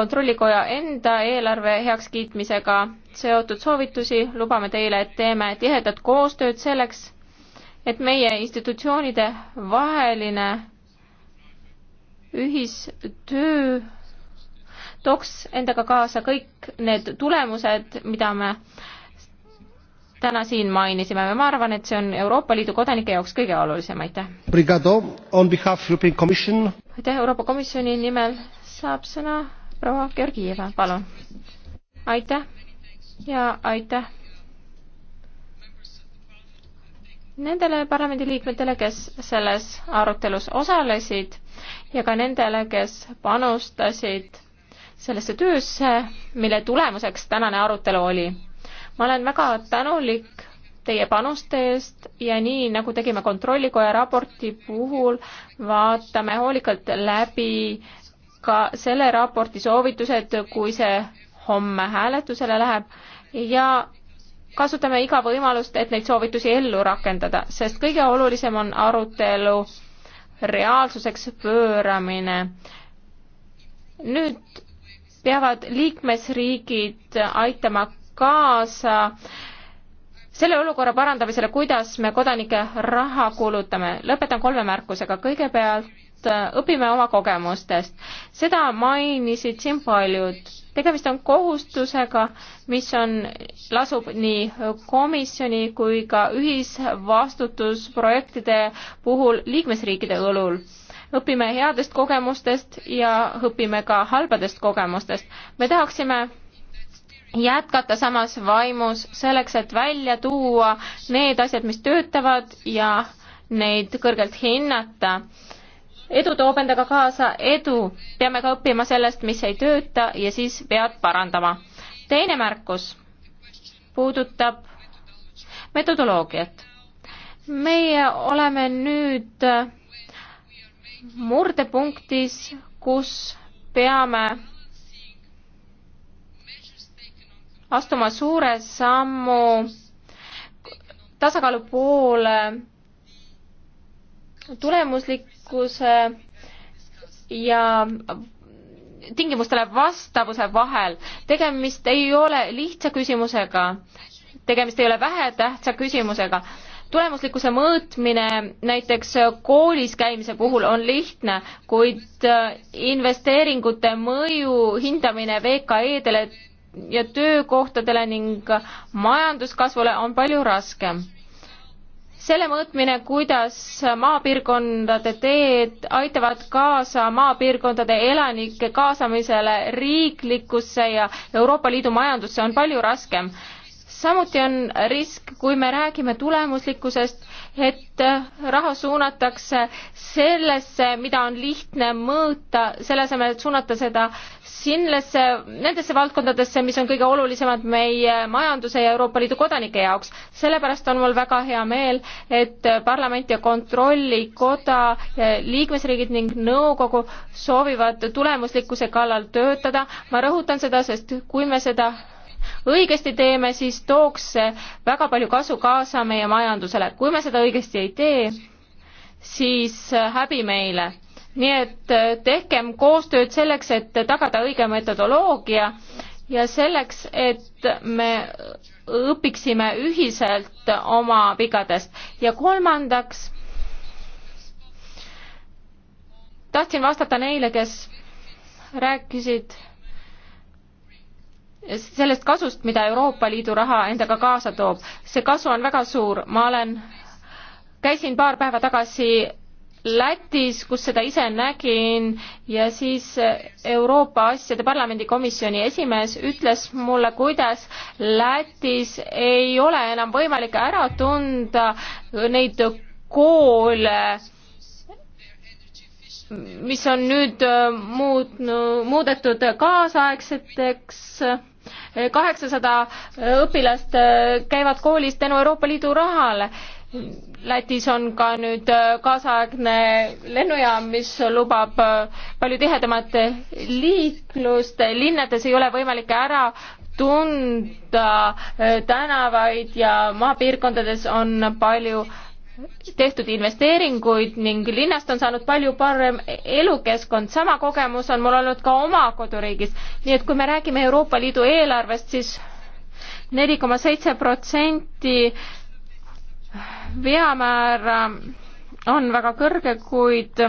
S2: Kontrollikoja enda eelarve heakskiitmisega seotud soovitusi, lubame teile, et teeme tihedat koostööd selleks, et meie institutsioonide vaheline ühistöö tooks endaga kaasa kõik need tulemused, mida me täna siin mainisime ja ma arvan, et see on Euroopa Liidu kodanike jaoks kõige olulisem, aitäh. aitäh, Euroopa Komisjoni nimel saab sõna proua Georgieva, palun. aitäh ja aitäh nendele parlamendiliikmetele, kes selles arutelus osalesid ja ka nendele, kes panustasid sellesse töösse, mille tulemuseks tänane arutelu oli. ma olen väga tänulik teie panuste eest ja nii, nagu tegime Kontrollikoja raporti puhul, vaatame hoolikalt läbi ka selle raporti soovitused, kui see homme hääletusele läheb ja kasutame iga võimalust, et neid soovitusi ellu rakendada, sest kõige olulisem on arutelu reaalsuseks pööramine. nüüd peavad liikmesriigid aitama kaasa selle olukorra parandamisele, kuidas me kodanike raha kulutame. lõpetan kolme märkusega. kõigepealt õpime oma kogemustest. seda mainisid siin paljud tegemist on kohustusega, mis on, lasub nii komisjoni kui ka ühisvastutusprojektide puhul liikmesriikide õlul. õpime headest kogemustest ja õpime ka halbadest kogemustest. me tahaksime jätkata samas vaimus selleks, et välja tuua need asjad, mis töötavad ja neid kõrgelt hinnata edu toob endaga kaasa edu, peame ka õppima sellest, mis ei tööta ja siis pead parandama. teine märkus puudutab metodoloogiat. meie oleme nüüd murdepunktis, kus peame astuma suure sammu tasakaalu poole tulemuslik oskuse ja tingimustele vastavuse vahel. tegemist ei ole lihtsa küsimusega, tegemist ei ole vähetähtsa küsimusega. tulemuslikkuse mõõtmine näiteks koolis käimise puhul on lihtne, kuid äh, investeeringute mõju hindamine VKE-dele ja töökohtadele ning majanduskasvule on palju raskem selle mõõtmine, kuidas maapiirkondade teed aitavad kaasa maapiirkondade elanike kaasamisele riiklikusse ja Euroopa Liidu majandusse, on palju raskem. samuti on risk, kui me räägime tulemuslikkusest, et raha suunatakse sellesse, mida on lihtne mõõta, selle asemel, et suunata seda sinnesse, nendesse valdkondadesse, mis on kõige olulisemad meie majanduse ja Euroopa Liidu kodanike jaoks. sellepärast on mul väga hea meel, et parlament ja kontrollikoda, eh, liikmesriigid ning nõukogu soovivad tulemuslikkuse kallal töötada. ma rõhutan seda, sest kui me seda õigesti teeme, siis tooks see väga palju kasu kaasa meie majandusele. kui me seda õigesti ei tee, siis häbi meile. nii et äh, tehkem koostööd selleks, et tagada õige metodoloogia ja selleks, et me õpiksime ühiselt oma vigadest. ja kolmandaks tahtsin vastata neile, kes rääkisid sellest kasust, mida Euroopa Liidu raha endaga kaasa toob. see kasu on väga suur, ma olen, käisin paar päeva tagasi Lätis, kus seda ise nägin ja siis Euroopa asjade parlamendi komisjoni esimees ütles mulle, kuidas Lätis ei ole enam võimalik ära tunda neid koole, mis on nüüd muutnud, muudetud kaasaegseteks kaheksasada õpilast äh, käivad koolis tänu Euroopa Liidu rahale. Lätis on ka nüüd äh, kaasaegne lennujaam, mis lubab äh, palju tihedamat liiklust, linnades ei ole võimalik ära tunda tänavaid ja maapiirkondades on palju tehtud investeeringuid ning linnast on saanud palju parem elukeskkond. sama kogemus on mul olnud ka oma koduriigis. nii et kui me räägime Euroopa Liidu eelarvest siis, siis neli koma seitse protsenti veamäära on väga kõrge, kuid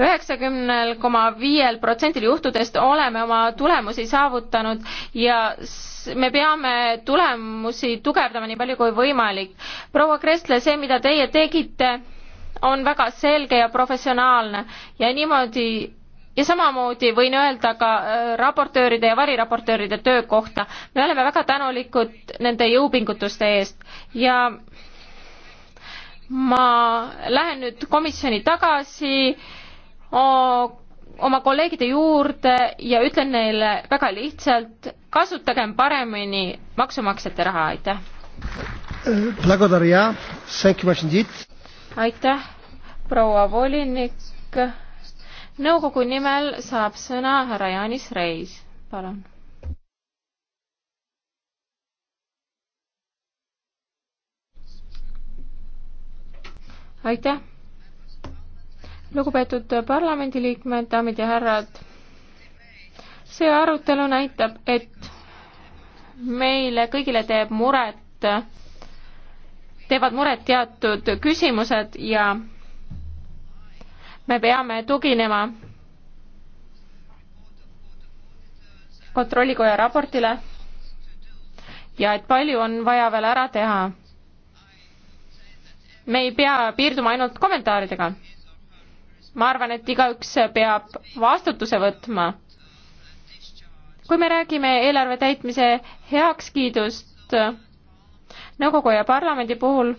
S2: üheksakümnel koma viiel protsendil juhtudest oleme oma tulemusi saavutanud ja me peame tulemusi tugevdama nii palju kui võimalik. proua Kressle, see, mida teie tegite, on väga selge ja professionaalne ja niimoodi ja samamoodi võin öelda ka äh, raportööride ja variraportööride töö kohta. me oleme väga tänulikud nende jõupingutuste eest ja ma lähen nüüd komisjoni tagasi oma kolleegide juurde ja ütlen neile väga lihtsalt, kasutagem paremini maksumaksjate raha, aitäh. aitäh, proua volinik. nõukogu nimel saab sõna härra Jaanis Reis, palun. aitäh lugupeetud parlamendiliikmed, daamid ja härrad. see arutelu näitab, et meile kõigile teeb muret, teevad muret teatud küsimused ja me peame tuginema kontrollikoja raportile ja et palju on vaja veel ära teha. me ei pea piirduma ainult kommentaaridega ma arvan, et igaüks peab vastutuse võtma. kui me räägime eelarve täitmise heakskiidust nõukogu ja parlamendi puhul,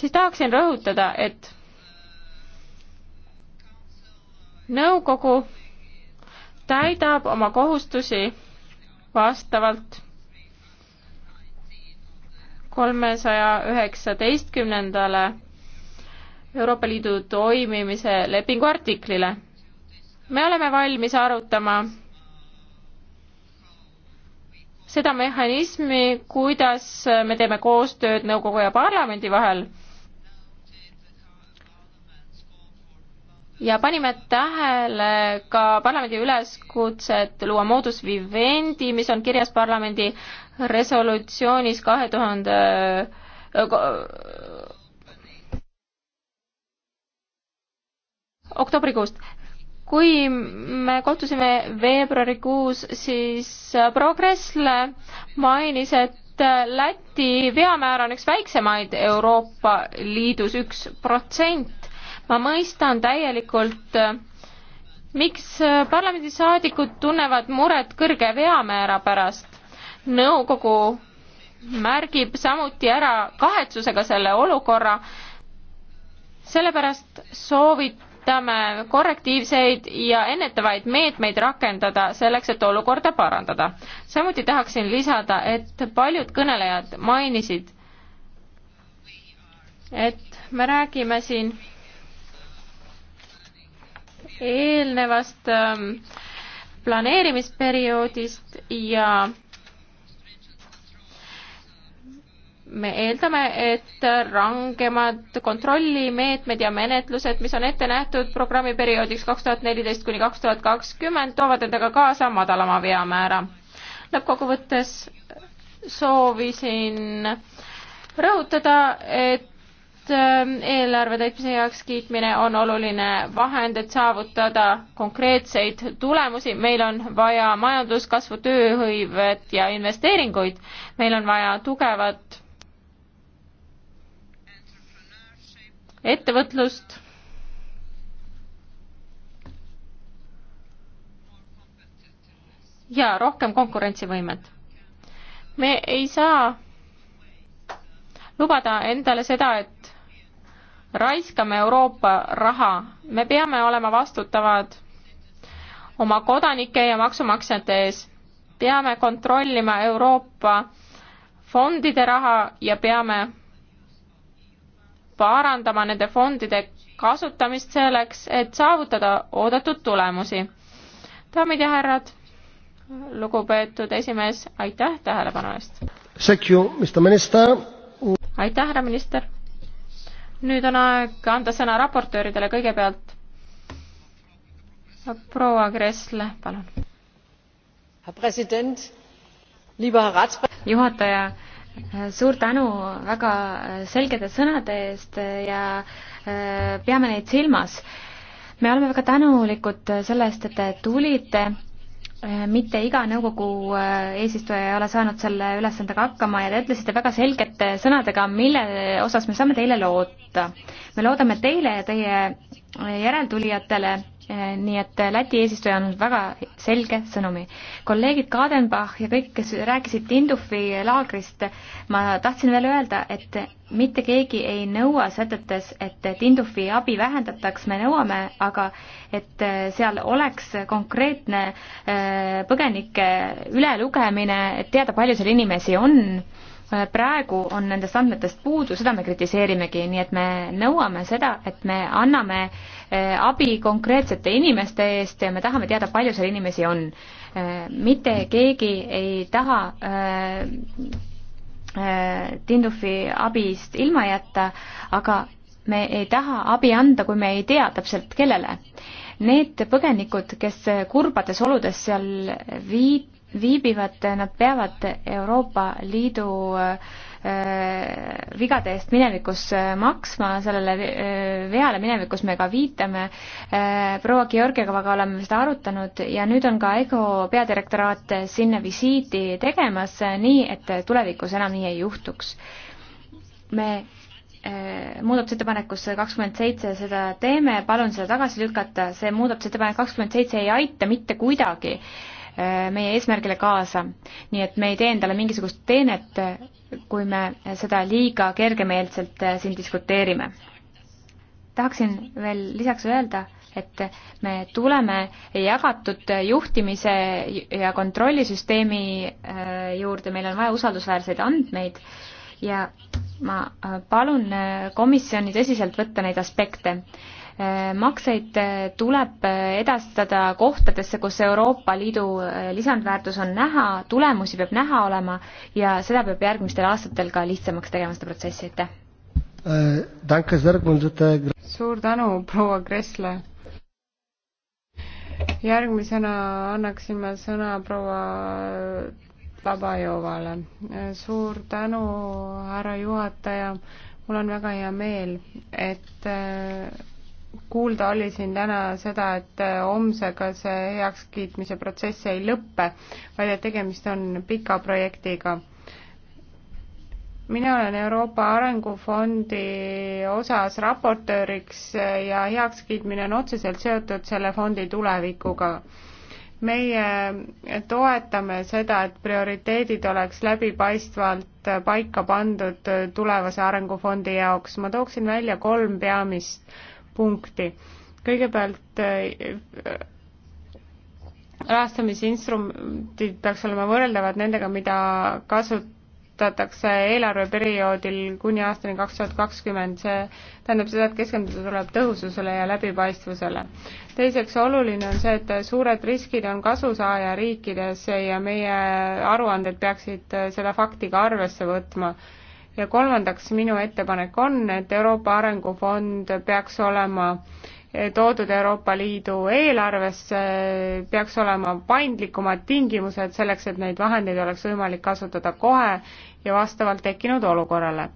S2: siis tahaksin rõhutada, et nõukogu täidab oma kohustusi vastavalt kolmesaja üheksateistkümnendale Euroopa Liidu toimimise lepingu artiklile. me oleme valmis arutama seda mehhanismi, kuidas me teeme koostööd nõukogu ja parlamendi vahel. ja panime tähele ka parlamendi üleskutset luua moodus vivendi, mis on kirjas parlamendi resolutsioonis kahe tuhande oktoobrikuust. kui me kohtusime veebruarikuus, siis proua Kressle mainis, et Läti veamäär on üks väiksemaid Euroopa Liidus, üks protsent. ma mõistan täielikult, miks parlamendisaadikud tunnevad muret kõrge veamäära pärast. nõukogu märgib samuti ära kahetsusega selle olukorra, sellepärast soovid üritame korrektiivseid ja ennetavaid meetmeid rakendada selleks, et olukorda parandada. samuti tahaksin lisada, et paljud kõnelejad mainisid, et me räägime siin eelnevast ähm, planeerimisperioodist ja me eeldame, et rangemad kontrollimeetmed ja menetlused, mis on ette nähtud programmi perioodiks kaks tuhat neliteist kuni kaks tuhat kakskümmend, toovad endaga kaasa madalama veamäära. lõppkokkuvõttes soovisin rõhutada, et ähm, eelarve täitmise heakskiitmine on oluline vahend, et saavutada konkreetseid tulemusi. meil on vaja majanduskasvu, tööhõivet ja investeeringuid. meil on vaja tugevat ettevõtlust ja rohkem konkurentsivõimet. me ei saa lubada endale seda, et raiskame Euroopa raha, me peame olema vastutavad oma kodanike ja maksumaksjate ees. peame kontrollima Euroopa fondide raha ja peame parandama nende fondide kasutamist selleks, et saavutada oodatud tulemusi. daamid ja härrad, lugupeetud esimees, aitäh tähelepanu eest! aitäh, härra minister! nüüd on aeg anda sõna raportööridele, kõigepealt proua Gressle, palun.
S1: juhataja suur tänu väga äh, selgete sõnade eest äh, ja äh, peame neid silmas. me oleme väga tänulikud selle eest, et te tulite. mitte iga nõukogu eesistuja ei ole saanud selle ülesandega hakkama ja te ütlesite väga selgete sõnadega, mille osas me saame teile loota. me loodame teile ja teie järeltulijatele Eh, nii et eh, Läti eesistuja on väga selge sõnumi. kolleegid Kadenbach ja kõik, kes rääkisid Tindufi eh, laagrist, ma tahtsin veel öelda, et mitte keegi ei nõua sätetes, et Tindufi abi vähendataks, me nõuame aga, et seal oleks konkreetne põgenike ülelugemine, et teada, palju seal inimesi on Äh, praegu on nendest andmetest puudu, seda me kritiseerimegi, nii et me nõuame seda, et me anname äh, abi konkreetsete inimeste eest ja me tahame teada, palju seal inimesi on. Äh, mitte keegi ei taha Tindufi abist ilma jätta, aga me ei taha abi anda, kui me ei tea täpselt, kellele need põgenikud, kes kurbades oludes seal viit-, viibivad, nad peavad Euroopa Liidu äh, vigade eest minevikus äh, maksma, sellele äh, veale minevikus me ka viitame. proua Georgievaga oleme seda arutanud ja nüüd on ka EGO peadirektoraat sinna visiiti tegemas, nii et tulevikus enam nii ei juhtuks. me muudatusettepanekusse kakskümmend seitse seda teeme, palun seda tagasi lükata, see muudatusettepanek kakskümmend seitse ei aita mitte kuidagi äh, meie eesmärgile kaasa. nii et me ei tee endale mingisugust teenet, kui me seda liiga kergemeelselt äh, siin diskuteerime. tahaksin veel lisaks öelda, et me tuleme jagatud juhtimise ja kontrollisüsteemi äh, juurde, meil on vaja usaldusväärseid andmeid ja ma äh, palun komisjoni tõsiselt võtta neid aspekte Äh, makseid äh, tuleb äh, edastada kohtadesse, kus Euroopa Liidu lisandväärtus on näha, tulemusi peab näha olema ja seda
S3: peab järgmistel aastatel ka lihtsamaks tegema, seda protsessi, aitäh! suur tänu, proua Kressle! järgmisena annaksime sõna proua Vabajovale. suur tänu, härra juhataja, mul on väga hea meel, et kuulda oli siin täna seda, et homsega see heakskiitmise protsess ei lõppe, vaid et tegemist on pika projektiga. mina olen Euroopa Arengufondi osas raportööriks ja heakskiitmine on otseselt seotud selle fondi tulevikuga meie toetame seda, et prioriteedid oleks läbipaistvalt paika pandud tulevase arengufondi jaoks. ma tooksin välja kolm peamist punkti. kõigepealt äh, rahastamisinstrumendid peaks olema võrreldavad nendega, mida kasutatakse eelarveperioodil kuni aastani kaks tuhat kakskümmend, see tähendab seda, et keskenduda tuleb tõhususele ja läbipaistvusele. teiseks, oluline on see, et suured riskid on kasusaaja riikides ja meie aruanded peaksid äh, seda fakti ka arvesse võtma ja kolmandaks minu ettepanek on, et Euroopa Arengufond peaks olema eh, toodud Euroopa Liidu eelarvesse, peaks olema paindlikumad tingimused selleks, et neid vahendeid oleks võimalik kasutada kohe ja vastavalt tekkinud olukorrale.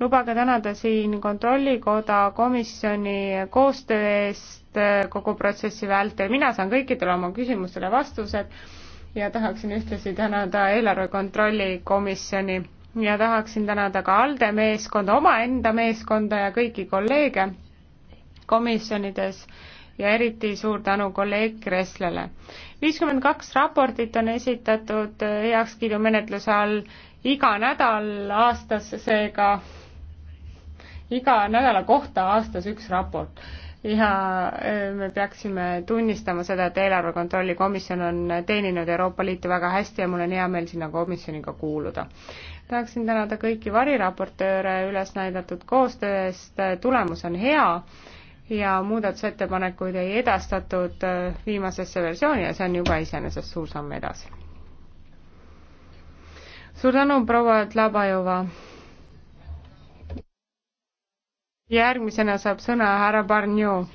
S3: lubage tänada siin Kontrollikoda komisjoni koostöö eest eh, kogu protsessi vältel, mina saan kõikidele oma küsimustele vastused ja tahaksin ühtlasi tänada eelarve kontrolli komisjoni ja tahaksin tänada ka ALDE meeskonda, omaenda meeskonda ja kõiki kolleege komisjonides ja eriti suur tänu kolleeg Kresslele. viiskümmend kaks raportit on esitatud heakskiidumenetluse all iga nädal aastas, seega iga nädala kohta aastas üks raport ja äh, me peaksime tunnistama seda, et eelarve kontrolli komisjon on teeninud Euroopa Liitu väga hästi ja mul on hea meel sinna komisjoniga kuuluda tahaksin tänada kõiki variraportööre üles näidatud koostöö eest, tulemus on hea ja muudatusettepanekuid ei edastatud äh, viimasesse versiooni ja see on juba iseenesest suur samm edasi. suur tänu, proua Tlabajova. järgmisena saab sõna härra Barnjov.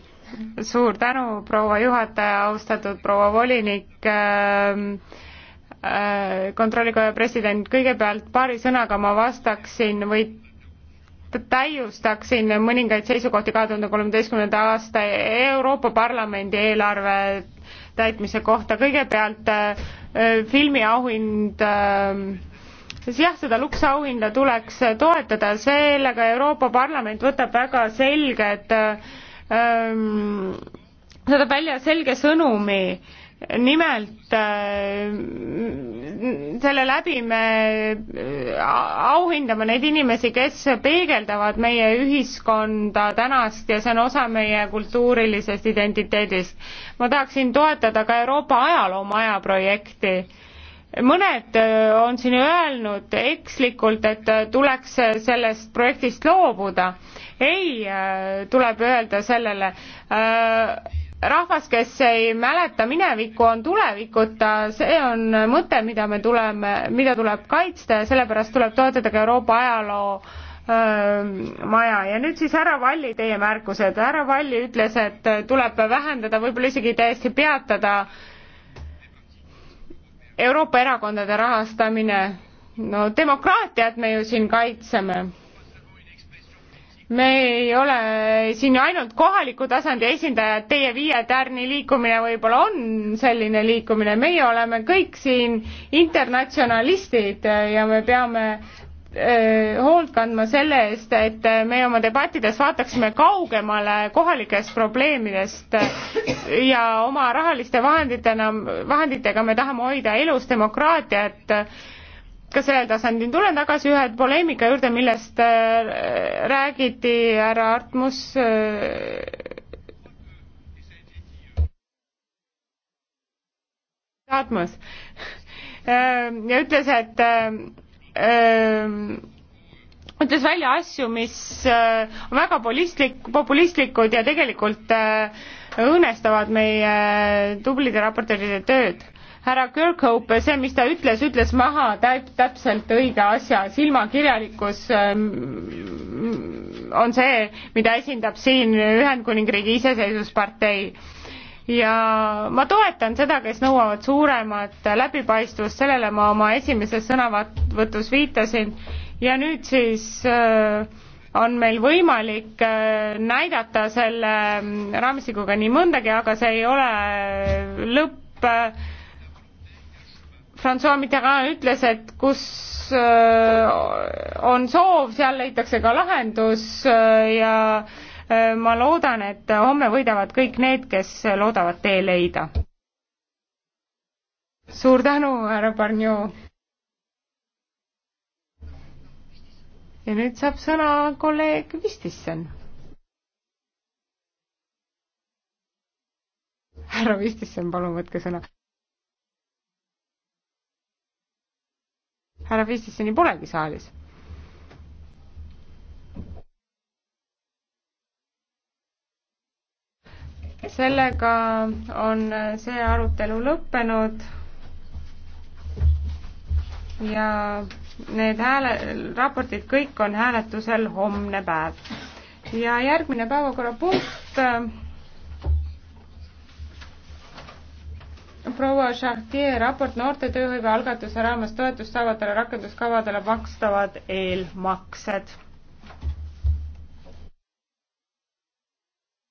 S3: suur tänu, proua juhataja, austatud proua volinik äh,. Äh, kontrollikoja president, kõigepealt paari sõnaga ma vastaksin või täiustaksin mõningaid seisukohti kahe tuhande kolmeteistkümnenda aasta Euroopa Parlamendi eelarve täitmise kohta, kõigepealt äh, äh filmiauhind äh, siis jah, seda Lux auhinda tuleks toetada, sellega Euroopa Parlament võtab väga selged äh, ähm,, saadab välja selge sõnumi äh, nimelt äh, selle läbi me äh, auhindame neid inimesi, kes peegeldavad meie ühiskonda tänast ja see on osa meie kultuurilisest identiteedist. ma tahaksin toetada ka Euroopa ajaloomaja projekti. mõned äh, on siin öelnud ekslikult, et tuleks sellest projektist loobuda. ei, tuleb öelda sellele äh, rahvas, kes ei mäleta minevikku, on tulevikuta, see on mõte, mida me tuleme, mida tuleb kaitsta ja sellepärast tuleb toetada ka Euroopa ajaloo maja ja nüüd siis härra Valli teie märkused, härra Valli ütles, et tuleb vähendada, võib-olla isegi täiesti peatada Euroopa erakondade rahastamine. no demokraatiat me ju siin kaitseme me ei ole siin ainult kohaliku tasandi esindajad, teie Viie Tärni liikumine võib-olla on selline liikumine, meie oleme kõik siin internatsionalistid ja me peame öö, äh, hoolt kandma selle eest, et me oma debattides vaataksime kaugemale kohalikest probleemidest ja oma rahaliste vahenditena, vahenditega me tahame hoida elus demokraatiat ka sellel tasandil. tulen tagasi ühe poleemika juurde, millest äh, räägiti härra Artmus äh, Atmos äh, ja ütles, et ütles välja asju, mis on väga populistlik, populistlikud ja tegelikult õõnestavad meie tublide raportööride tööd härra Kirkhope, see, mis ta ütles, ütles maha täp-, täpselt õige asja, silmakirjalikkus ähm, on see, mida esindab siin Ühendkuningriigi iseseisvuspartei. ja ma toetan seda, kes nõuavad suuremat läbipaistvust, sellele ma oma esimeses sõnavõtus viitasin ja nüüd siis äh, on meil võimalik äh, näidata selle ähm, raamistikuga nii mõndagi, aga see ei ole äh, lõpp äh, Francois Mitterrand ütles, et kus äh, on soov, seal leitakse ka lahendus äh, ja äh, ma loodan, et homme võidavad kõik need, kes loodavad tee leida. suur tänu, härra Barnjov. ja nüüd saab sõna kolleeg Vistisen. härra Vistisen, palun võtke sõna härra Fistisseni polegi saalis. sellega on see arutelu lõppenud ja need hääle, raportid kõik on hääletusel homne päev. ja järgmine päevakorrapunkt proua Chartier raport noorte tööhõive algatuse raames toetust saavatele rakenduskavadele makstavad eelmaksed